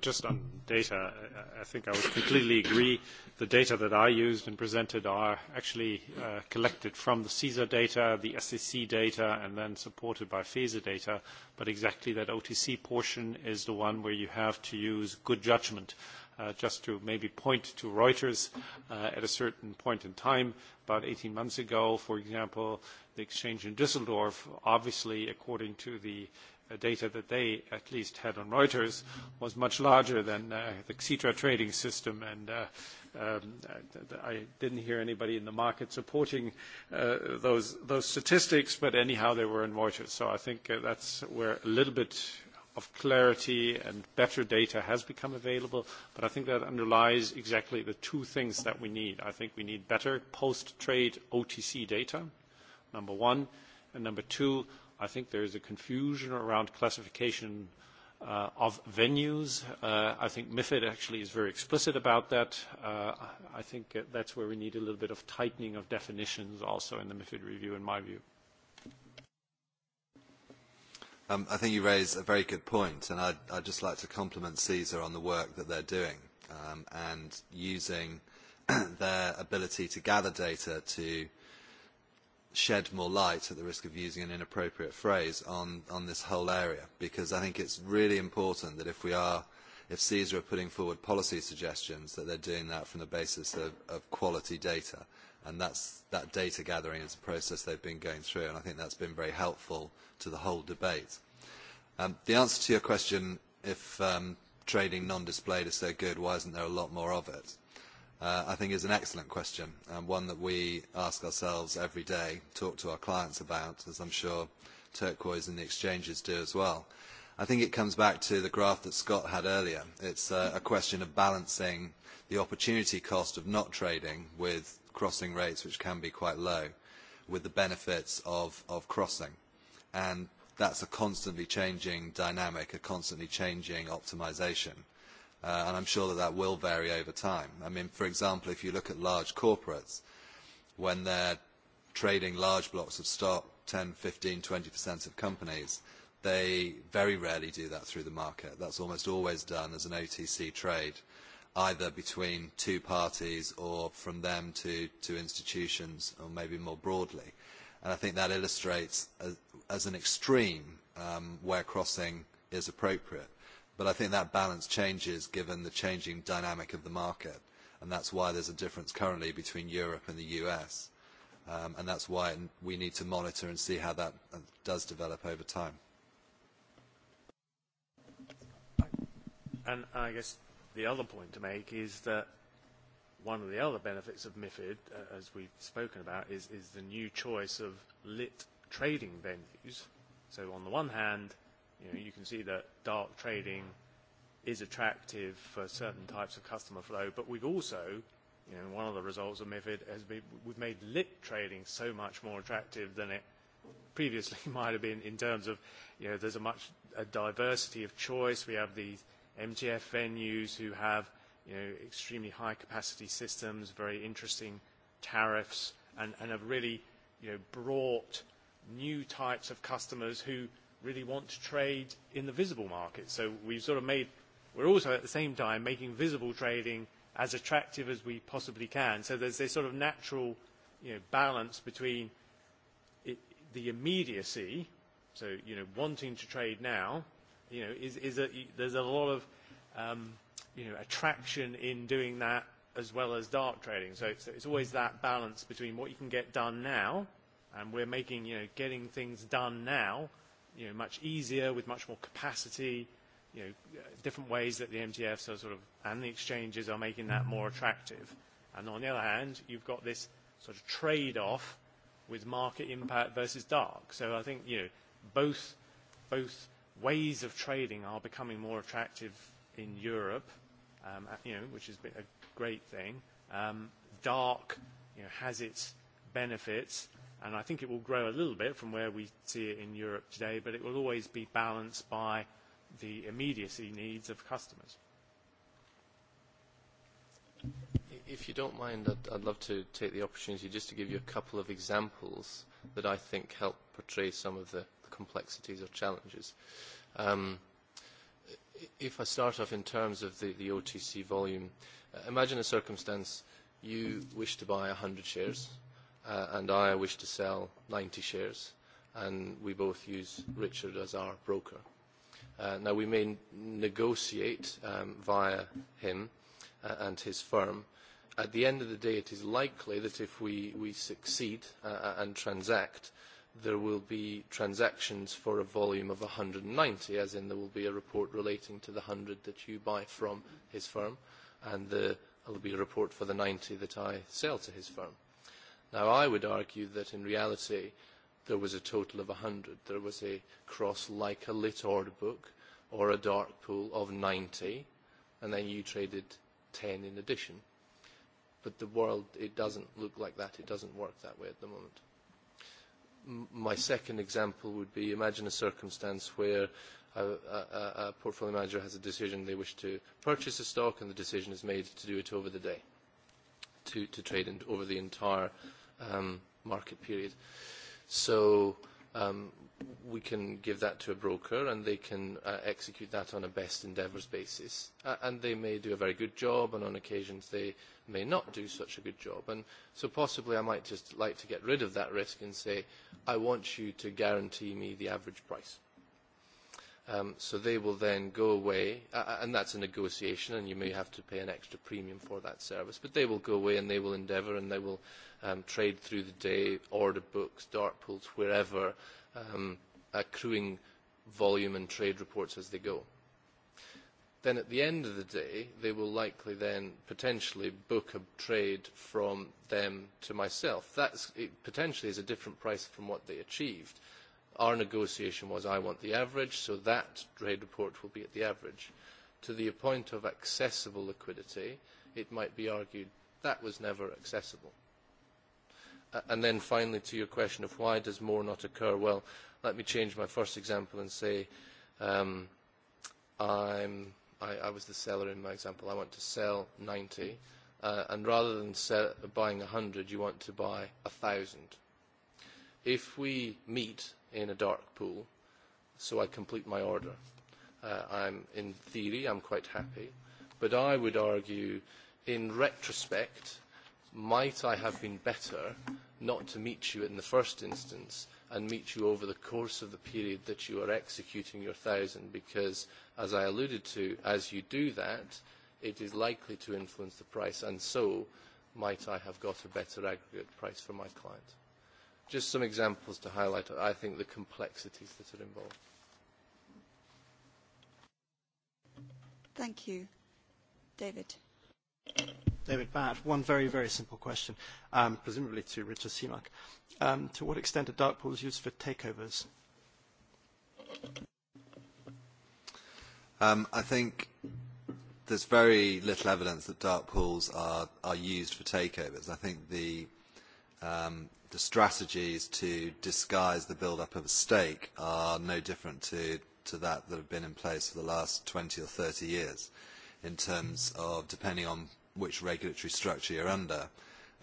Just on data, I think I would completely agree. The data that I used and presented are actually uh, collected from the CISA data, the SEC data, and then supported by FISA data. But exactly that OTC portion is the one where you have to use good judgment. Uh, just to maybe point to Reuters uh, at a certain point in time, about 18 months ago, for example, the exchange in Düsseldorf, obviously, according to the Uh, data that they at least had on Reuters was much larger than uh, the Xetra trading system and uh, um, I didn't hear anybody in the market supporting uh, those, those statistics, but anyhow they were in Reuters. So I think uh, that's where a little bit of clarity and better data has become available, but I think that underlies exactly the two things that we need. I think we need better post-trade OTC data, number one, and number two, I think there is a confusion around classification uh, of venues. Uh, I think MIFID actually is very explicit about that. Uh, I think uh, that's where we need a little bit of tightening of definitions also in the MIFID review, in my view. Um, I think you raise a very good point, and I'd, I'd just like to compliment CSER on the work that they're doing um, and using their ability to gather data to shed more light, at the risk of using an inappropriate phrase, on, on this whole area, because I think it's really important that if we are, if CSER are putting forward policy suggestions, that they're doing that from the basis of, of quality data. And that's, that data gathering is a process they've been going through, and I think that's been very helpful to the whole debate. Um, the answer to your question, if um, trading non-displayed is so good, why isn't there a lot more of it? uh, I think is an excellent question and one that we ask ourselves every day, talk to our clients about, as I'm sure Turquoise and the exchanges do as well. I think it comes back to the graph that Scott had earlier. It's uh, a question of balancing the opportunity cost of not trading with crossing rates, which can be quite low, with the benefits of, of crossing. And that's a constantly changing dynamic, a constantly changing optimization uh, and I'm sure that that will vary over time. I mean, for example, if you look at large corporates, when they're trading large blocks of stock, 10, 15, 20% of companies, they very rarely do that through the market. That's almost always done as an OTC trade, either between two parties or from them to, to institutions or maybe more broadly. And I think that illustrates as, as an extreme um, where crossing is appropriate. But I think that balance changes given the changing dynamic of the market. And that's why there's a difference currently between Europe and the US. Um, and that's why we need to monitor and see how that uh, does develop over time. And I guess the other point to make is that one of the other benefits of MIFID, uh, as we've spoken about, is, is the new choice of lit trading venues. So on the one hand, You, know, you can see that dark trading is attractive for certain types of customer flow, but we've also, you know, one of the results of MIFID has been we've made lit trading so much more attractive than it previously might have been in terms of, you know, there's a much a diversity of choice. We have these MTF venues who have, you know, extremely high capacity systems, very interesting tariffs, and, and have really, you know, brought new types of customers who – really want to trade in the visible market. So we've sort of made, we're also at the same time making visible trading as attractive as we possibly can. So there's this sort of natural you know, balance between it, the immediacy, so you know, wanting to trade now, you know, is, is a, there's a lot of um, you know, attraction in doing that as well as dark trading. So it's, it's always that balance between what you can get done now, and we're making, you know, getting things done now you know, much easier with much more capacity, you know, uh, different ways that the MTFs are sort of, and the exchanges are making that more attractive. And on the other hand, you've got this sort of trade-off with market impact versus dark. So I think, you know, both, both ways of trading are becoming more attractive in Europe, um, you know, which is a great thing. Um, dark, you know, has its benefits, and I think it will grow a little bit from where we see it in Europe today, but it will always be balanced by the immediacy needs of customers. If you don't mind, I'd, I'd love to take the opportunity just to give you a couple of examples that I think help portray some of the complexities or challenges. Um, if I start off in terms of the, the OTC volume, uh, imagine a circumstance you wish to buy 100 shares uh, and I wish to sell 90 shares, and we both use Richard as our broker. Uh, now, we may negotiate um, via him uh, and his firm. At the end of the day, it is likely that if we, we succeed uh, uh and transact, there will be transactions for a volume of 190, as in there will be a report relating to the 100 that you buy from his firm, and the, there will be a report for the 90 that I sell to his firm. Now, I would argue that in reality there was a total of 100. There was a cross like a lit order book or a dark pool of 90, and then you traded 10 in addition. But the world, it doesn't look like that. It doesn't work that way at the moment. M my second example would be imagine a circumstance where a, a, a portfolio manager has a decision they wish to purchase a stock and the decision is made to do it over the day, to, to trade in, over the entire um, market period. So um, we can give that to a broker and they can uh, execute that on a best endeavours basis. Uh, and they may do a very good job and on occasions they may not do such a good job. And so possibly I might just like to get rid of that risk and say, I want you to guarantee me the average price. Um, so they will then go away, uh, and that's a negotiation, and you may have to pay an extra premium for that service, but they will go away and they will endeavour and they will um, trade through the day, order books, dart pools, wherever, um, accruing volume and trade reports as they go. Then at the end of the day, they will likely then potentially book a trade from them to myself. That potentially is a different price from what they achieved Our negotiation was, I want the average, so that trade report will be at the average. To the point of accessible liquidity, it might be argued that was never accessible. Uh, and then finally to your question of why does more not occur, well, let me change my first example and say um, I'm, I, I was the seller in my example. I want to sell 90, uh, and rather than sell, buying 100, you want to buy 1,000. If we meet in a dark pool, so I complete my order. Uh, I'm, in theory, I'm quite happy, but I would argue, in retrospect, might I have been better not to meet you in the first instance and meet you over the course of the period that you are executing your thousand because, as I alluded to, as you do that, it is likely to influence the price and so might I have got a better aggregate price for my client. Just some examples to highlight, I think, the complexities that are involved. Thank you. David. David Batt, one very, very simple question, um, presumably to Richard Seamark. Um, to what extent are dark pools used for takeovers? Um, I think there's very little evidence that dark pools are, are used for takeovers. I think the um, the strategies to disguise the build-up of a stake are no different to, to that that have been in place for the last 20 or 30 years in terms of, depending on which regulatory structure you're under,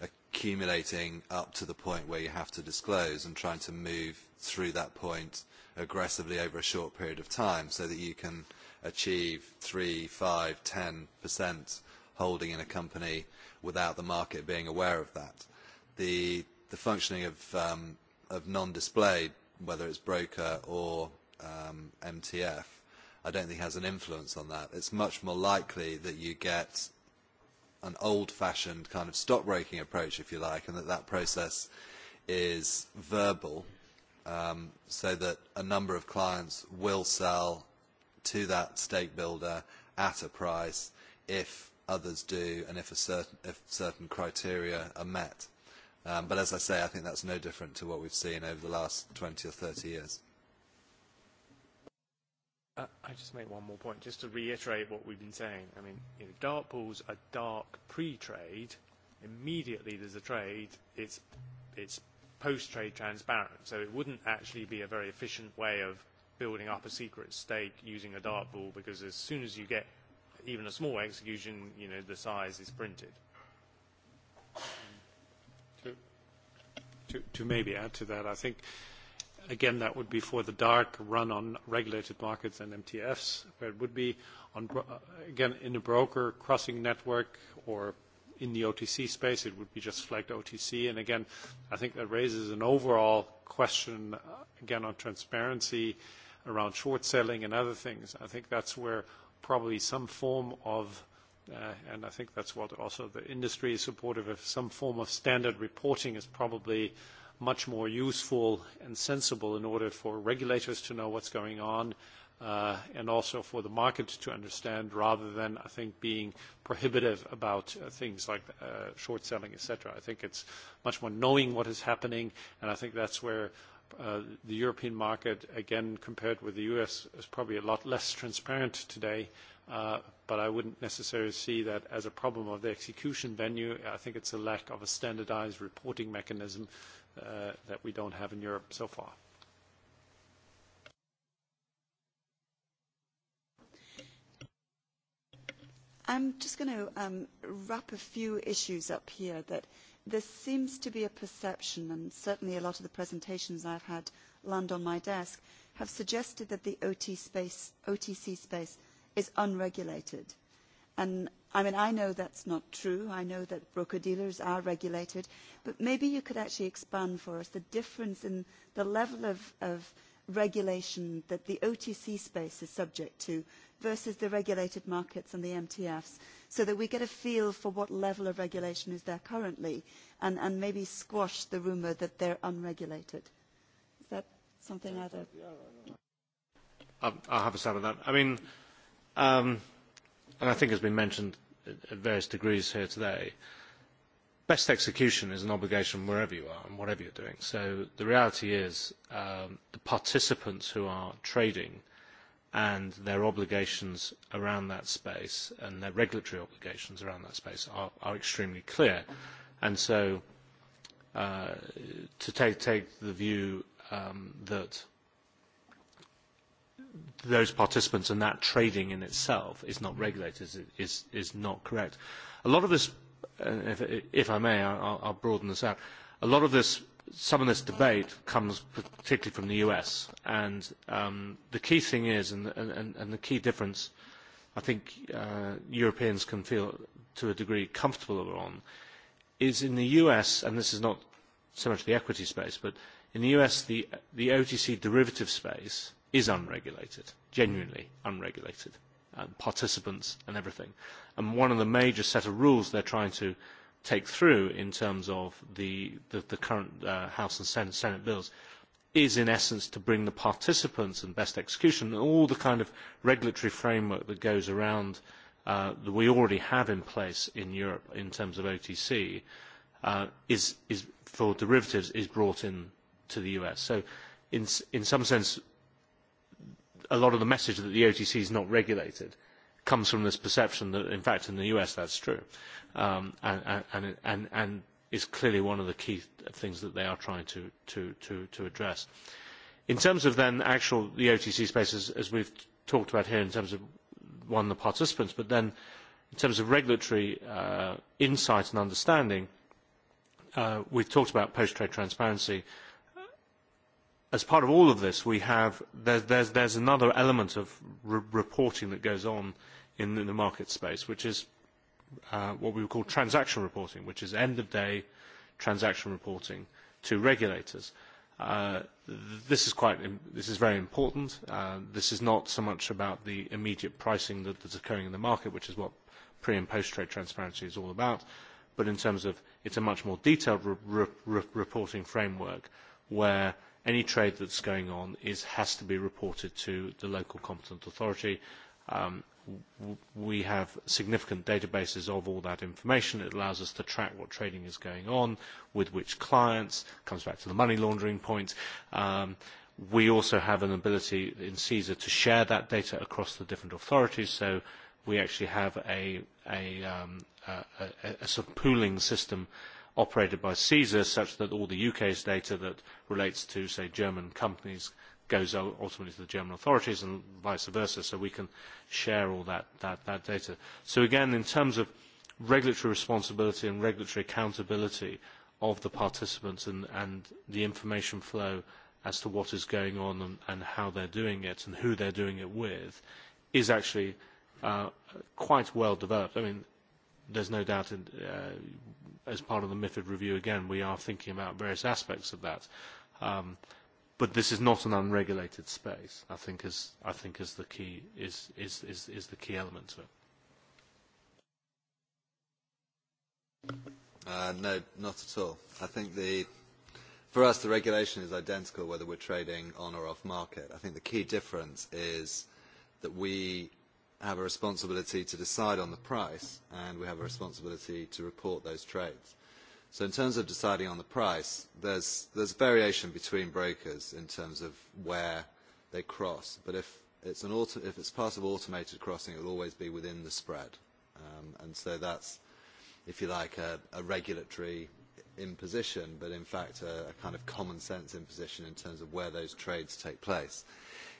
accumulating up to the point where you have to disclose and trying to move through that point aggressively over a short period of time so that you can achieve 3, 5, 10% holding in a company without the market being aware of that the, the functioning of, um, of non-display, whether it's broker or um, MTF, I don't think has an influence on that. It's much more likely that you get an old-fashioned kind of stockbroking approach, if you like, and that that process is verbal, um, so that a number of clients will sell to that stake builder at a price if others do and if, a certain, if certain criteria are met. Um, but as I say, I think that's no different to what we've seen over the last 20 or 30 years. Uh, I just make one more point, just to reiterate what we've been saying. I mean, you know, dark pools are dark pre-trade. Immediately there's a trade, it's, it's post-trade transparent. So it wouldn't actually be a very efficient way of building up a secret stake using a dark pool because as soon as you get even a small execution, you know, the size is printed. to, maybe add to that, I think, again, that would be for the dark run on regulated markets and MTFs, where it would be, on, uh, again, in a broker crossing network or in the OTC space, it would be just flagged OTC. And again, I think that raises an overall question, uh, again, on transparency around short selling and other things. I think that's where probably some form of Uh, and I think that's what also the industry is supportive of. Some form of standard reporting is probably much more useful and sensible in order for regulators to know what's going on uh, and also for the market to understand rather than, I think, being prohibitive about uh, things like uh, short selling, etc. I think it's much more knowing what is happening, and I think that's where uh, the European market, again, compared with the US, is probably a lot less transparent today Uh, but I wouldn't necessarily see that as a problem of the execution venue. I think it's a lack of a standardized reporting mechanism uh, that we don't have in Europe so far. I'm just going to um, wrap a few issues up here that there seems to be a perception, and certainly a lot of the presentations I've had land on my desk, have suggested that the OT space, OTC space is unregulated. And I mean, I know that's not true. I know that broker-dealers are regulated. But maybe you could actually expand for us the difference in the level of, of regulation that the OTC space is subject to versus the regulated markets and the MTFs so that we get a feel for what level of regulation is there currently and, and maybe squash the rumour that they're unregulated. Is that something either? I'll have a stab at that. I mean, Um, and I think has been mentioned at various degrees here today, best execution is an obligation wherever you are and whatever you're doing. So the reality is um, the participants who are trading and their obligations around that space and their regulatory obligations around that space are, are extremely clear. And so uh, to take, take the view um, that those participants and that trading in itself is not regulated is, is, is not correct. A lot of this, uh, if, if I may, I'll, I'll broaden this out. A lot of this, some of this debate comes particularly from the US. And um, the key thing is, and, and, and the key difference I think uh, Europeans can feel to a degree comfortable on, is in the US, and this is not so much the equity space, but in the US, the, the OTC derivative space is unregulated, genuinely unregulated, and um, participants and everything. And one of the major set of rules they're trying to take through in terms of the, the, the current uh, House and Senate, Senate bills is in essence to bring the participants and best execution and all the kind of regulatory framework that goes around uh, that we already have in place in Europe in terms of OTC uh, is, is for derivatives is brought in to the US. So in, in some sense a lot of the message that the OTC is not regulated comes from this perception that, in fact, in the US that's true, um, and, and, and, and is clearly one of the key things that they are trying to, to, to, to address. In terms of then actual the OTC space as we've talked about here, in terms of one the participants, but then in terms of regulatory uh, insight and understanding, uh, we've talked about post-trade transparency. Uh, as part of all of this, we have there's there's, there's another element of re reporting that goes on in, in the market space, which is uh, what we would call transaction reporting, which is end of day transaction reporting to regulators. Uh, this is quite this is very important. Uh, this is not so much about the immediate pricing that, is occurring in the market, which is what pre and post trade transparency is all about, but in terms of it's a much more detailed re re reporting framework where any trade that is going on is, has to be reported to the local competent authority. Um, we have significant databases of all that information. It allows us to track what trading is going on, with which clients, comes back to the money laundering point. Um, we also have an ability in CSER to share that data across the different authorities, so we actually have a, a, um, a, a, a sort of pooling system uh, operated by CSER such that all the UK's data that relates to, say, German companies goes ultimately to the German authorities and vice versa, so we can share all that, that, that data. So again, in terms of regulatory responsibility and regulatory accountability of the participants and, and the information flow as to what is going on and, and how they're doing it and who they're doing it with is actually uh, quite well developed. I mean, there's no doubt in, uh, as part of the MIFID review, again, we are thinking about various aspects of that. Um, but this is not an unregulated space, I think is, I think is, the, key, is, is, is, is the key element to it. Uh, no, not at all. I think the, for us, the regulation is identical whether we're trading on or off market. I think the key difference is that we have a responsibility to decide on the price and we have a responsibility to report those trades. So in terms of deciding on the price, there's, there's variation between brokers in terms of where they cross. But if it's, an auto, if it's part of automated crossing, it will always be within the spread. Um, and so that's, if you like, a, a regulatory imposition, but in fact a, a kind of common sense imposition in terms of where those trades take place.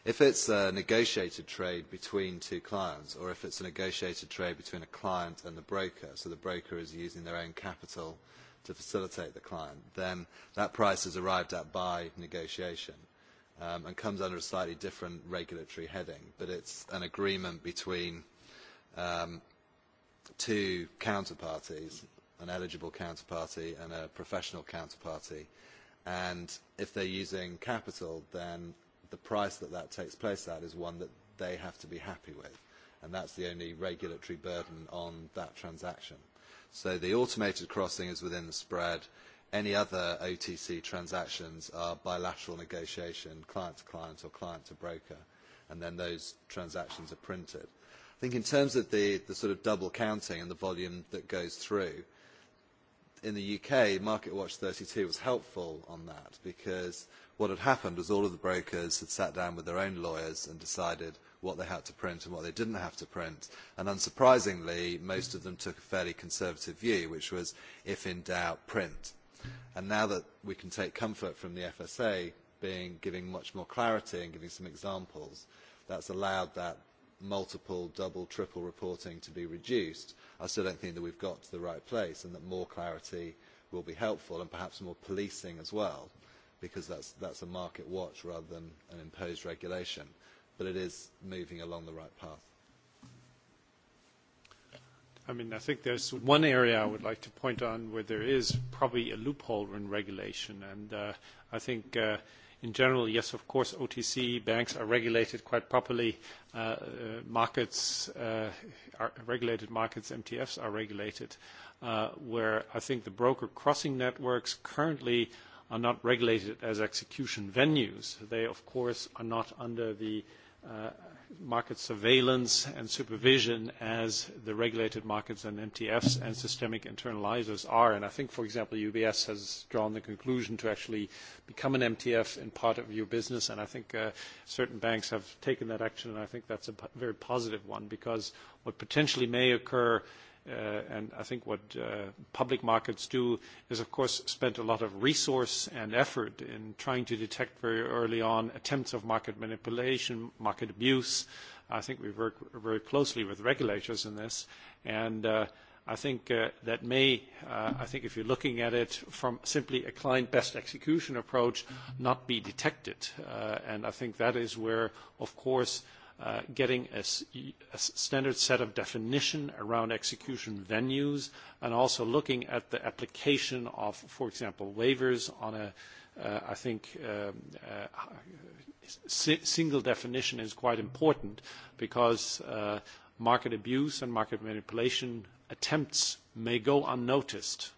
If it's a negotiated trade between two clients, or if it's a negotiated trade between a client and the broker, so the broker is using their own capital to facilitate the client, then that price is arrived at by negotiation um, and comes under a slightly different regulatory heading, but it's an agreement between um, two counterparties, an eligible counterparty and a professional counterparty, and if they're using capital, then the price that that takes place at is one that they have to be happy with. And that's the only regulatory burden on that transaction. So the automated crossing is within the spread. Any other OTC transactions are bilateral negotiation, client to client or client to broker, and then those transactions are printed. I think in terms of the, the sort of double counting and the volume that goes through, in the UK, Market Watch 32 was helpful on that because What had happened was all of the brokers had sat down with their own lawyers and decided what they had to print and what they didn't have to print. And unsurprisingly, most of them took a fairly conservative view, which was, if in doubt, print. And now that we can take comfort from the FSA being, giving much more clarity and giving some examples, that's allowed that multiple, double, triple reporting to be reduced, I still don't think that we've got to the right place and that more clarity will be helpful and perhaps more policing as well because that's, that's a market watch rather than an imposed regulation. But it is moving along the right path. I mean, I think there's one area I would like to point on where there is probably a loophole in regulation. And uh, I think uh, in general, yes, of course, OTC banks are regulated quite properly. Uh, uh, markets uh, are regulated markets, MTFs are regulated. Uh, where I think the broker crossing networks currently – are not regulated as execution venues. They, of course, are not under the uh, market surveillance and supervision as the regulated markets and MTFs and systemic internalizers are. And I think, for example, UBS has drawn the conclusion to actually become an MTF in part of your business. And I think uh, certain banks have taken that action, and I think that's a very positive one because what potentially may occur – Uh, and I think what uh, public markets do is, of course, spend a lot of resource and effort in trying to detect very early on attempts of market manipulation, market abuse. I think we work very closely with regulators in this. And uh, I think uh, that may, uh, I think if you're looking at it from simply a client best execution approach, not be detected. Uh, and I think that is where, of course, uh, uh, getting a, a standard set of definition around execution venues and also looking at the application of, for example, waivers on a, uh, I think, um, uh, si single definition is quite important because uh, market abuse and market manipulation attempts may go unnoticed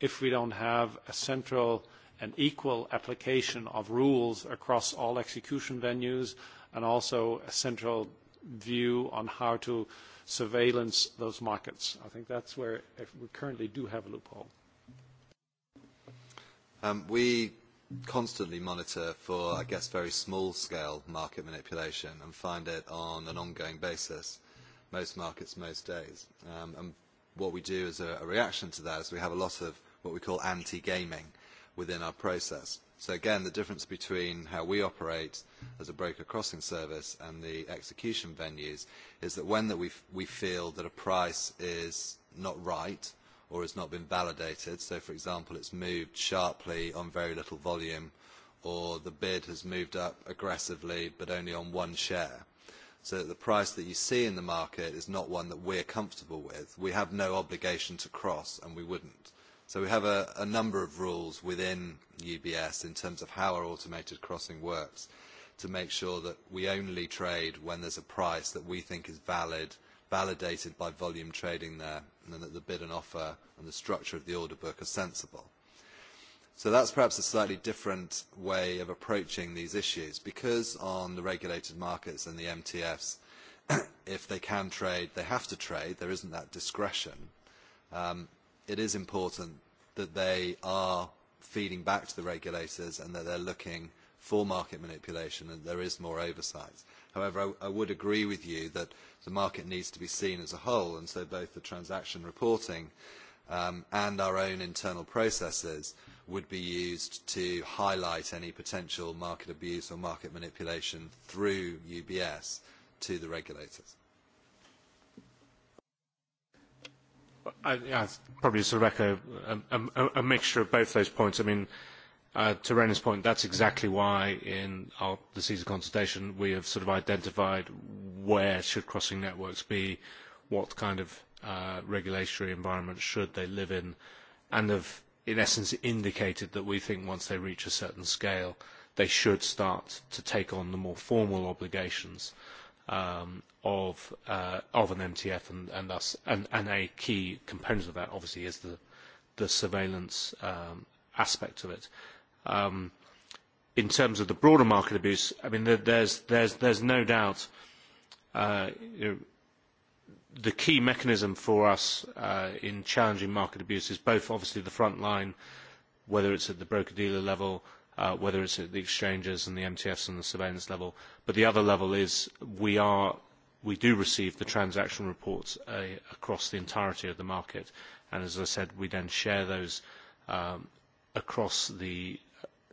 if we don't have a central and equal application of rules across all execution venues and also a central view on how to surveillance those markets. I think that's where if we currently do have a loophole. Um, we constantly monitor for, I guess, very small-scale market manipulation and find it on an ongoing basis, most markets, most days. Um, and what we do as a, a reaction to that is we have a lot of what we call anti-gaming – within our process. So again, the difference between how we operate as a broker crossing service and the execution venues is that when that we, feel that a price is not right or has not been validated, so for example it's moved sharply on very little volume or the bid has moved up aggressively but only on one share, so that the price that you see in the market is not one that we're comfortable with, we have no obligation to cross and we wouldn't. So we have a, a number of rules within UBS in terms of how our automated crossing works to make sure that we only trade when there's a price that we think is valid, validated by volume trading there, and that the bid and offer and the structure of the order book are sensible. So that's perhaps a slightly different way of approaching these issues because on the regulated markets and the MTFs, if they can trade, they have to trade. There isn't that discretion. Um, it is important that they are feeding back to the regulators and that they're looking for market manipulation and there is more oversight. However, I, I would agree with you that the market needs to be seen as a whole and so both the transaction reporting um, and our own internal processes would be used to highlight any potential market abuse or market manipulation through UBS to the regulators. I, probably sort of echo a, a, a mixture of both those points. I mean, uh, to Rena's point, that's exactly why in our, the CESA consultation we have sort of identified where should crossing networks be, what kind of uh, regulatory environment should they live in, and have in essence indicated that we think once they reach a certain scale, they should start to take on the more formal obligations um, of, uh, of an MTF and, and thus and, and a key component of that obviously is the, the surveillance um, aspect of it. Um, in terms of the broader market abuse, I mean, there, there's, there's, there's no doubt uh, you know, the key mechanism for us uh, in challenging market abuse is both obviously the front line, whether it's at the broker-dealer level, uh, whether it's at the exchanges and the MTFs and the surveillance level. But the other level is we, are, we do receive the transaction reports uh, across the entirety of the market. And as I said, we then share those um, across, the,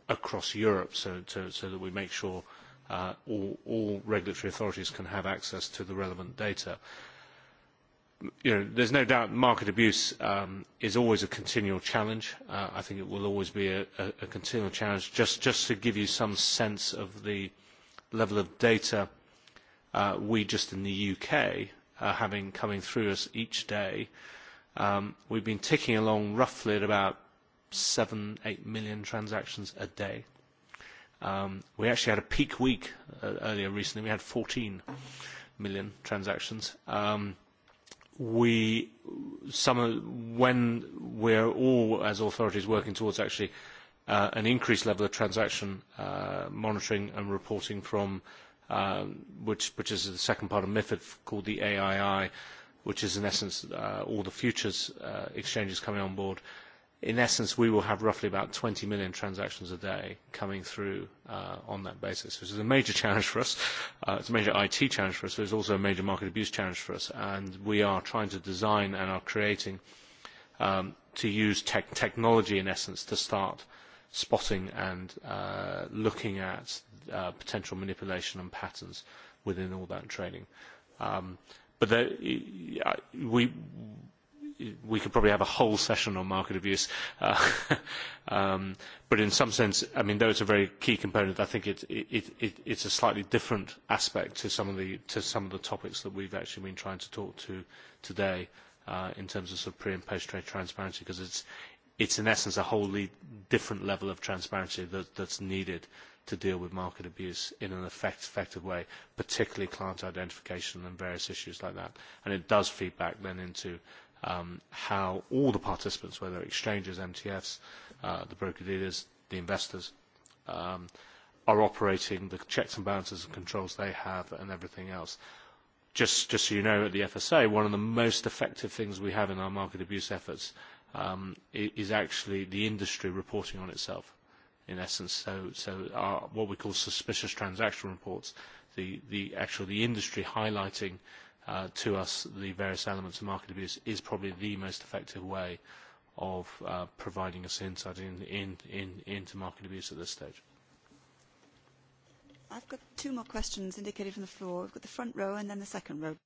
across Europe so, to, so that we make sure uh, all, all regulatory authorities can have access to the relevant data you know, there's no doubt market abuse um, is always a continual challenge. Uh, I think it will always be a, a, a continual challenge. Just, just to give you some sense of the level of data uh, we just in the UK are uh, having coming through us each day, um, we've been ticking along roughly at about seven, eight million transactions a day. Um, we actually had a peak week uh, earlier recently. We had 14 million transactions. Um, we some when we're all as authorities working towards actually uh, an increased level of transaction uh, monitoring and reporting from uh, which which is the second part of MIFID called the AII, which is in essence uh, all the futures uh, exchanges coming on board. Uh, in essence, we will have roughly about 20 million transactions a day coming through uh, on that basis, which is a major challenge for us. Uh, it's a major IT challenge for us, but it's also a major market abuse challenge for us. And we are trying to design and are creating um, to use tech technology, in essence, to start spotting and uh, looking at uh, potential manipulation and patterns within all that trading. Um, but the, we we could probably have a whole session on market abuse. Uh, um, but in some sense, I mean, though it's a very key component, I think it, it, it, it's a slightly different aspect to some of the, to some of the topics that we've actually been trying to talk to today uh, in terms of, sort of pre and post-trade transparency, because it's, it's in essence a wholly different level of transparency that, that's needed to deal with market abuse in an effect, effective way, particularly client identification and various issues like that. And it does feed back then into um, how all the participants, whether exchanges, MTFs, uh, the broker dealers, the investors, um, are operating the checks and balances and controls they have and everything else. Just, just so you know, at the FSA, one of the most effective things we have in our market abuse efforts um, is actually the industry reporting on itself, in essence. So, so our, what we call suspicious transaction reports, the, the actual the industry highlighting uh, uh, to us the various elements of market abuse is probably the most effective way of uh, providing us insight in, in, in, into market abuse at this stage. I've got two more questions indicated from the floor. We've got the front row and then the second row.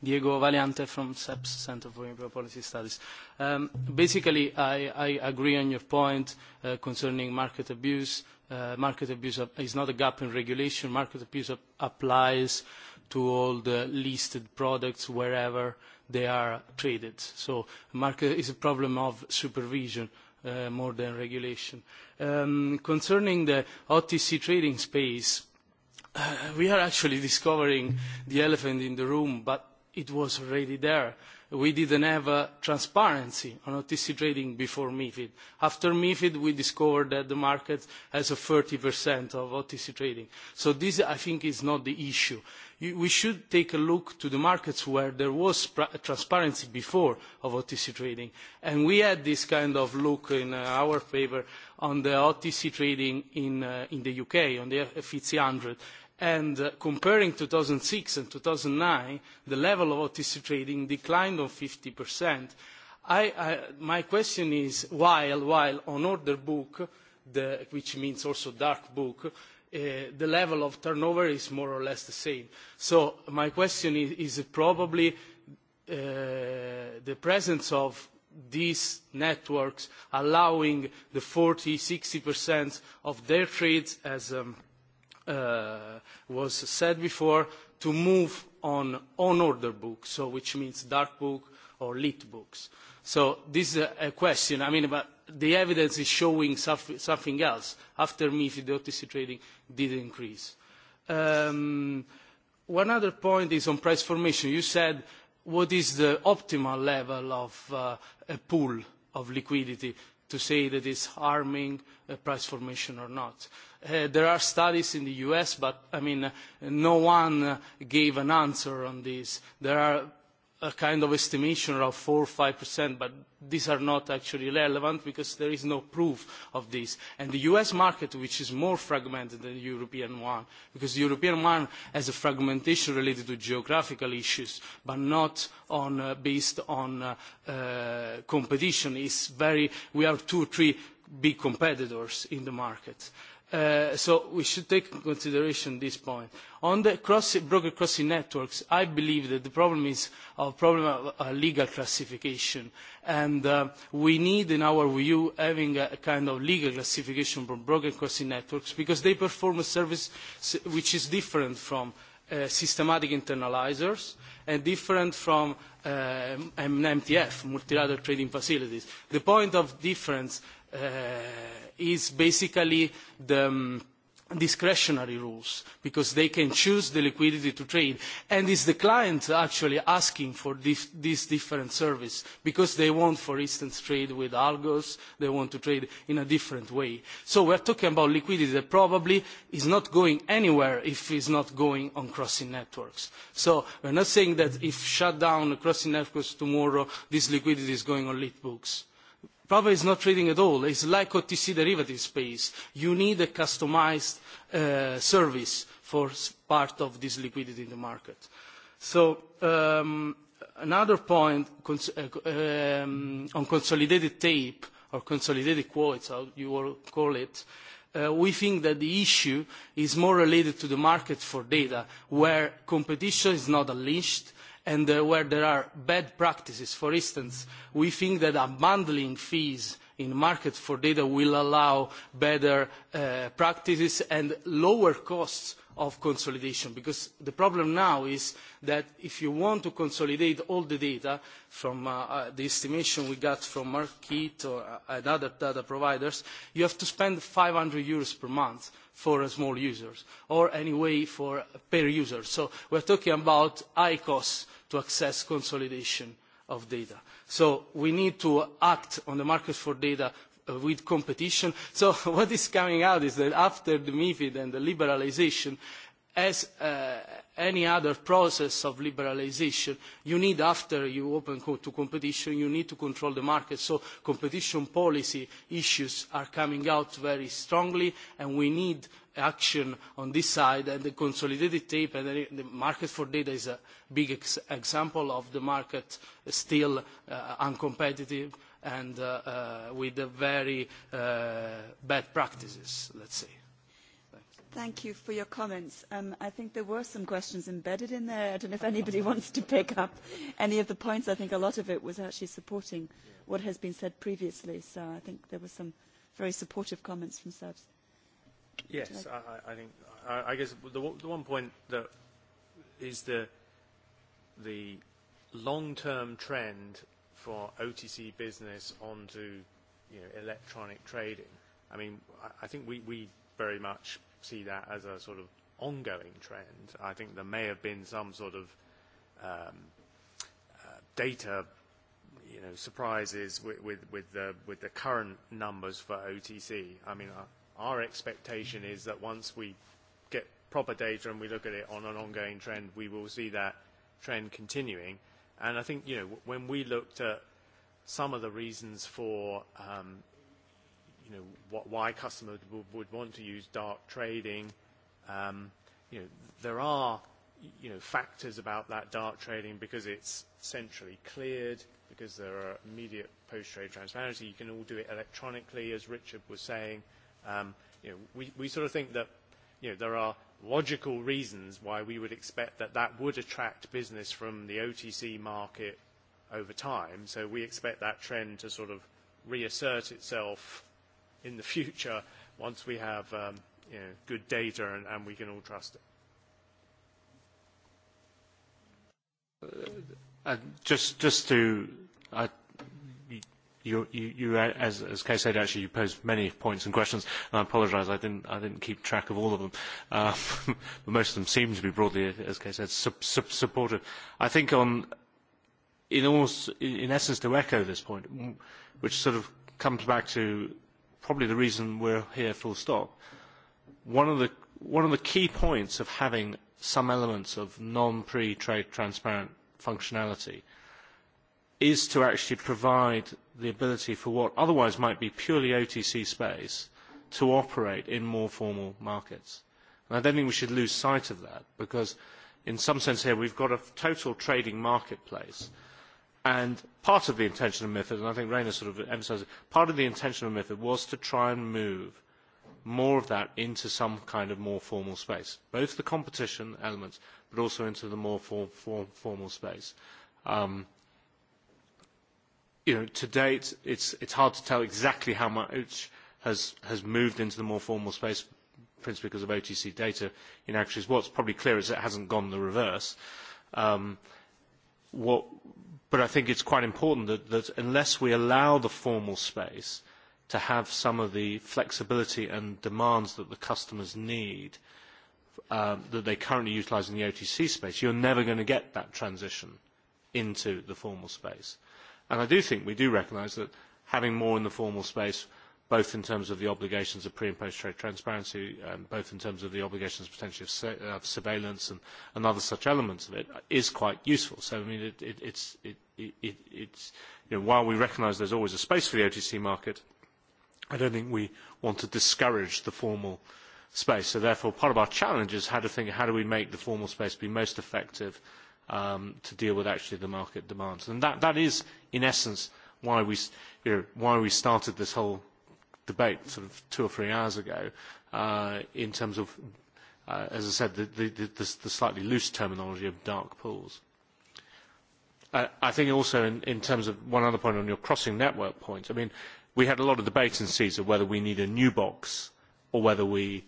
Diego Valiante from SEPS, e Center for Improved Policy Studies. Um, basically, I, I agree on your point uh, concerning market abuse. Uh, market abuse is not a gap in regulation. Market abuse applies to all the listed products wherever they are traded. So market is a problem of supervision uh, more than regulation. Um, concerning the OTC trading space, uh, we are actually discovering the elephant in the room, but it was already there. We didn't have a transparency on OTC trading before MIFID. After MIFID, we discovered that the market has a 30% of OTC trading. So this, I think, is not the issue. We should take a look to the markets where there was transparency before of OTC trading. And we had this kind of look in uh, our paper on the OTC trading in, uh, in the UK, on the FTSE 100 and uh, comparing 2006 and 2009, the level of OTC trading declined on 50%. I, I, my question is, while, while on order book, the, which means also dark book, uh, the level of turnover is more or less the same. So my question is, is it probably uh, the presence of these networks allowing the 40-60% of their trades as um, – uh, was said before, to move on on-order books, so which means dark book or lit books. So this is a question. I mean, but the evidence is showing something else. After MIFID, the OTC trading did increase. Um, one other point is on price formation. You said what is the optimal level of uh, a pool of liquidity to say that it's harming uh, price formation or not. Uh, there are studies in the US, but I mean, uh, no one uh, gave an answer on this. There are a kind of estimation of 4 or 5%, but these are not actually relevant because there is no proof of this. And the US market, which is more fragmented than the European one, because the European one has a fragmentation related to geographical issues, but not on, uh, based on uh, uh, competition. It's very, we are two or three big competitors in the market. Uh, Uh, so we should take into consideration this point. On the cross, broker crossing networks, I believe that the problem is a uh, problem of a uh, legal classification. And uh, we need, in our view, having a, kind of legal classification for broker crossing networks because they perform a service which is different from uh, systematic internalizers and different from uh, an MTF, multilateral trading facilities. The point of difference uh is basically the um, discretionary rules because they can choose the liquidity to trade and is the client actually asking for dif this different service because they want for instance trade with algos they want to trade in a different way so we're talking about liquidity that probably is not going anywhere if it's not going on crossing networks so we're not saying that if shut down crossing networks tomorrow this liquidity is going on lit books Probably is not trading at all. It's like OTC derivative space. You need a customized uh, service for part of this liquidity in the market. So um, another point cons uh, um, on consolidated tape or consolidated quotes, how you will call it, uh, we think that the issue is more related to the market for data, where competition is not unleashed, and uh, where there are bad practices. For instance, we think that unbundling fees in market for data will allow better uh, practices and lower costs of consolidation because the problem now is that if you want to consolidate all the data from uh, uh the estimation we got from Markit or, uh, and other data providers, you have to spend 500 euros per month for uh, small users or anyway for uh, per user. So we're talking about high costs to access consolidation of data. So we need to act on the market for data uh, with competition. So what is coming out is that after the MIFID and the liberalization, as uh, any other process of liberalization, you need, after you open co to competition, you need to control the market. So competition policy issues are coming out very strongly, and we need action on this side and the consolidated tape and the market for data is a big ex example of the market still uh, uncompetitive and uh, uh, with very uh, bad practices, let's say. Thank you for your comments. Um, I think there were some questions embedded in there. I don't know if anybody wants to pick up any of the points. I think a lot of it was actually supporting what has been said previously. So I think there were some very supportive comments from Serbs. Yes, I, I think I, I guess the, the one point that is the the long-term trend for OTC business onto you know electronic trading. I mean, I, I think we we very much see that as a sort of ongoing trend. I think there may have been some sort of um, uh, data you know surprises with with, with the with the current numbers for OTC. I mean. I, our expectation is that once we get proper data and we look at it on an ongoing trend, we will see that trend continuing. And I think, you know, when we looked at some of the reasons for, um, you know, wh why customers would, would want to use dark trading, um, you know, there are, you know, factors about that dark trading because it's centrally cleared, because there are immediate post-trade transparency. You can all do it electronically, as Richard was saying. Um, you know, we, we sort of think that you know, there are logical reasons why we would expect that that would attract business from the OTC market over time. So we expect that trend to sort of reassert itself in the future once we have um, you know, good data and, and we can all trust it. Uh, just, just to you, you, you as, as Kay said, actually, you posed many points and questions. And I apologise, I didn't, I didn't keep track of all of them. Uh, but most of them seem to be broadly, as Kay said, sub, sub, supportive. I think on, in, almost, in essence, to echo this point, which sort of comes back to probably the reason we're here full stop, one of the, one of the key points of having some elements of non-pre-trade transparent functionality – is to actually provide the ability for what otherwise might be purely OTC space to operate in more formal markets. And I don't think we should lose sight of that because in some sense here we've got a total trading marketplace and part of the intention of MIFID, and I think Rainer sort of emphasised it, part of the intention of MIFID was to try and move more of that into some kind of more formal space, both the competition elements but also into the more for, for, formal space. Um, you know, to date, it's, it's hard to tell exactly how much has, has moved into the more formal space, principally because of OTC data in actuaries. What's probably clear is it hasn't gone the reverse. Um, what, but I think it's quite important that, that unless we allow the formal space to have some of the flexibility and demands that the customers need, um, that they currently utilise in the OTC space, you're never going to get that transition into the formal space. And I do think we do recognise that having more in the formal space, both in terms of the obligations of pre and post trade transparency, and um, both in terms of the obligations potentially of, of surveillance and, and other such elements of it, is quite useful. So, I mean, it, it, it's, it, it, it's, you know, while we recognise there's always a space for the OTC market, I don't think we want to discourage the formal space. So therefore, part of our challenge is how to think, how do we make the formal space be most effective um, to deal with actually the market demands. And that, that is, in essence, why we, you know, why we started this whole debate sort of two or three hours ago uh, in terms of, uh, as I said, the, the, the, the slightly loose terminology of dark pools. Uh, I think also in, in terms of one other point on your crossing network point, I mean, we had a lot of debate in CESAR whether we need a new box or whether we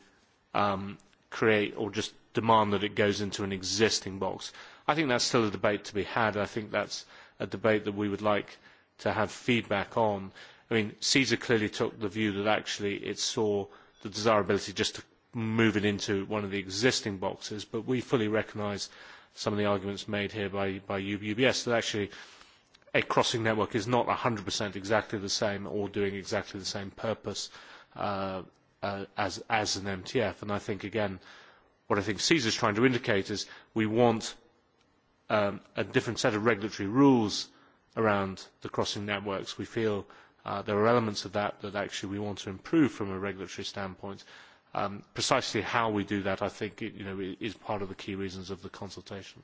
um, create or just demand that it goes into an existing box. I think that's still a debate to be had. I think that's a debate that we would like to have feedback on. I mean, CESA clearly took the view that actually it saw the desirability just to move it into one of the existing boxes, but we fully recognise some of the arguments made here by, by UBS that actually a crossing network is not 100% exactly the same or doing exactly the same purpose uh, uh, as, as an MTF. And I think, again, what I think CESA is trying to indicate is we want um, a different set of regulatory rules around the crossing networks. We feel uh, there are elements of that that actually we want to improve from a regulatory standpoint. Um, precisely how we do that, I think, it, you know, is part of the key reasons of the consultation.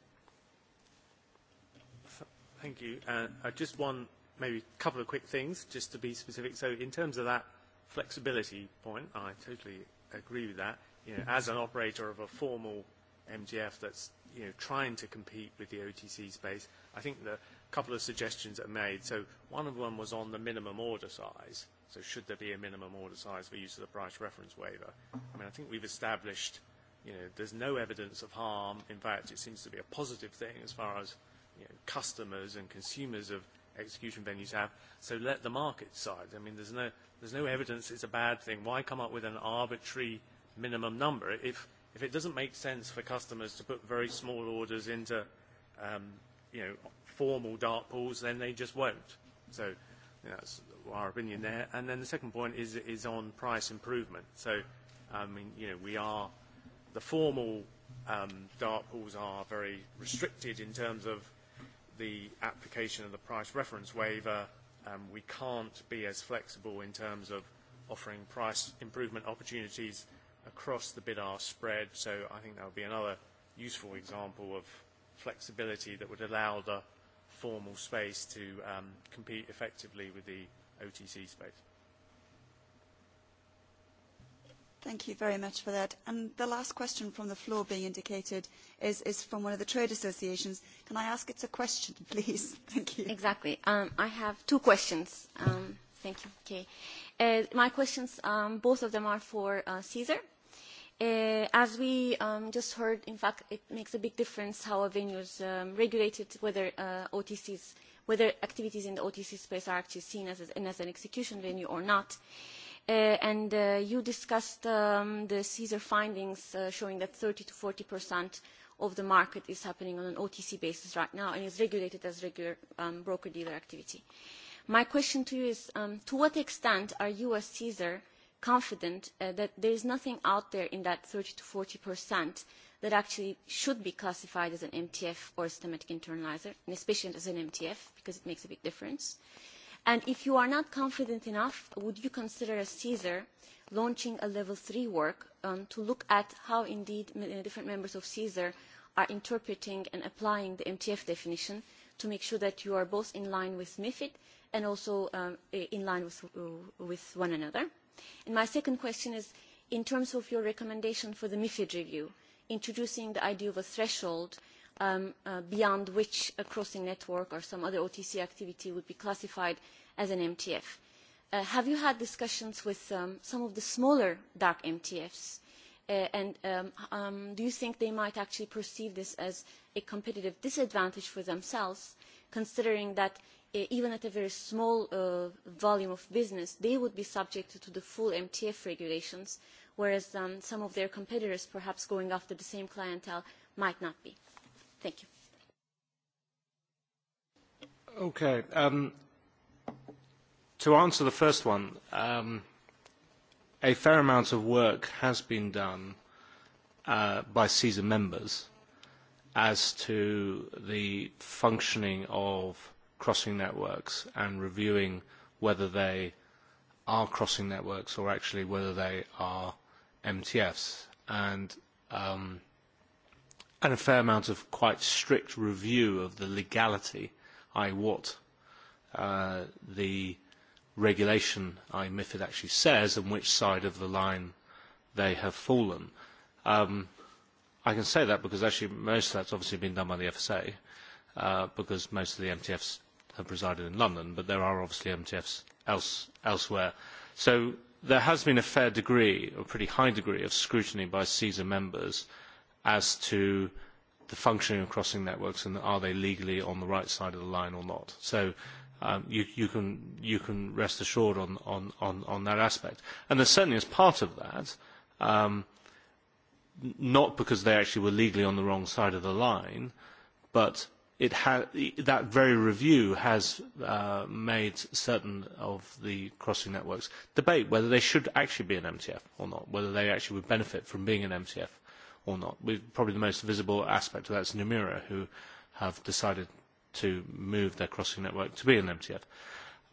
Thank you. Uh, I uh, just one, maybe a couple of quick things, just to be specific. So in terms of that flexibility point, I totally agree with that. You know, as an operator of a formal MGF that's you know, trying to compete with the OTC space, I think the couple of suggestions are made. So one of them was on the minimum order size. So should there be a minimum order size for use of the price reference waiver? I mean, I think we've established, you know, there's no evidence of harm. In fact, it seems to be a positive thing as far as you know, customers and consumers of execution venues have. So let the market decide. I mean, there's no, there's no evidence it's a bad thing. Why come up with an arbitrary minimum number if if it doesn't make sense for customers to put very small orders into um, you know, formal dark pools, then they just won't. So you know, that's our opinion there. And then the second point is, is on price improvement. So, I mean, you know, we are, the formal um, dark pools are very restricted in terms of the application of the price reference waiver. Um, we can't be as flexible in terms of offering price improvement opportunities across the bid-ask spread, so I think that would be another useful example of flexibility that would allow the formal space to um, compete effectively with the OTC space. Thank you very much for that. And the last question from the floor being indicated is, is from one of the trade associations. Can I ask it's a question, please? Thank you. Exactly. Um, I have two questions. Um, thank you, Okay. Uh, my questions, um, both of them are for uh, Caesar. Uh, as we um, just heard, in fact, it makes a big difference how a venue is um, regulated, whether uh, OTCs, whether activities in the OTC space are actually seen as, a, as an execution venue or not. Uh, and uh, you discussed um, the CSER findings uh, showing that 30 to 40 percent of the market is happening on an OTC basis right now and is regulated as regular um, broker-dealer activity. My question to you is, um, to what extent are you as CSER – confident uh, that there is nothing out there in that 30 to 40 percent that actually should be classified as an MTF or a systematic internalizer, and especially as an MTF because it makes a big difference. And if you are not confident enough, would you consider a CSER launching a level three work um, to look at how indeed uh, different members of CSER are interpreting and applying the MTF definition to make sure that you are both in line with MIFID and also um, in line with, uh, with one another? And my second question is, in terms of your recommendation for the MIFID review, introducing the idea of a threshold um, uh, beyond which a crossing network or some other OTC activity would be classified as an MTF. Uh, have you had discussions with um, some of the smaller dark MTFs? Uh, and um, um, do you think they might actually perceive this as a competitive disadvantage for themselves, considering that E, even at a very small uh, volume of business, they would be subject to the full MTF regulations, whereas um, some of their competitors perhaps going after the same clientele might not be. Thank you. Okay. Um, to answer the first one, um, a fair amount of work has been done uh, by CESA members as to the functioning of crossing networks and reviewing whether they are crossing networks or actually whether they are MTFs. And, um, and a fair amount of quite strict review of the legality, i.e. what uh, the regulation, i.e. MIFID, actually says and which side of the line they have fallen. Um, I can say that because actually most of that's obviously been done by the FSA uh, because most of the MTFs have resided in London, but there are obviously MTFs else, elsewhere. So there has been a fair degree, a pretty high degree, of scrutiny by CESA members as to the functioning of crossing networks and are they legally on the right side of the line or not. So um, you, you, can, you can rest assured on, on, on, on that aspect. And there certainly is part of that, um, not because they actually were legally on the wrong side of the line, but it ha that very review has uh, made certain of the crossing networks debate whether they should actually be an MTF or not, whether they actually would benefit from being an MTF or not. probably the most visible aspect of that is Numira, who have decided to move their crossing network to be an MTF.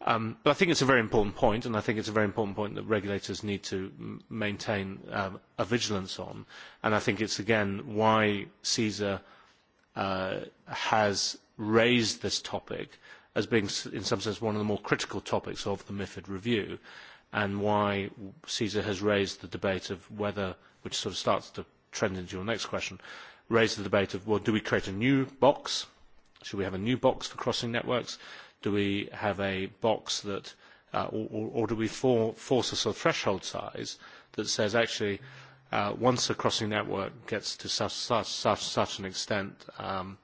Um, but I think it's a very important point, and I think it's a very important point that regulators need to maintain um, a vigilance on. And I think it's, again, why CSER – uh, has raised this topic as being, in some sense, one of the more critical topics of the MIFID review, and why CESA has raised the debate of whether, which sort of starts to trend into your next question, raised the debate of, well, do we create a new box? Should we have a new box for crossing networks? Do we have a box that, uh, or, or, or do we for, force a sort of threshold size that says actually, mm -hmm uh, once the crossing network gets to such, such, such, such an extent, um,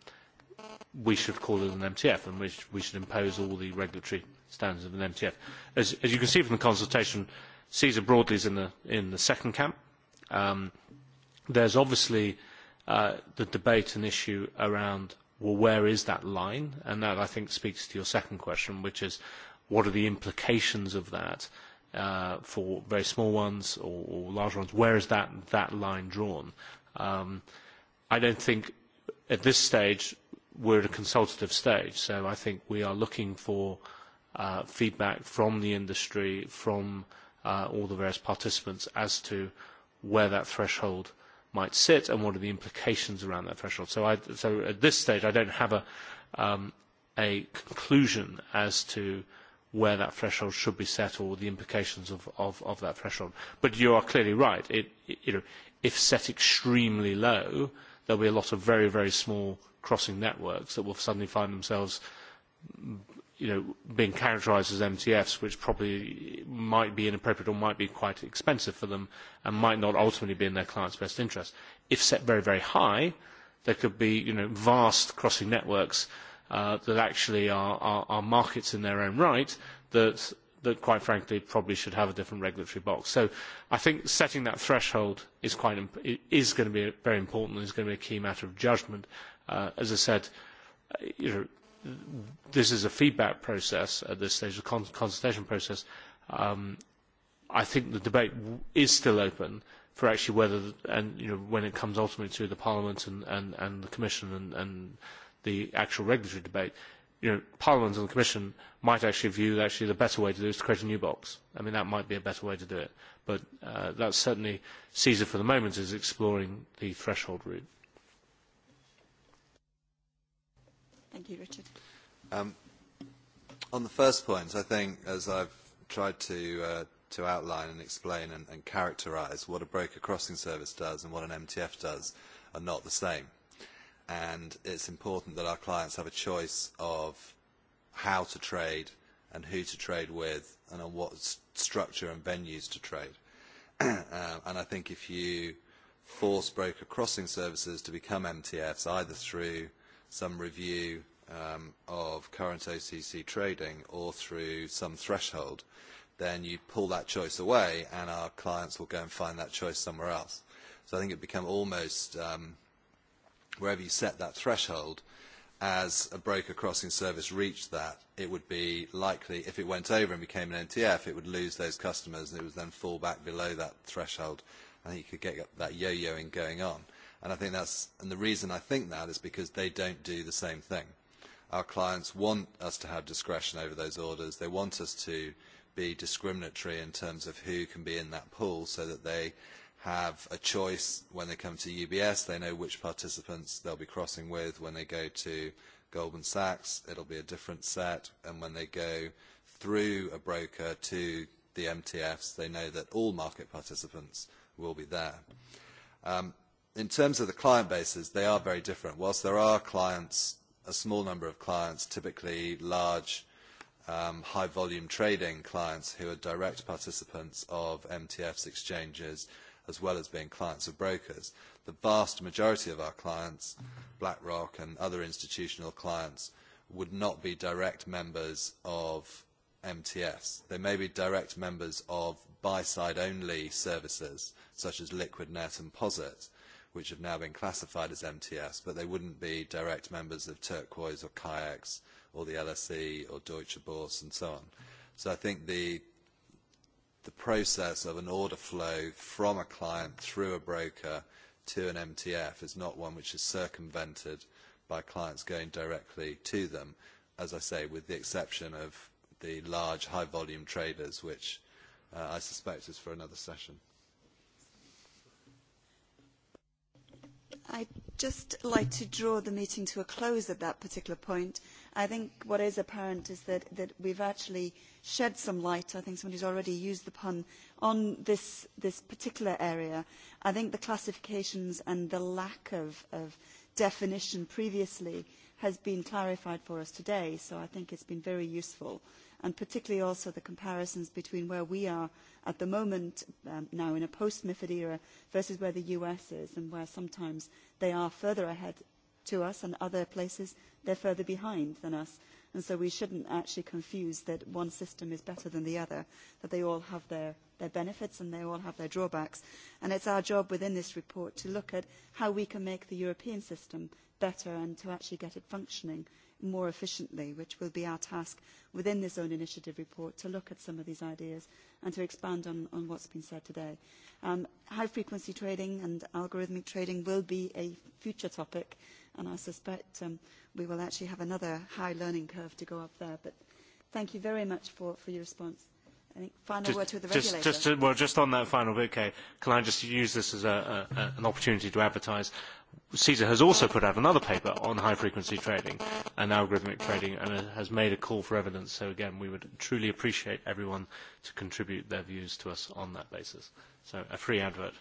we should call it an MTF and we, sh we should impose all the regulatory standards of an MTF. As, as you can see from the consultation, CESA broadly is in the, in the second camp. Um, there's obviously uh, the debate and issue around, well, where is that line? And that, I think, speaks to your second question, which is, what are the implications of that? uh, for very small ones or, or large ones, where is that, that line drawn? Um, I don't think at this stage we're at a consultative stage, so I think we are looking for uh, feedback from the industry, from uh, all the various participants as to where that threshold might sit and what are the implications around that threshold. So, I, so at this stage, I don't have a, um, a conclusion as to uh, where that threshold should be set or the implications of, of, of that threshold. But you are clearly right. It, it, you know, if set extremely low, there will be a lot of very, very small crossing networks that will suddenly find themselves you know, being characterised as MTFs, which probably might be inappropriate or might be quite expensive for them and might not ultimately be in their client's best interest. If set very, very high, there could be you know, vast crossing networks uh, that actually are, are, are markets in their own right that, that quite frankly probably should have a different regulatory box. So I think setting that threshold is, quite imp is going to be very important and is going to be a key matter of judgment. Uh, as I said, uh, you know, this is a feedback process at this stage, a con consultation process. Um, I think the debate is still open for actually whether, and you know, when it comes ultimately to the Parliament and, and, and the Commission and, and the actual regulatory debate, you know, Parliament and the Commission might actually view that actually the better way to do it is to create a new box. I mean, that might be a better way to do it. But uh, that certainly, CESA for the moment is exploring the threshold route. Thank you, Richard. Um, on the first point, I think, as I've tried to, uh, to outline and explain and, and characterise, what a broker crossing service does and what an MTF does are not the same and it's important that our clients have a choice of how to trade and who to trade with and on what st structure and venues to trade. um, and I think if you force broker crossing services to become MTFs, either through some review um, of current OCC trading or through some threshold, then you pull that choice away and our clients will go and find that choice somewhere else. So I think it become almost um, wherever you set that threshold, as a broker crossing service reached that, it would be likely, if it went over and became an NTF, it would lose those customers and it would then fall back below that threshold. I think you could get that yo-yoing going on. And I think that's, and the reason I think that is because they don't do the same thing. Our clients want us to have discretion over those orders. They want us to be discriminatory in terms of who can be in that pool so that they have a choice when they come to UBS. They know which participants they'll be crossing with. When they go to Goldman Sachs, it'll be a different set. And when they go through a broker to the MTFs, they know that all market participants will be there. Um, in terms of the client bases, they are very different. Whilst there are clients, a small number of clients, typically large um, high volume trading clients who are direct participants of MTFs exchanges, as well as being clients of brokers. The vast majority of our clients, BlackRock and other institutional clients, would not be direct members of MTS. They may be direct members of buy-side only services, such as LiquidNet and Posit, which have now been classified as MTS, but they wouldn't be direct members of Turquoise or Kayaks or the LSE or Deutsche Börse and so on. So I think the the process of an order flow from a client through a broker to an MTF is not one which is circumvented by clients going directly to them, as I say, with the exception of the large high-volume traders, which uh, I suspect is for another session. I'd just like to draw the meeting to a close at that particular point I think what is apparent is that, that we've actually shed some light, I think somebody's already used the pun, on this, this particular area. I think the classifications and the lack of, of definition previously has been clarified for us today, so I think it's been very useful. And particularly also the comparisons between where we are at the moment um, now in a post-MIFID era versus where the US is and where sometimes they are further ahead to us and other places, they're further behind than us. And so we shouldn't actually confuse that one system is better than the other, that they all have their, their benefits and they all have their drawbacks. And it's our job within this report to look at how we can make the European system better and to actually get it functioning more efficiently, which will be our task within this own initiative report to look at some of these ideas and to expand on, on what's been said today. Um, high frequency trading and algorithmic trading will be a future topic and I suspect um, we will actually have another high learning curve to go up there. But thank you very much for, for your response. Any final just, to the regulator? Just, to, well, just on that final bit, okay, can I just use this as a, a, an opportunity to advertise? CESA has also put out another paper on high-frequency trading and algorithmic trading and has made a call for evidence. So again, we would truly appreciate everyone to contribute their views to us on that basis. So a free advert.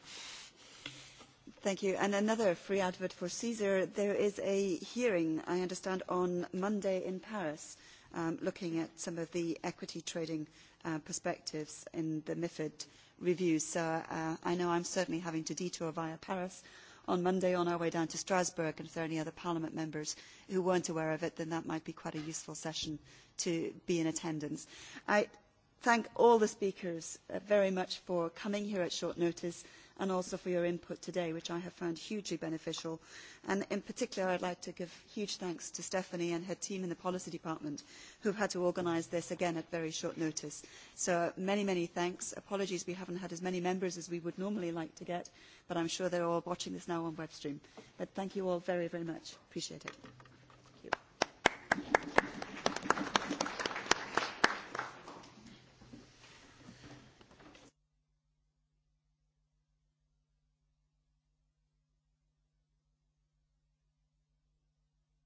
Thank you. And another free advert for Caesar. There is a hearing, I understand, on Monday in Paris, um, looking at some of the equity trading uh, perspectives in the MIFID review. So uh, I know I'm certainly having to detour via Paris on Monday on our way down to Strasbourg, and if there are any other Parliament members who weren't aware of it, then that might be quite a useful session to be in attendance. I thank all the speakers uh, very much for coming here at short notice and also for your input today, which I have found hugely beneficial. And in particular, I would like to give huge thanks to Stephanie and her team in the Policy Department, who have had to organise this again at very short notice. So many, many thanks. Apologies we haven't had as many members as we would normally like to get, but I am sure they are all watching this now on web stream. But thank you all very, very much. Appreciate it.